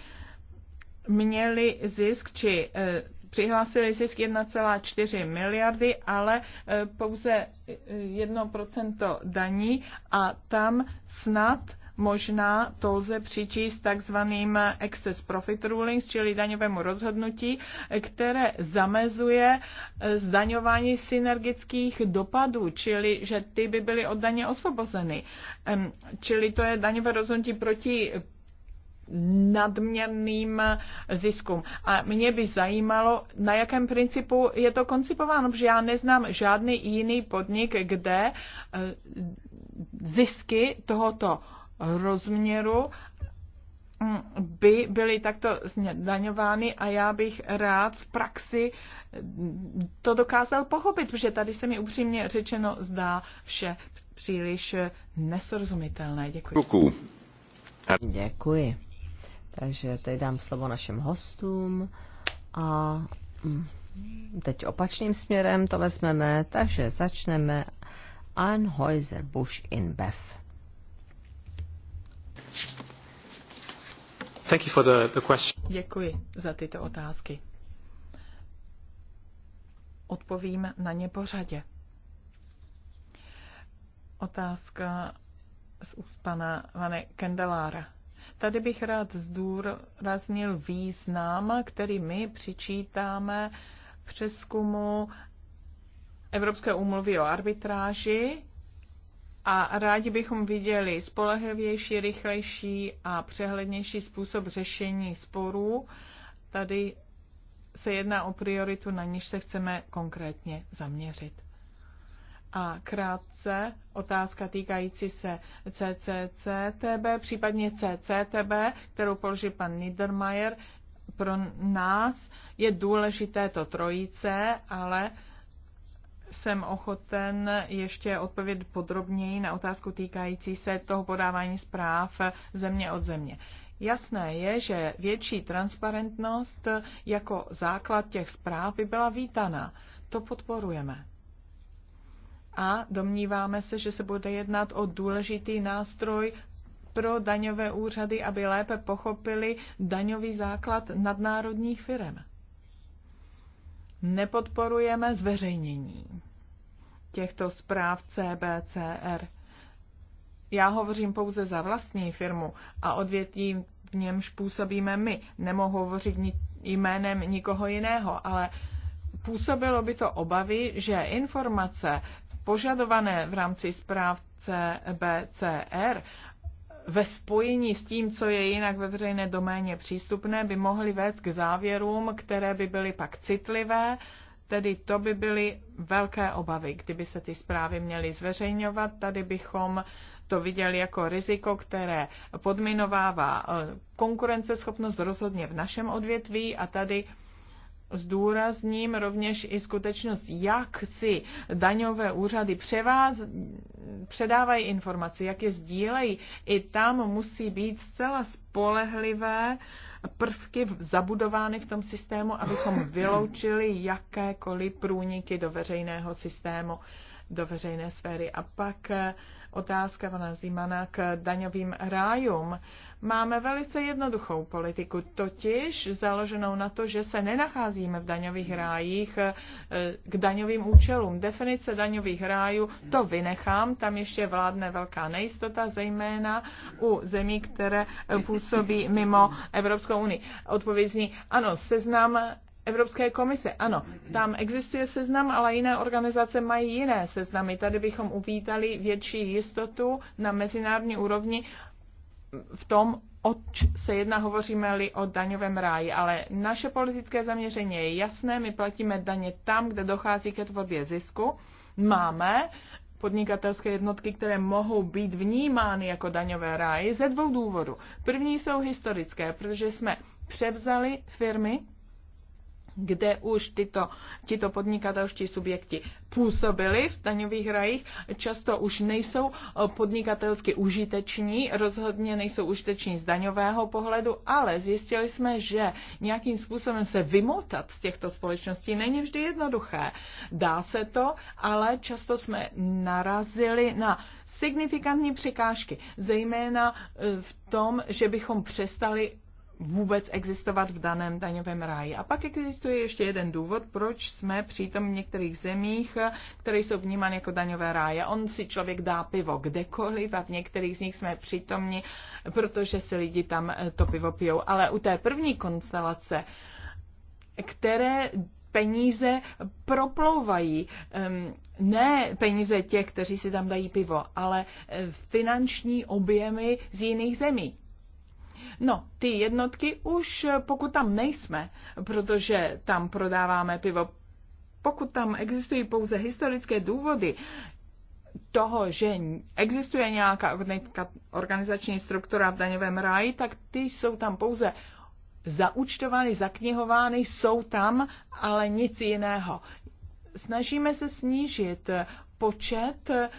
měli zisk či eh, přihlásili zisk 1,4 miliardy, ale e, pouze 1% e, daní a tam snad možná to lze přičíst takzvaným excess profit rulings, čili daňovému rozhodnutí, které zamezuje e, zdaňování synergických dopadů, čili že ty by byly od daně osvobozeny. Čili to je daňové rozhodnutí proti nadměrným ziskům. A mě by zajímalo, na jakém principu je to koncipováno, protože já neznám žádný jiný podnik, kde eh, zisky tohoto rozměru mm, by byly takto zdaňovány a já bych rád v praxi mm, to dokázal pochopit, protože tady se mi upřímně řečeno zdá vše příliš nesrozumitelné. Děkuji. Děkuji. Takže teď dám slovo našim hostům a mm, teď opačným směrem to vezmeme, takže začneme Anheuser Busch in Bev. Thank you for the, the question. Děkuji za tyto otázky. Odpovím na ně pořadě. Otázka z úst pana Vane Kendelára Tady bych rád zdůraznil význam, který my přičítáme přeskumu Evropské úmluvy o arbitráži a rádi bychom viděli spolehlivější, rychlejší a přehlednější způsob řešení sporů. Tady se jedná o prioritu, na níž se chceme konkrétně zaměřit. A krátce otázka týkající se CCCTB, případně CCTB, kterou položí pan Niedermayer. Pro nás je důležité to trojice, ale jsem ochoten ještě odpovědět podrobněji na otázku týkající se toho podávání zpráv země od země. Jasné je, že větší transparentnost jako základ těch zpráv by byla vítaná. To podporujeme a domníváme se, že se bude jednat o důležitý nástroj pro daňové úřady, aby lépe pochopili daňový základ nadnárodních firm. Nepodporujeme zveřejnění těchto zpráv CBCR. Já hovořím pouze za vlastní firmu a odvětí v němž působíme my. Nemohu hovořit ni- jménem nikoho jiného, ale působilo by to obavy, že informace požadované v rámci zprávce CBCR ve spojení s tím, co je jinak ve veřejné doméně přístupné, by mohly vést k závěrům, které by byly pak citlivé, tedy to by byly velké obavy, kdyby se ty zprávy měly zveřejňovat. Tady bychom to viděli jako riziko, které podminovává eh, konkurenceschopnost rozhodně v našem odvětví a tady zdůrazním rovněž i skutečnost, jak si daňové úřady převáz, předávají informace, jak je sdílejí. I tam musí být zcela spolehlivé prvky zabudovány v tom systému, abychom *laughs* vyloučili jakékoliv průniky do veřejného systému, do veřejné sféry. A pak eh, otázka pana Zimana k daňovým rájům. Máme velice jednoduchou politiku, totiž založenou na to, že se nenacházíme v daňových rájích eh, k daňovým účelům. Definice daňových rájů to vynechám, tam ještě vládne velká nejistota, zejména u zemí, které eh, působí mimo Evropskou unii. Odpověď zní, ano, seznam Evropské komise, ano, tam existuje seznam, ale jiné organizace mají jiné seznamy. Tady bychom uvítali větší jistotu na mezinárodní úrovni v tom, oč se jedná, hovoříme-li o daňovém ráji, ale naše politické zaměření je jasné, my platíme daně tam, kde dochází ke tvorbě zisku. Máme podnikatelské jednotky, které mohou být vnímány jako daňové ráje ze dvou důvodů. První jsou historické, protože jsme převzali firmy, kde už tyto, tyto podnikatelští subjekti působili v daňových rajích, často už nejsou eh, podnikatelsky užiteční, rozhodně nejsou užiteční z daňového pohledu, ale zjistili jsme, že nějakým způsobem se vymotat z těchto společností není vždy jednoduché. Dá se to, ale často jsme narazili na signifikantní překážky, zejména eh, v tom, že bychom přestali vůbec existovat v daném daňovém ráji. A pak existuje ještě jeden důvod, proč jsme přítom v některých zemích, které jsou vnímány jako daňové ráje. On si člověk dá pivo kdekoliv a v některých z nich jsme přítomni, protože si lidi tam eh, to pivo pijou. Ale u té první konstelace, které peníze proplouvají. Ehm, ne peníze těch, kteří si tam dají pivo, ale eh, finanční objemy z jiných zemí No, ty jednotky už, eh, pokud tam nejsme, protože tam prodáváme pivo, pokud tam existují pouze historické důvody toho, že existuje nějaká organizační struktura v daňovém ráji, tak ty jsou tam pouze zaučtovány, zaknihovány, jsou tam, ale nic jiného. Snažíme se snížit počet eh,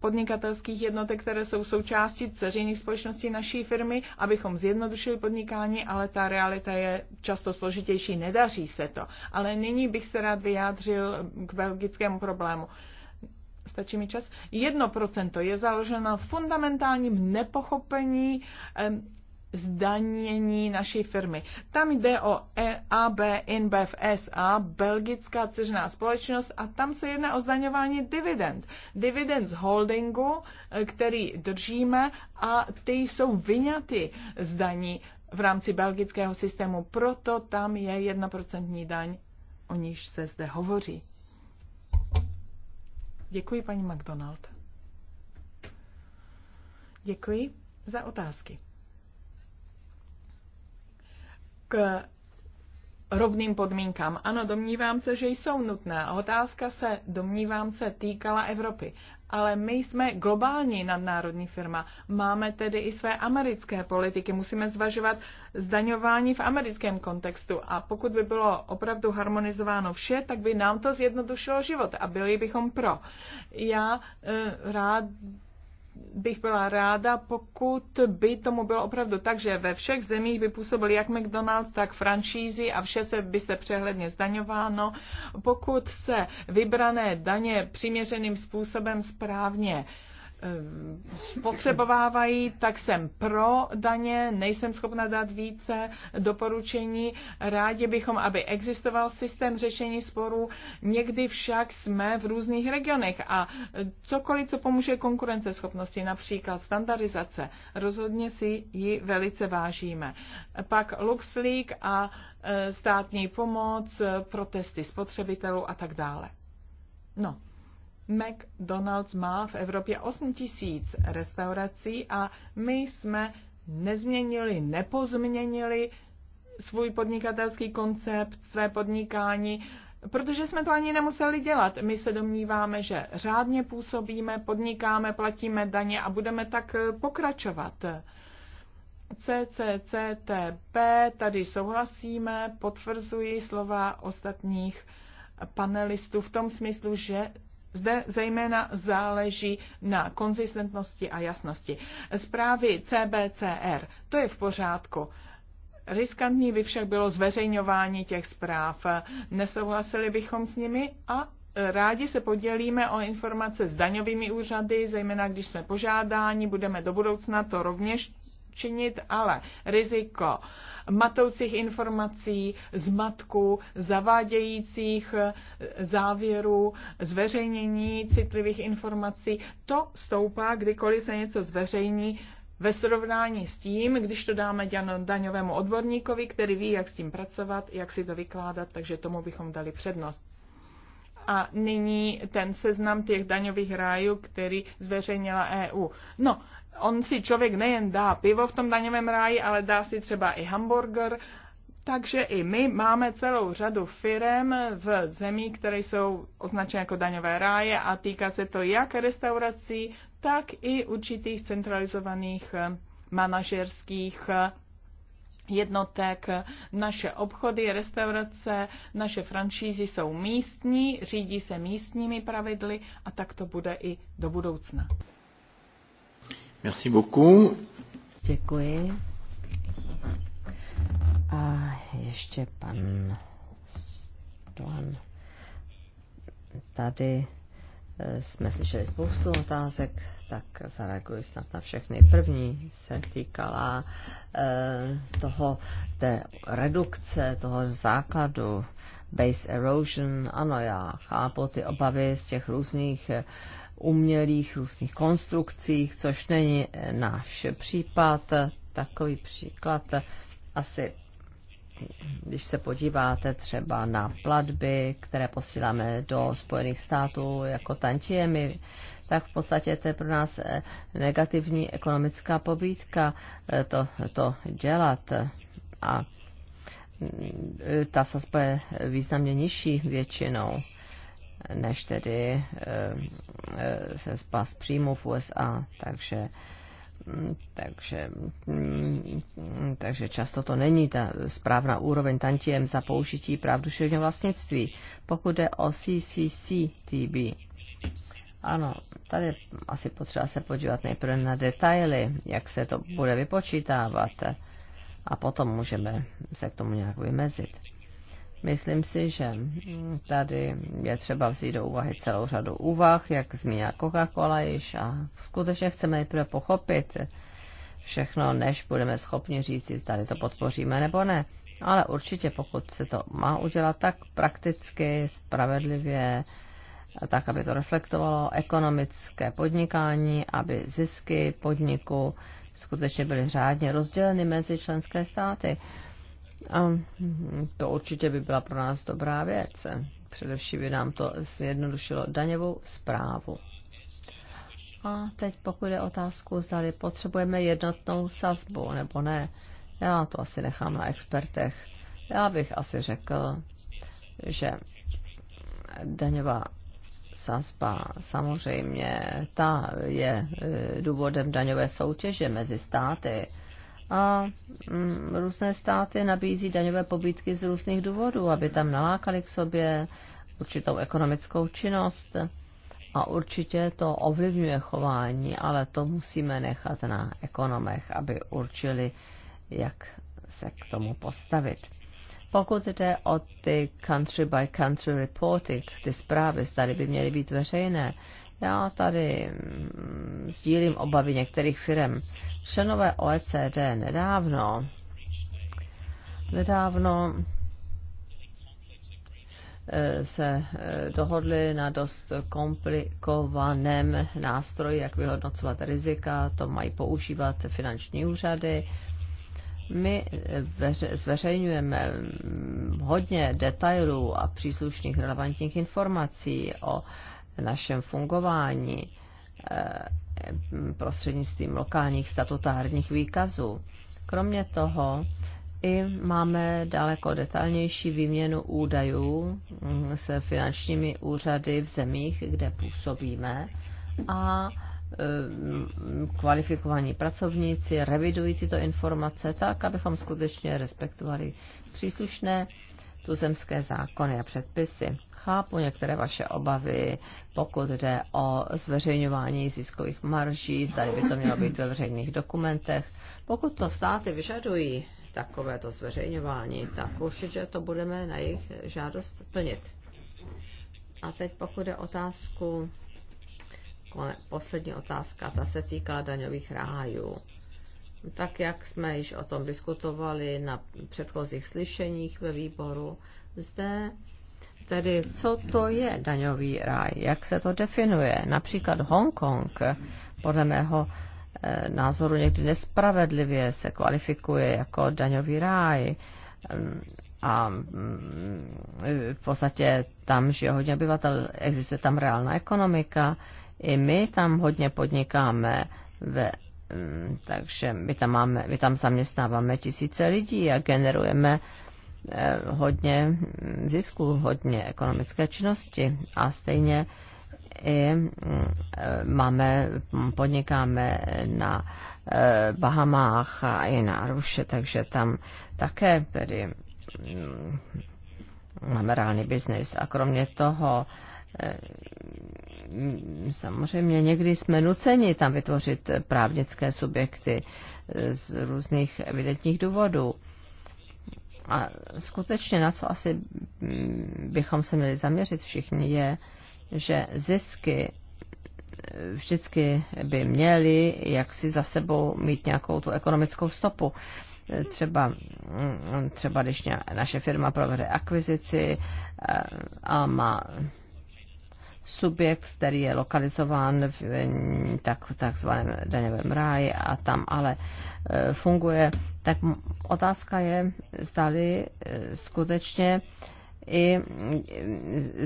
podnikatelských jednotek, které jsou součástí dceřiných společností naší firmy, abychom zjednodušili podnikání, ale ta realita je často složitější, nedaří se to. Ale nyní bych se rád vyjádřil k belgickému problému. Stačí mi čas? Jedno procento je založeno na fundamentálním nepochopení zdanění naší firmy. Tam jde o e, AB InBev SA, belgická ceřná společnost a tam se jedná o zdaňování dividend. Dividend z holdingu, eh, který držíme a ty jsou vyňaty zdaní v rámci belgického systému. Proto tam je jednoprocentní daň, o níž se zde hovoří. Děkuji, paní McDonald. Děkuji za otázky k rovným podmínkám. Ano, domnívám se, že jsou nutné. Otázka se, domnívám se, týkala Evropy. Ale my jsme globální nadnárodní firma. Máme tedy i své americké politiky. Musíme zvažovat zdaňování v americkém kontextu. A pokud by bylo opravdu harmonizováno vše, tak by nám to zjednodušilo život a byli bychom pro. Já e, rád bych byla ráda, pokud by tomu bylo opravdu tak, že ve všech zemích by působil jak McDonald's, tak franšízy a vše se by se přehledně zdaňováno. Pokud se vybrané daně přiměřeným způsobem správně uh, spotřebovávají, eh, tak jsem pro daně, nejsem schopna dát více doporučení. Rádi bychom, aby existoval systém řešení sporů, někdy však jsme v různých regionech a cokoliv, co pomůže konkurenceschopnosti, například standardizace, rozhodně si ji velice vážíme. Pak LuxLeak a eh, státní pomoc, protesty spotřebitelů a tak dále. No, McDonald's má v Evropě 8 tisíc restaurací a my jsme nezměnili, nepozměnili svůj podnikatelský koncept, své podnikání, protože jsme to ani nemuseli dělat. My se domníváme, že řádně působíme, podnikáme, platíme daně a budeme tak eh, pokračovat. CCCTP, tady souhlasíme, potvrzuji slova ostatních panelistů v tom smyslu, že zde zejména záleží na konzistentnosti a jasnosti. Zprávy CBCR, to je v pořádku. Riskantní by však bylo zveřejňování těch zpráv. Nesouhlasili bychom s nimi a e, rádi se podělíme o informace s daňovými úřady, zejména když jsme požádáni, budeme do budoucna to rovněž činit, ale riziko matoucích informací, zmatku, zavádějících eh, závěrů, zveřejnění citlivých informací, to stoupá, kdykoliv se něco zveřejní, ve srovnání s tím, když to dáme daňovému odborníkovi, který ví, jak s tím pracovat, jak si to vykládat, takže tomu bychom dali přednost. A nyní ten seznam těch daňových rájů, který zveřejnila EU. No, on si člověk nejen dá pivo v tom daňovém ráji, ale dá si třeba i hamburger. Takže i my máme celou řadu firem v zemí, které jsou označeny jako daňové ráje a týká se to jak restaurací, tak i určitých centralizovaných eh, manažerských eh, jednotek. Naše obchody, restaurace, naše franšízy jsou místní, řídí se místními pravidly a tak to bude i do budoucna. Merci beaucoup. Děkuji. A ještě pan Stoan. Tady eh, jsme slyšeli spoustu otázek, tak zareaguji snad na všechny. První se týkala eh, toho, té redukce, toho základu, base erosion. Ano, já chápu ty obavy z těch různých eh, umělých různých konstrukcích, což není náš případ. Takový příklad asi když se podíváte třeba na platby, které posíláme do Spojených států jako tantiemy, tak v podstatě to je pro nás eh, negativní ekonomická pobídka eh, to, to dělat. A mm, ta sazba je významně nižší většinou než tedy eh, eh, se spas příjmu v USA, takže mm, takže, mm, takže často to není ta správná úroveň tantiem za použití práv duševního vlastnictví. Pokud jde o CCCTB, ano, tady asi potřeba se podívat nejprve na detaily, jak se to bude vypočítávat a potom můžeme se k tomu nějak vymezit. Myslím si, že tady je třeba vzít do úvahy celou řadu úvah, jak zmínila Coca-Cola již a skutečně chceme nejprve pochopit všechno, než budeme schopni říct, zda to podpoříme nebo ne. Ale určitě, pokud se to má udělat tak prakticky, spravedlivě, tak, aby to reflektovalo ekonomické podnikání, aby zisky podniku skutečně byly řádně rozděleny mezi členské státy. A hm, to určitě by byla pro nás dobrá věc. Především by nám to zjednodušilo daňovou zprávu. A teď pokud je otázku, zda potřebujeme jednotnou sazbu nebo ne, já to asi nechám na expertech. Já bych asi řekl, že daňová sazba samozřejmě ta je e, důvodem daňové soutěže mezi státy a mm, různé státy nabízí daňové pobídky z různých důvodů, aby tam nalákali k sobě určitou ekonomickou činnost. A určitě to ovlivňuje chování, ale to musíme nechat na ekonomech, aby určili, jak se k tomu postavit. Pokud jde o ty country by country reporting, ty zprávy tady by měly být veřejné, já tady mm, sdílím obavy některých firm. Členové OECD nedávno, nedávno eh, se eh, dohodli na dost komplikovaném nástroji, jak vyhodnocovat rizika, to mají používat finanční úřady. My eh, zveřejňujeme mm, hodně detailů a příslušných relevantních informací o našem fungování eh, prostřednictvím lokálních statutárních výkazů. Kromě toho i máme daleko detailnější výměnu údajů mm, s finančními úřady v zemích, kde působíme a eh, kvalifikovaní pracovníci revidují tyto informace tak, abychom skutečně respektovali příslušné tuzemské zákony a předpisy. Chápu některé vaše obavy, pokud jde o zveřejňování ziskových marží, zda by to mělo být ve veřejných dokumentech. Pokud to státy vyžadují, takovéto zveřejňování, tak určitě to budeme na jejich žádost plnit. A teď pokud je otázku, poslední otázka, ta se týká daňových rájů tak jak jsme již o tom diskutovali na předchozích slyšeních ve výboru, zde tedy co to je daňový ráj, jak se to definuje. Například Hongkong, podle mého eh, názoru někdy nespravedlivě se kvalifikuje jako daňový ráj ehm, a mm, v podstatě tam žije hodně obyvatel, existuje tam reálná ekonomika, i my tam hodně podnikáme ve Mm, takže my tam, máme, my tam zaměstnáváme tisíce lidí a generujeme eh, hodně zisku, hodně ekonomické činnosti a stejně i mm, eh, máme, mm, podnikáme na eh, Bahamách a i na Ruše, takže tam také tedy máme reálný biznis. A kromě toho Mm, samozřejmě někdy jsme nuceni tam vytvořit právnické subjekty eh, z různých evidentních důvodů. A skutečně na co asi mm, bychom se měli zaměřit všichni je, že zisky eh, vždycky by měly jaksi za sebou mít nějakou tu ekonomickou stopu. Eh, třeba, mm, třeba když naše firma provede akvizici a má subjekt, který je lokalizován v tak, takzvaném daňovém ráji a tam ale e, funguje, tak otázka je, zdali e, skutečně i e,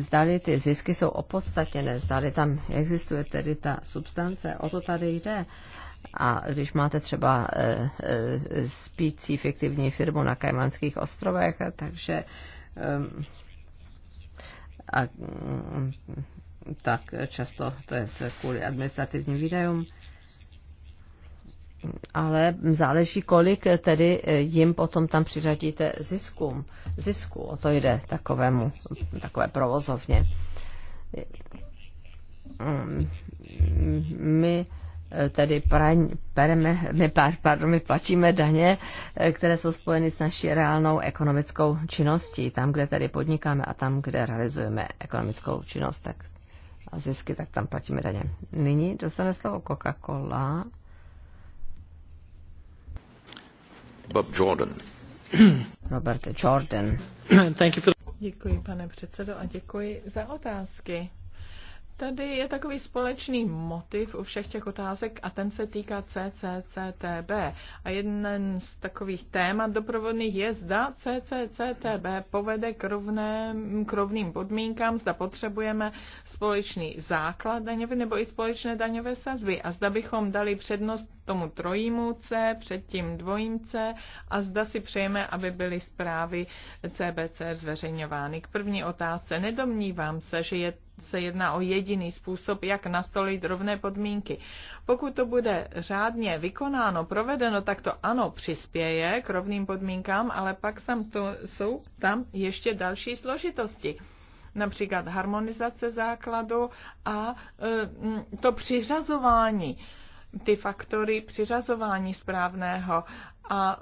zdali ty zisky jsou opodstatněné, zdali tam existuje tedy ta substance, o to tady jde. A když máte třeba spící fiktivní firmu na Kajmanských ostrovech, takže a, tak často to je kvůli administrativním výdajům. Ale záleží, kolik tedy eh, jim potom tam přiřadíte ziskům. Zisku, o to jde takovému, takové provozovně. Mm, my eh, tedy praň, pereme, my, pardon, my platíme daně, eh, které jsou spojeny s naší reálnou ekonomickou činností. Tam, kde tedy podnikáme a tam, kde realizujeme ekonomickou činnost, tak a zisky, tak tam platíme daně. Nyní dostane slovo Coca-Cola. Bob Jordan. Robert Jordan. Děkuji, pane předsedo, a děkuji za otázky. Tady je takový společný motiv u všech těch otázek a ten se týká CCCTB. A jeden z takových témat doprovodných je, zda CCCTB povede k, rovném, k rovným podmínkám, zda potřebujeme společný základ daňový nebo i společné daňové sazby a zda bychom dali přednost tomu trojímu C, před tím dvojím C a zda si přejeme, aby byly zprávy CBC zveřejňovány. K první otázce nedomnívám se, že je se jedná o jediný způsob, jak nastolit rovné podmínky. Pokud to bude řádně vykonáno, provedeno, tak to ano přispěje k rovným podmínkám, ale pak sam to, jsou tam ještě další složitosti například harmonizace základu a e, to přiřazování ty faktory přiřazování správného a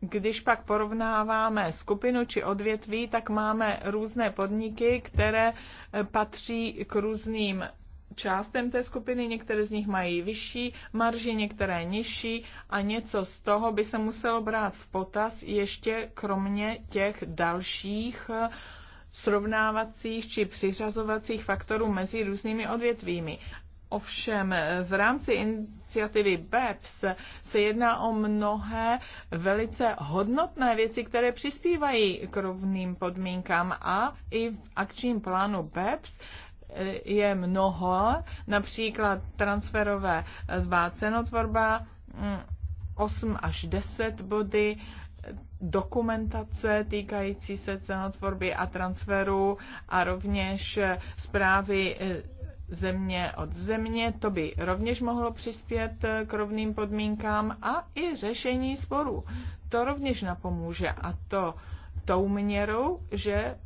když pak porovnáváme skupinu či odvětví, tak máme různé podniky, které eh, patří k různým částem té skupiny, některé z nich mají vyšší marži, některé nižší a něco z toho by se muselo brát v potaz ještě kromě těch dalších eh, srovnávacích či přiřazovacích faktorů mezi různými odvětvími. Ovšem v rámci iniciativy BEPS se jedná o mnohé velice hodnotné věci, které přispívají k rovným podmínkám a i v akčním plánu BEPS eh, je mnoho, například transferové zvácenotvorba 8 mm, až 10 body, dokumentace týkající se cenotvorby a transferu a rovněž eh, zprávy eh, země od země, to by rovněž mohlo přispět eh, k rovným podmínkám a i řešení sporů. To rovněž napomůže a to tou měrou, že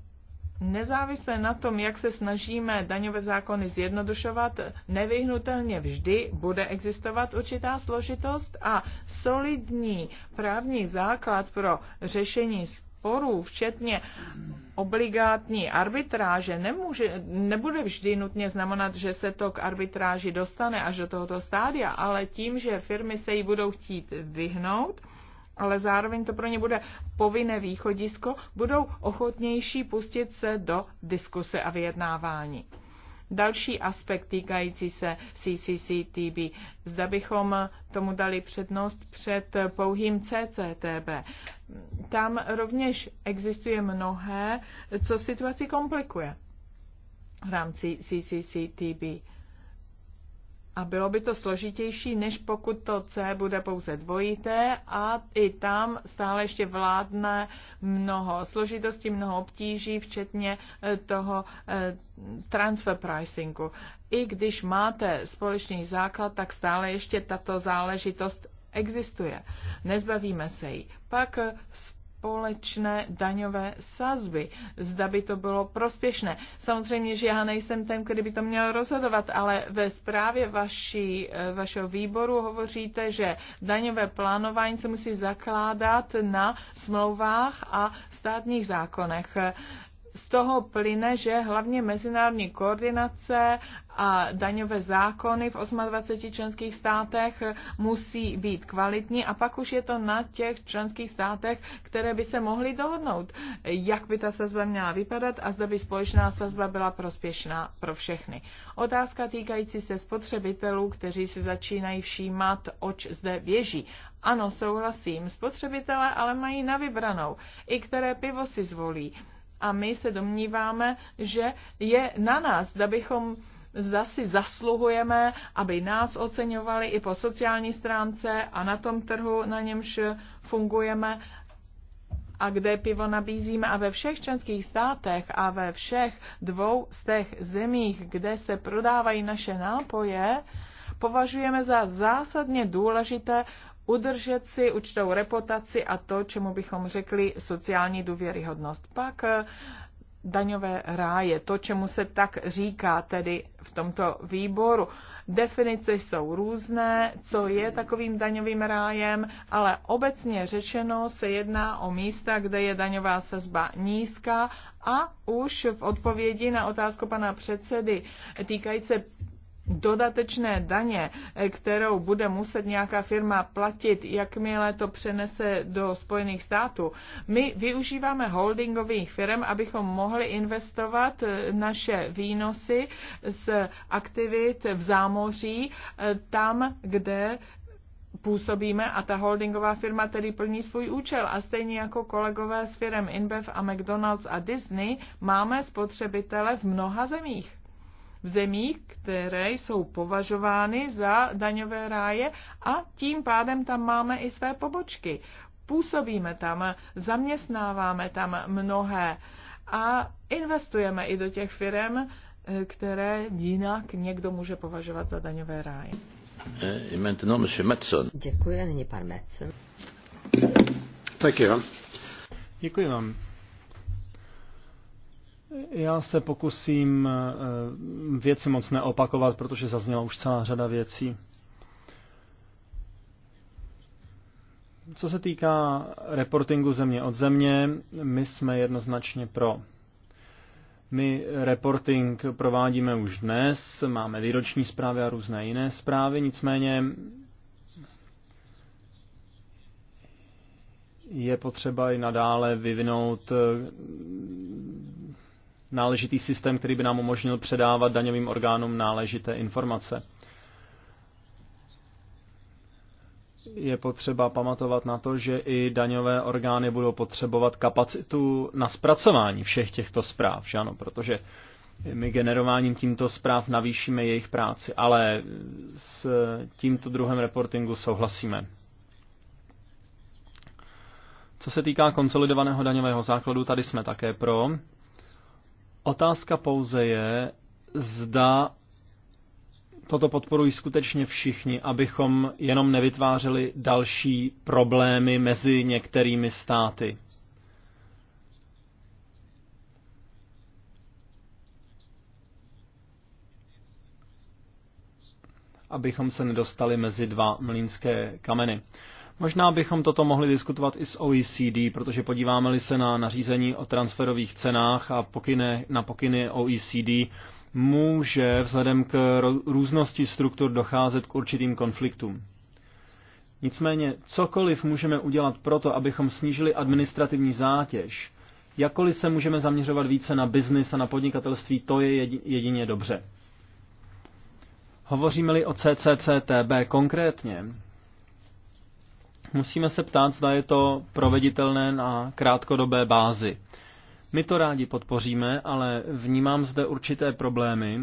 nezávisle na tom, jak se snažíme daňové zákony zjednodušovat, nevyhnutelně vždy bude existovat určitá složitost a solidní právní základ pro řešení sporů sporů, včetně obligátní arbitráže, nemůže, nebude vždy nutně znamenat, že se to k arbitráži dostane až do tohoto stádia, ale tím, že firmy se jí budou chtít vyhnout, ale zároveň to pro ně bude povinné východisko, budou ochotnější pustit se do diskuse a vyjednávání. Další aspekt týkající se CCCTB. Zda bychom tomu dali přednost před pouhým CCTB. Tam rovněž existuje mnohé, co situaci komplikuje v rámci CCCTB a bylo by to složitější, než pokud to C bude pouze dvojité a i tam stále ještě vládne mnoho složitostí, mnoho obtíží, včetně eh, toho eh, transfer pricingu. I když máte společný základ, tak stále ještě tato záležitost existuje. Nezbavíme se jí. Pak eh, společné daňové sazby. Zda by to bylo prospěšné. Samozřejmě, že já nejsem ten, který by to měl rozhodovat, ale ve zprávě vaší, eh, vašeho výboru hovoříte, že daňové plánování se musí zakládat na smlouvách a státních zákonech z toho plyne, že hlavně mezinárodní koordinace a daňové zákony v 28 členských státech musí být kvalitní a pak už je to na těch členských státech, které by se mohly dohodnout, jak by ta sazba měla vypadat a zda by společná sazba byla prospěšná pro všechny. Otázka týkající se spotřebitelů, kteří si začínají všímat, oč zde běží. Ano, souhlasím, spotřebitelé ale mají na vybranou, i které pivo si zvolí a my se domníváme, že je na nás, abychom zda si zasluhujeme, aby nás oceňovali i po sociální stránce a na tom trhu, na němž fungujeme a kde pivo nabízíme a ve všech členských státech a ve všech dvou z těch zemích, kde se prodávají naše nápoje, považujeme za zásadně důležité udržet si určitou reputaci a to, čemu bychom řekli sociální důvěryhodnost. Pak eh, daňové ráje, to, čemu se tak říká tedy v tomto výboru. Definice jsou různé, co je takovým daňovým rájem, ale obecně řečeno se jedná o místa, kde je daňová sazba nízká a už v odpovědi na otázku pana předsedy týkající dodatečné daně, eh, kterou bude muset nějaká firma platit, jakmile to přenese do Spojených států. My využíváme holdingových firm, abychom mohli investovat eh, naše výnosy z aktivit v zámoří eh, tam, kde působíme a ta holdingová firma tedy plní svůj účel. A stejně jako kolegové s firem InBev a McDonald's a Disney máme spotřebitele v mnoha zemích v zemích, které jsou považovány za daňové ráje a tím pádem tam máme i své pobočky. Působíme tam, zaměstnáváme tam mnohé a investujeme i do těch firm, eh, které jinak někdo může považovat za daňové ráje. Eh, Děkuji, nyní pan vám. Děkuji vám. Já se pokusím eh, věci moc neopakovat, protože zazněla už celá řada věcí. Co se týká reportingu země od země, my jsme jednoznačně pro. My reporting provádíme už dnes, máme výroční zprávy a různé jiné zprávy, nicméně je potřeba i nadále vyvinout eh, náležitý systém, který by nám umožnil předávat daňovým orgánům náležité informace. Je potřeba pamatovat na to, že i daňové orgány budou potřebovat kapacitu na zpracování všech těchto zpráv, že ano, protože my generováním tímto zpráv navýšíme jejich práci, ale s tímto druhém reportingu souhlasíme. Co se týká konsolidovaného daňového základu, tady jsme také pro. Otázka pouze je, zda toto podporují skutečně všichni, abychom jenom nevytvářeli další problémy mezi některými státy. Abychom se nedostali mezi dva mlínské kameny. Možná bychom toto mohli diskutovat i s OECD, protože podíváme-li se na nařízení o transferových cenách a pokyne, na pokyny OECD, může vzhledem k různosti struktur docházet k určitým konfliktům. Nicméně cokoliv můžeme udělat proto, abychom snížili administrativní zátěž, jakkoliv se můžeme zaměřovat více na biznis a na podnikatelství, to je jedině dobře. Hovoříme-li o CCCTB konkrétně, Musíme se ptát, zda je to proveditelné na krátkodobé bázi. My to rádi podpoříme, ale vnímám zde určité problémy.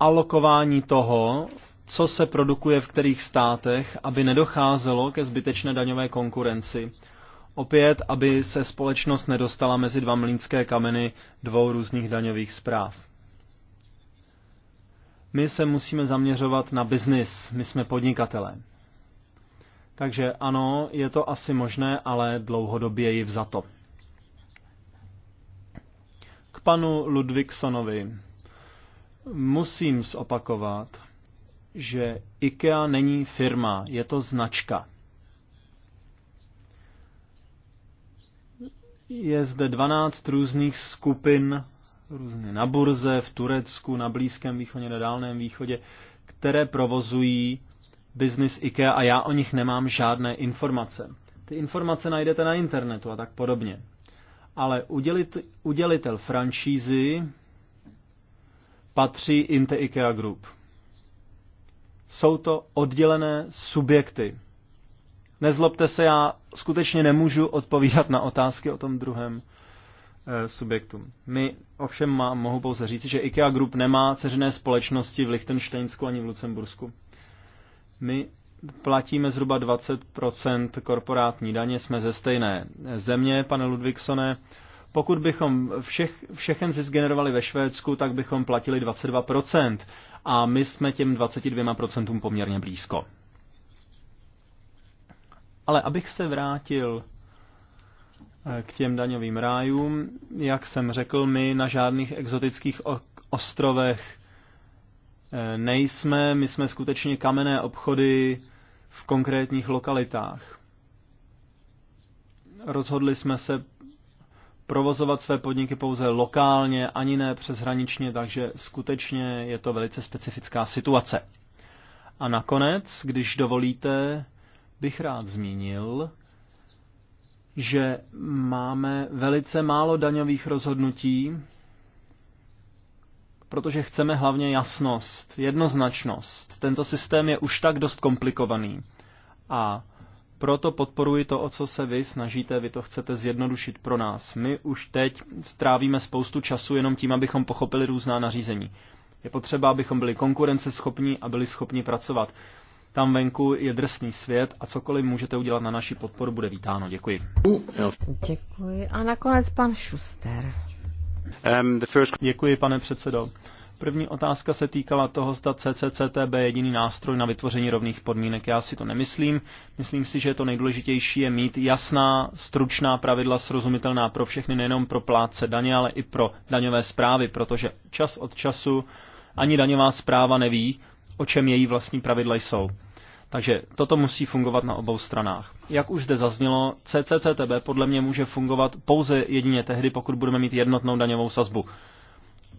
Alokování toho, co se produkuje v kterých státech, aby nedocházelo ke zbytečné daňové konkurenci. Opět, aby se společnost nedostala mezi dva mlínské kameny dvou různých daňových zpráv. My se musíme zaměřovat na biznis, my jsme podnikatelé. Takže ano, je to asi možné, ale dlouhodobě ji vzato. K panu Ludvigsonovi musím zopakovat, že IKEA není firma, je to značka. Je zde 12 různých skupin různě na burze, v Turecku, na Blízkém východě, na Dálném východě, které provozují biznis IKEA a já o nich nemám žádné informace. Ty informace najdete na internetu a tak podobně. Ale udělit, udělitel franšízy patří Inte IKEA Group. Jsou to oddělené subjekty. Nezlobte se, já skutečně nemůžu odpovídat na otázky o tom druhém Eh, subjektům. My ovšem má, mohu pouze říct, že IKEA Group nemá ceřené společnosti v Lichtensteinsku ani v Lucembursku. My platíme zhruba 20% korporátní daně, jsme ze stejné země, pane Ludvíksone. Pokud bychom všech, všechen zisk generovali ve Švédsku, tak bychom platili 22%. A my jsme těm 22% poměrně blízko. Ale abych se vrátil Eh, k těm daňovým rájům. Jak jsem řekl, my na žádných exotických ostrovech eh, nejsme, my jsme skutečně kamenné obchody v konkrétních lokalitách. Rozhodli jsme se provozovat své podniky pouze lokálně, ani ne přeshraničně, takže skutečně je to velice specifická situace. A nakonec, když dovolíte, bych rád zmínil, že máme velice málo daňových rozhodnutí, protože chceme hlavně jasnost, jednoznačnost. Tento systém je už tak dost komplikovaný. A proto podporuji to, o co se vy snažíte, vy to chcete zjednodušit pro nás. My už teď strávíme spoustu času jenom tím, abychom pochopili různá nařízení. Je potřeba, abychom byli konkurenceschopní a byli schopni pracovat. Tam venku je drsný svět a cokoliv můžete udělat na naši podporu, bude vítáno. Děkuji. Děkuji. A nakonec pan Šuster. Um, first... Děkuji, pane předsedo. První otázka se týkala toho, zda CCCTB je jediný nástroj na vytvoření rovných podmínek. Já si to nemyslím. Myslím si, že to nejdůležitější je mít jasná, stručná pravidla, srozumitelná pro všechny, nejenom pro plátce daně, ale i pro daňové zprávy, protože čas od času ani daňová zpráva neví, o čem její vlastní pravidla jsou. Takže toto musí fungovat na obou stranách. Jak už zde zaznělo, CCCTB podle mě může fungovat pouze jedině tehdy, pokud budeme mít jednotnou daňovou sazbu.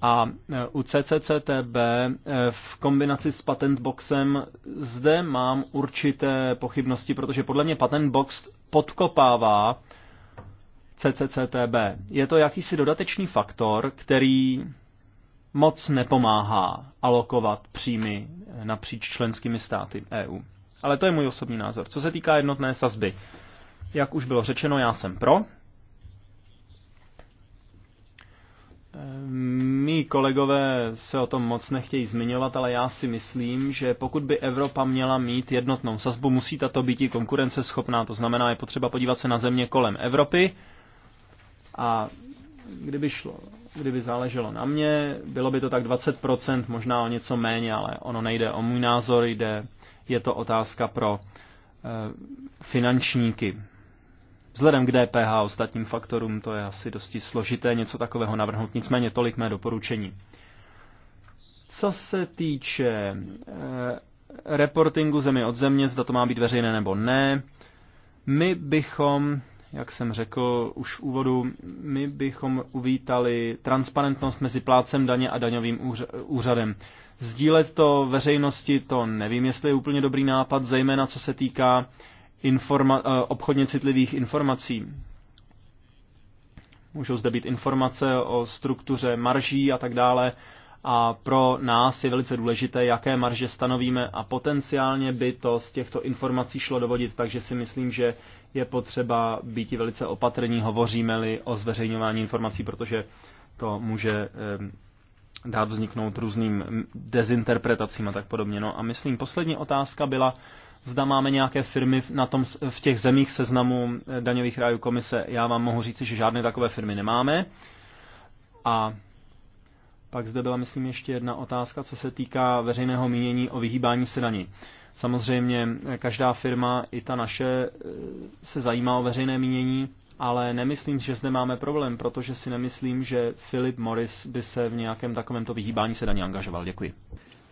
A e, u CCCTB e, v kombinaci s patentboxem zde mám určité pochybnosti, protože podle mě patentbox podkopává CCCTB. Je to jakýsi dodatečný faktor, který moc nepomáhá alokovat příjmy napříč členskými státy EU. Ale to je můj osobní názor. Co se týká jednotné sazby, jak už bylo řečeno, já jsem pro. Mí kolegové se o tom moc nechtějí zmiňovat, ale já si myslím, že pokud by Evropa měla mít jednotnou sazbu, musí tato být i konkurenceschopná. To znamená, je potřeba podívat se na země kolem Evropy. A kdyby, šlo, kdyby záleželo na mě, bylo by to tak 20%, možná o něco méně, ale ono nejde o můj názor, jde je to otázka pro eh, finančníky. Vzhledem k DPH a ostatním faktorům to je asi dosti složité něco takového navrhnout, nicméně tolik mé doporučení. Co se týče eh, reportingu zemi od země, zda to má být veřejné nebo ne, my bychom jak jsem řekl už v úvodu, my bychom uvítali transparentnost mezi plácem daně a daňovým úřadem. Sdílet to veřejnosti, to nevím, jestli je úplně dobrý nápad, zejména co se týká informa- eh, obchodně citlivých informací. Můžou zde být informace o struktuře marží a tak dále a pro nás je velice důležité, jaké marže stanovíme a potenciálně by to z těchto informací šlo dovodit, takže si myslím, že je potřeba být velice opatrní, hovoříme-li o zveřejňování informací, protože to může dát vzniknout různým dezinterpretacím a tak podobně. No a myslím, poslední otázka byla, zda máme nějaké firmy na tom, v těch zemích seznamu eh, daňových rájů komise. Já vám mohu říci, že žádné takové firmy nemáme. A pak zde byla, myslím, ještě jedna otázka, co se týká veřejného mínění o vyhýbání se daní. Samozřejmě eh, každá firma, i ta naše, eh, se zajímá o veřejné mínění, ale nemyslím, že zde máme problém, protože si nemyslím, že Philip Morris by se v nějakém takovémto vyhýbání se daní angažoval. Děkuji.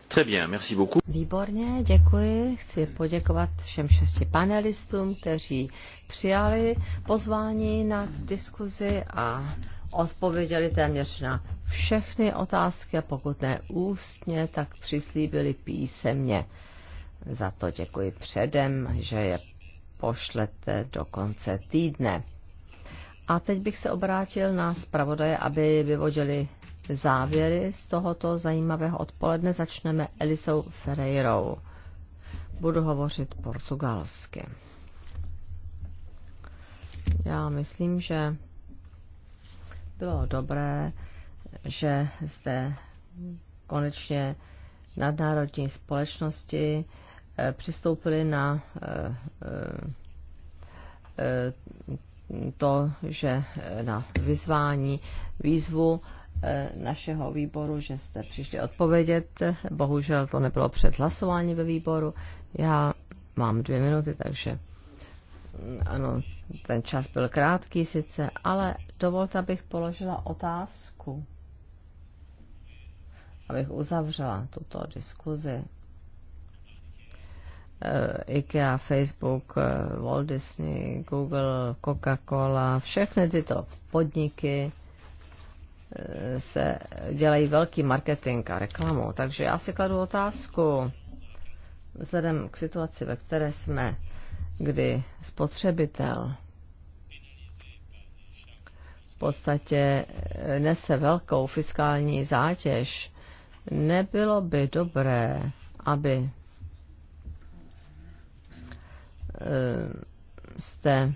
Très bien, merci beaucoup. Výborně, děkuji. Chci poděkovat všem šesti panelistům, kteří přijali pozvání na diskuzi a odpověděli téměř na všechny otázky a pokud ne ústně, tak přislíbili písemně. Za to děkuji předem, že je pošlete do konce týdne. A teď bych se obrátil na zpravodaje, aby vyvodili závěry z tohoto zajímavého odpoledne. Začneme Elisou Ferreirou. Budu hovořit portugalsky. Já myslím, že bylo dobré, že zde konečně nadnárodní společnosti eh, přistoupily na eh, eh, to, že na vyzvání, výzvu našeho výboru, že jste přišli odpovědět. Bohužel to nebylo před hlasování ve výboru. Já mám dvě minuty, takže mm, ano, ten čas byl krátký sice, ale dovolte, abych položila otázku, abych uzavřela tuto diskuzi. Eh, IKEA, Facebook, eh, Walt Disney, Google, Coca-Cola, všechny tyto podniky eh, se dělají velký marketing a reklamu. Takže já si kladu otázku, vzhledem k situaci, ve které jsme, kdy spotřebitel v podstatě eh, nese velkou fiskální zátěž, nebylo by dobré, aby eh, jste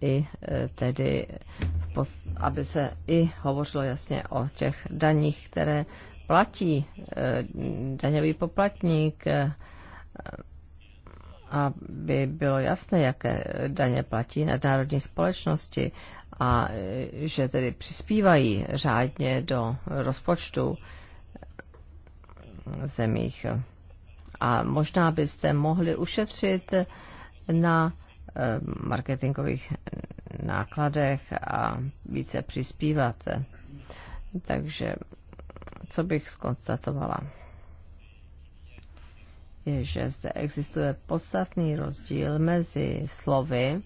i eh, tedy, aby se i hovořilo jasně o těch daních, které platí eh, daňový poplatník, eh, aby bylo jasné, jaké daně platí nadnárodní společnosti a eh, že tedy přispívají řádně do rozpočtu v zemích. A možná byste mohli ušetřit na marketingových nákladech a více přispívat. Takže co bych skonstatovala, je, že zde existuje podstatný rozdíl mezi slovy,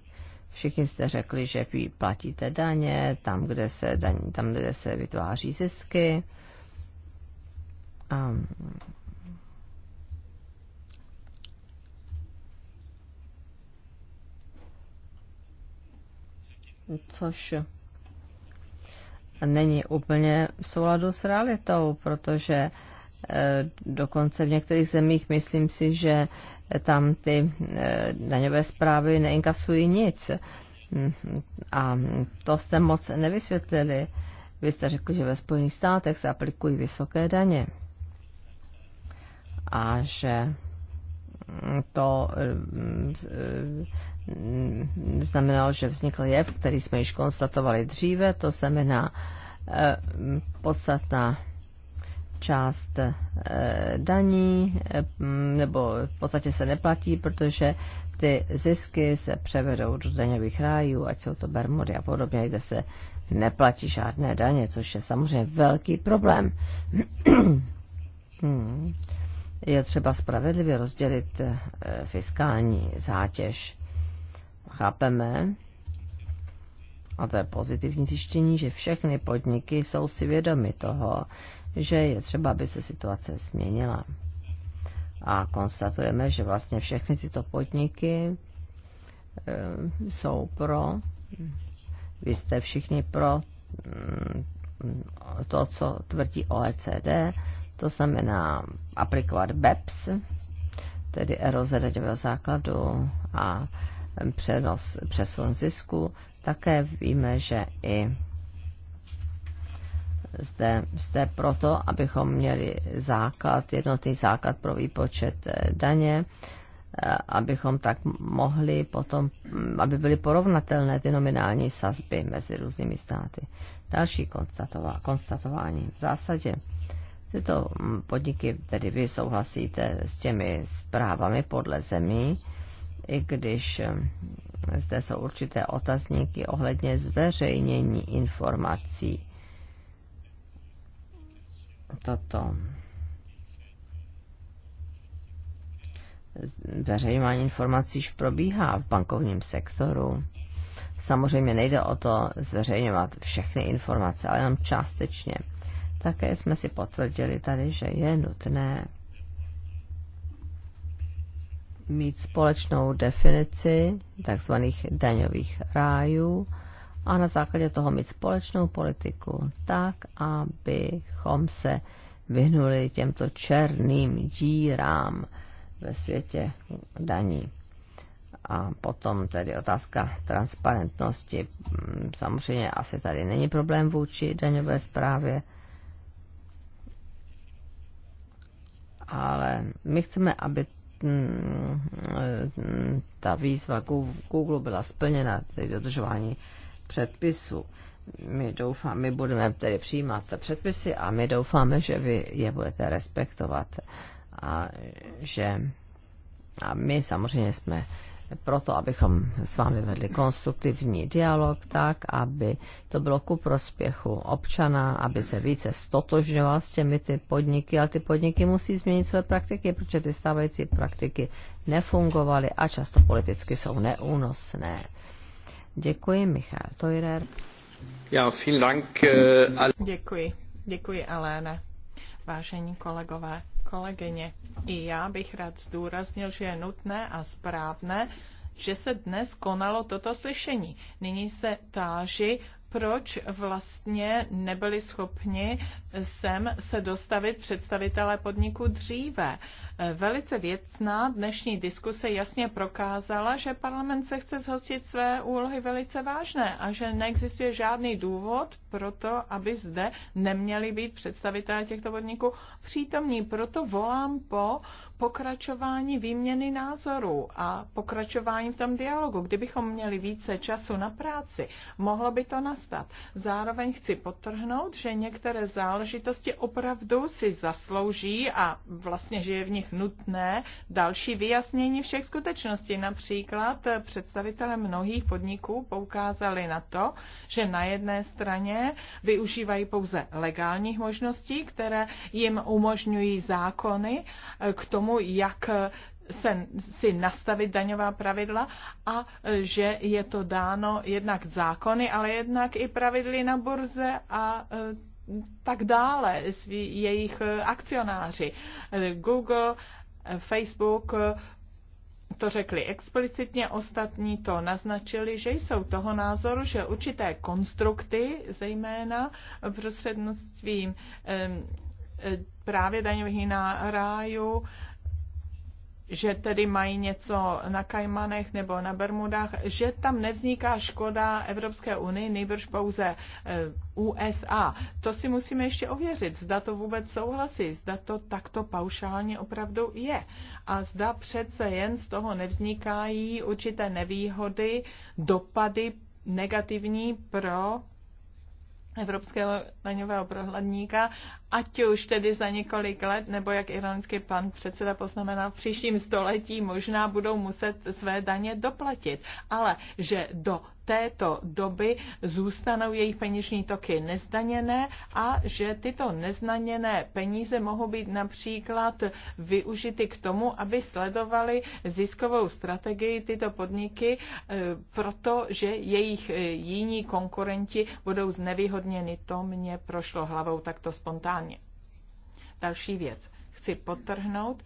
Všichni jste řekli, že platíte daně tam, kde se, daní, tam, kde se vytváří zisky. A což není úplně v souladu s realitou, protože eh, dokonce v některých zemích myslím si, že tam ty eh, daňové zprávy neinkasují nic. Mm, a to jste moc nevysvětlili. Vy jste řekli, že ve Spojených státech se aplikují vysoké daně a že to eh, Mm, znamenalo, že vznikl jev, který jsme již konstatovali dříve, to znamená eh, podstatná část eh, daní, eh, nebo v podstatě se neplatí, protože ty zisky se převedou do daňových rájů, ať jsou to Bermudy a podobně, kde se neplatí žádné daně, což je samozřejmě velký problém. Hmm. je třeba spravedlivě rozdělit fiskální zátěž chápeme, a to je pozitivní zjištění, že všechny podniky jsou si vědomi toho, že je třeba, aby se situace změnila. A konstatujeme, že vlastně všechny tyto podniky eh, jsou pro, vy jste všichni pro mm, to, co tvrdí OECD, to znamená aplikovat BEPS, tedy eroze základu a přenos, přesun zisku. Také víme, že i zde, zde proto, abychom měli základ, jednotný základ pro výpočet eh, daně, eh, abychom tak mohli potom, aby byly porovnatelné ty nominální sazby mezi různými státy. Další konstatování. V zásadě tyto mm, podniky, tedy vy souhlasíte s těmi zprávami podle zemí, i když eh, zde jsou určité otazníky ohledně zveřejnění informací. Toto zveřejňování informací již probíhá v bankovním sektoru. Samozřejmě nejde o to zveřejňovat všechny informace, ale jenom částečně. Také jsme si potvrdili tady, že je nutné mít společnou definici takzvaných daňových rájů a na základě toho mít společnou politiku tak, abychom se vyhnuli těmto černým dírám ve světě daní. A potom tedy otázka transparentnosti. Mm, samozřejmě asi tady není problém vůči daňové zprávě, ale my chceme, aby ta výzva Google byla splněna, tedy dodržování předpisu. My doufáme, my budeme tedy přijímat předpisy a my doufáme, že vy je budete respektovat a že a my samozřejmě jsme proto, abychom s vámi vedli konstruktivní dialog tak, aby to bylo ku prospěchu občana, aby se více stotožňoval s těmi ty podniky, ale ty podniky musí změnit své praktiky, protože ty stávající praktiky nefungovaly a často politicky jsou neúnosné. Děkuji, Michal Tojrer. Já, vielen Dank. Eh, děkuji, děkuji, Aléne. Vážení kolegové, kolegyně. I já bych rád zdůraznil, že je nutné a správné, že se dnes konalo toto slyšení. Nyní se táži, proč vlastně nebyli schopni sem se dostavit představitelé podniku dříve. Velice věcná dnešní diskuse jasně prokázala, že parlament se chce zhostit své úlohy velice vážné a že neexistuje žádný důvod pro to, aby zde neměli být představitelé těchto podniků přítomní. Proto volám po pokračování výměny názorů a pokračování v tom dialogu. Kdybychom měli více času na práci, mohlo by to nastat. Zároveň chci potrhnout, že některé záležitosti opravdu si zaslouží a vlastně je v nich nich nutné další vyjasnění všech skutečností. Například představitelé mnohých podniků poukázali na to, že na jedné straně využívají pouze legálních možností, které jim umožňují zákony k tomu, jak se, si nastavit daňová pravidla a že je to dáno jednak zákony, ale jednak i pravidly na burze a e, tak dále, svý, jejich eh, akcionáři. Eh, Google, eh, Facebook to řekli explicitně, ostatní to naznačili, že jsou toho názoru, že určité konstrukty, zejména prostřednictvím právě daňových rájů, že tedy mají něco na Kajmanech nebo na Bermudách, že tam nevzniká škoda Evropské unii, nejbrž pouze eh, USA. To si musíme ještě ověřit, zda to vůbec souhlasí, zda to takto paušálně opravdu je. A zda přece jen z toho nevznikají určité nevýhody, dopady negativní pro evropského daňového prohladníka ať už tedy za několik let, nebo jak ironicky pan předseda poznamenal, v příštím století možná budou muset své daně doplatit. Ale že do této doby zůstanou jejich peněžní toky nezdaněné a že tyto nezdaněné peníze mohou být například využity k tomu, aby sledovali ziskovou strategii tyto podniky, e, protože jejich e, jiní konkurenti budou znevýhodněni. To mě prošlo hlavou takto spontánně globálně. Další věc. Chci podtrhnout,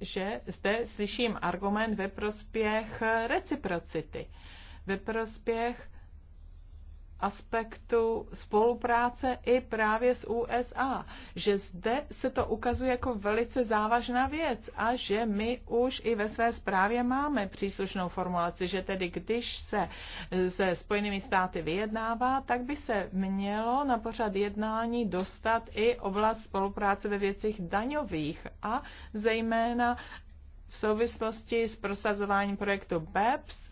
že zde slyším argument ve prospěch reciprocity, ve prospěch aspektu spolupráce i právě s USA, že zde se to ukazuje jako velice závažná věc a že my už i ve své zprávě máme příslušnou formulaci, že tedy když se se Spojenými státy vyjednává, tak by se mělo na pořad jednání dostat i oblast spolupráce ve věcech daňových a zejména v souvislosti s prosazováním projektu BEPS,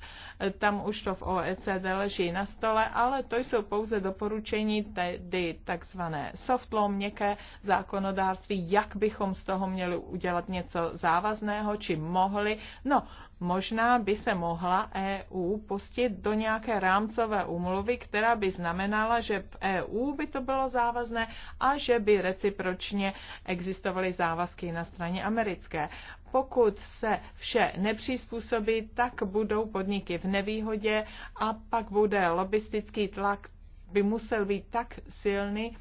tam už to v OECD leží na stole, ale to jsou pouze doporučení, tedy takzvané soft law, měkké zákonodárství, jak bychom z toho měli udělat něco závazného, či mohli. No, možná by se mohla EU pustit do nějaké rámcové úmluvy, která by znamenala, že v EU by to bylo závazné a že by recipročně existovaly závazky na straně americké pokud se vše nepřizpůsobí, tak budou podniky v nevýhodě a pak bude lobistický tlak, by musel být tak silný,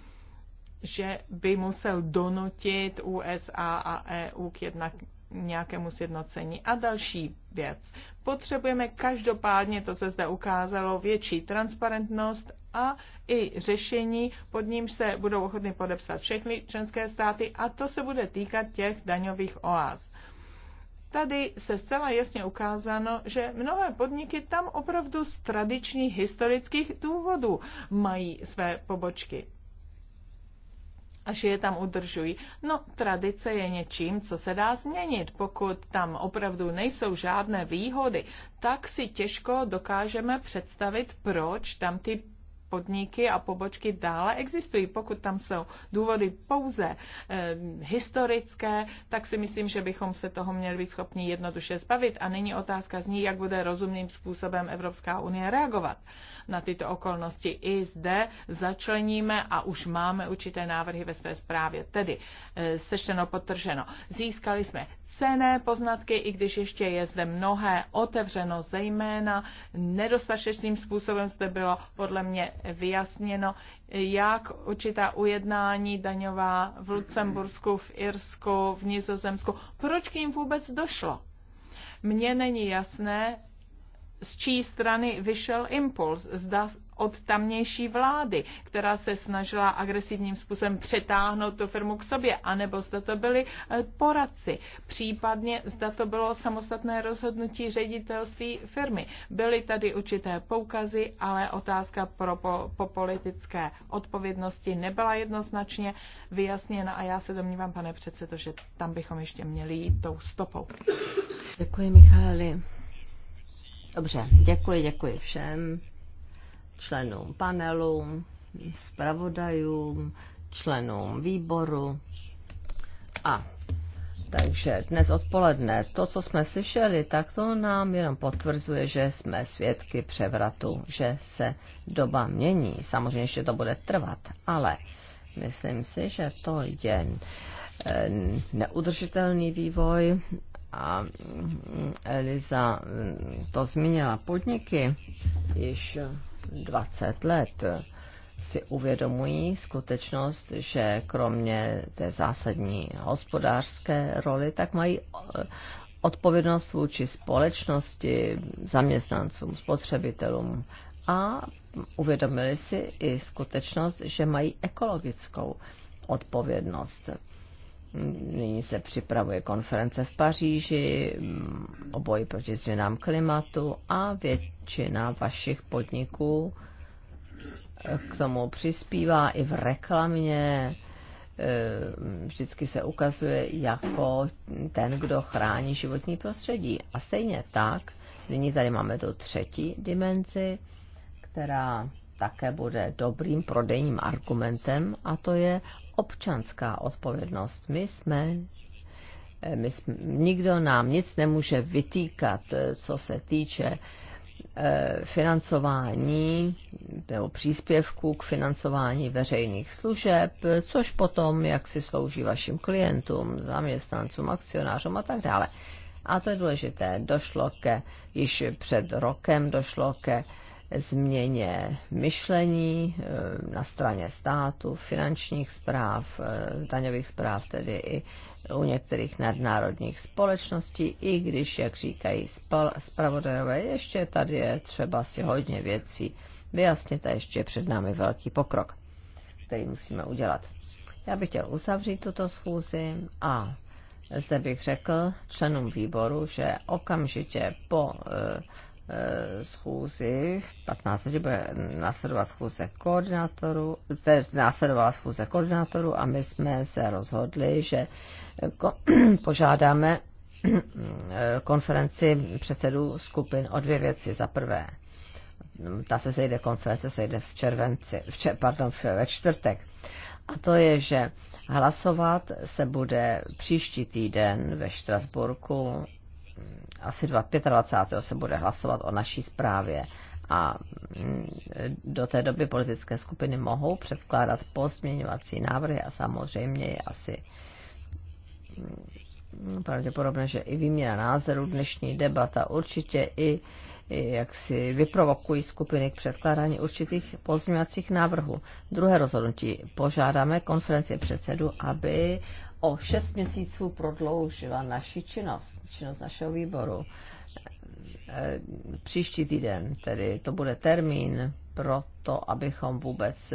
že by musel donutit USA a EU k jednak nějakému sjednocení. A další věc. Potřebujeme každopádně, to se zde ukázalo, větší transparentnost a i řešení, pod nímž se budou ochotny podepsat všechny členské státy a to se bude týkat těch daňových oáz. Tady se zcela jasně ukázáno, že mnohé podniky tam opravdu z tradičních historických důvodů mají své pobočky a že je tam udržují. No, tradice je něčím, co se dá změnit. Pokud tam opravdu nejsou žádné výhody, tak si těžko dokážeme představit, proč tam ty podniky a pobočky dále existují. Pokud tam jsou důvody pouze e, historické, tak si myslím, že bychom se toho měli být schopni jednoduše zbavit. A není otázka ní, jak bude rozumným způsobem Evropská unie reagovat na tyto okolnosti. I zde začleníme a už máme určité návrhy ve své zprávě. Tedy e, eh, sečteno, potrženo. Získali jsme cené poznatky, i když ještě je zde mnohé otevřeno, zejména nedostatečným způsobem zde bylo podle mě vyjasněno, jak určitá ujednání daňová v Lucembursku, v Irsku, v Nizozemsku, proč k jim vůbec došlo. Mně není jasné, z čí strany vyšel impuls. Zda od tamnější vlády, která se snažila agresivním způsobem přetáhnout tu firmu k sobě, anebo zda to byli eh, poradci, případně zda to bylo samostatné rozhodnutí ředitelství firmy. Byly tady určité poukazy, ale otázka pro, po, po politické odpovědnosti nebyla jednoznačně vyjasněna a já se domnívám, pane předsedo, že tam bychom ještě měli jít tou stopou. Děkuji, Michaeli. Dobře, děkuji, děkuji všem členům panelu, zpravodajům, členům výboru. A takže dnes odpoledne to, co jsme slyšeli, tak to nám jenom potvrzuje, že jsme svědky převratu, že se doba mění. Samozřejmě, že to bude trvat, ale myslím si, že to je eh, neudržitelný vývoj a mm, Eliza mm, to zmínila podniky, již 20 let si uvědomují skutečnost, že kromě té zásadní hospodářské roli, tak mají eh, odpovědnost vůči společnosti, zaměstnancům, spotřebitelům a uvědomili si i skutečnost, že mají ekologickou odpovědnost. Nyní se připravuje konference v Paříži mm, o boji proti změnám klimatu a většina vašich podniků eh, k tomu přispívá i v reklamě. Eh, vždycky se ukazuje jako ten, kdo chrání životní prostředí. A stejně tak, nyní tady máme tu třetí dimenzi, která také bude dobrým prodejním argumentem a to je občanská odpovědnost. My jsme, my jsme nikdo nám nic nemůže vytýkat, co se týče eh, financování nebo příspěvku k financování veřejných služeb, což potom jak si slouží vašim klientům, zaměstnancům, akcionářům a tak dále. A to je důležité. Došlo ke, již před rokem došlo ke změně myšlení eh, na straně státu, finančních zpráv, eh, daňových zpráv, tedy i u některých nadnárodních společností, i když, jak říkají spravodajové, ještě tady je třeba si hodně věcí vyjasnit a ještě je před námi velký pokrok, který musíme udělat. Já bych chtěl uzavřít tuto schůzi a zde bych řekl členům výboru, že okamžitě po eh, Eh, schůzi, 15 hodin bude následovat schůze koordinátorů, tedy následovala schůze koordinátorů a my jsme se rozhodli, že eh, *clears throat* požádáme eh, konferenci předsedů skupin o dvě věci. Za prvé, ta se sejde, konference sejde v červenci, v čer, pardon, ve čtvrtek. A to je, že hlasovat se bude příští týden ve Štrasburku asi 25. se bude hlasovat o naší zprávě a mm, do té doby politické skupiny mohou předkládat pozměňovací návrhy a samozřejmě je asi mm, pravděpodobné, že i výměna názorů, dnešní debata určitě i jak si vyprovokují skupiny k předkládání určitých pozměňovacích návrhů. Druhé rozhodnutí. Požádáme konferenci předsedu, aby o šest měsíců prodloužila naši činnost, činnost našeho výboru. Příští týden, tedy to bude termín pro to, abychom vůbec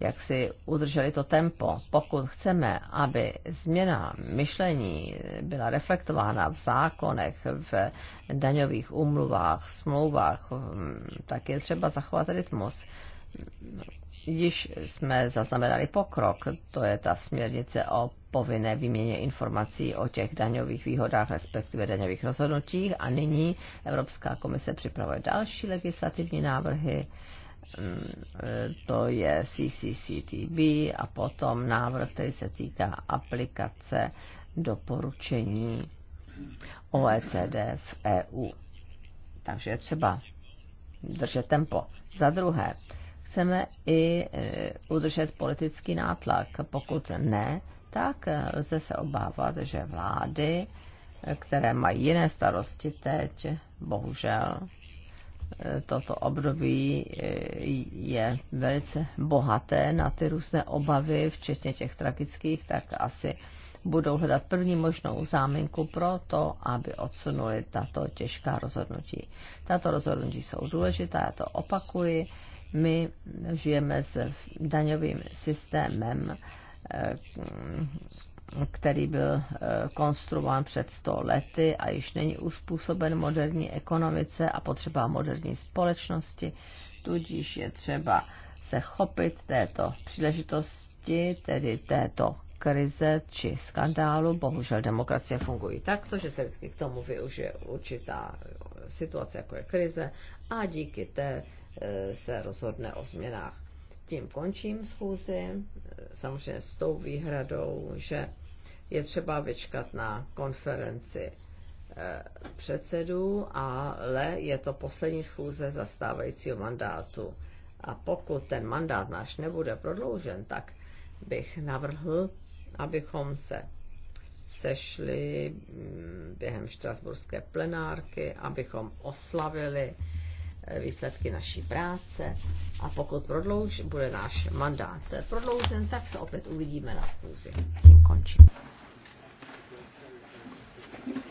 jak si udrželi to tempo. Pokud chceme, aby změna myšlení byla reflektována v zákonech, v daňových umluvách, smlouvách, tak je třeba zachovat rytmus. Již jsme zaznamenali pokrok, to je ta směrnice o povinné výměně informací o těch daňových výhodách, respektive daňových rozhodnutích. A nyní Evropská komise připravuje další legislativní návrhy, mm, to je CCCTB a potom návrh, který se týká aplikace doporučení OECD v EU. Takže je třeba držet tempo. Za druhé, chceme i e, udržet politický nátlak. Pokud ne, tak eh, lze se obávat, že vlády, eh, které mají jiné starosti teď, bohužel eh, toto období je velice bohaté na ty různé obavy, včetně těch tragických, tak asi budou hledat první možnou záminku pro to, aby odsunuli tato těžká rozhodnutí. Tato rozhodnutí jsou důležitá, já to opakuji. My žijeme s daňovým systémem, Eh, který byl eh, konstruován před 100 lety a již není uspůsoben moderní ekonomice a potřeba moderní společnosti, tudíž je třeba se chopit této příležitosti, tedy této krize či skandálu. Bohužel demokracie fungují takto, že se vždycky k tomu využije určitá situace, jako je krize, a díky té eh, se rozhodne o změnách tím končím schůzi, samozřejmě s tou výhradou, že je třeba vyčkat na konferenci eh, předsedů, ale je to poslední schůze zastávajícího mandátu. A pokud ten mandát náš nebude prodloužen, tak bych navrhl, abychom se sešli mm, během štrasburské plenárky, abychom oslavili výsledky naší práce a pokud prodlouž, bude náš mandát prodloužen, tak se opět uvidíme na schůzi. Tím končím.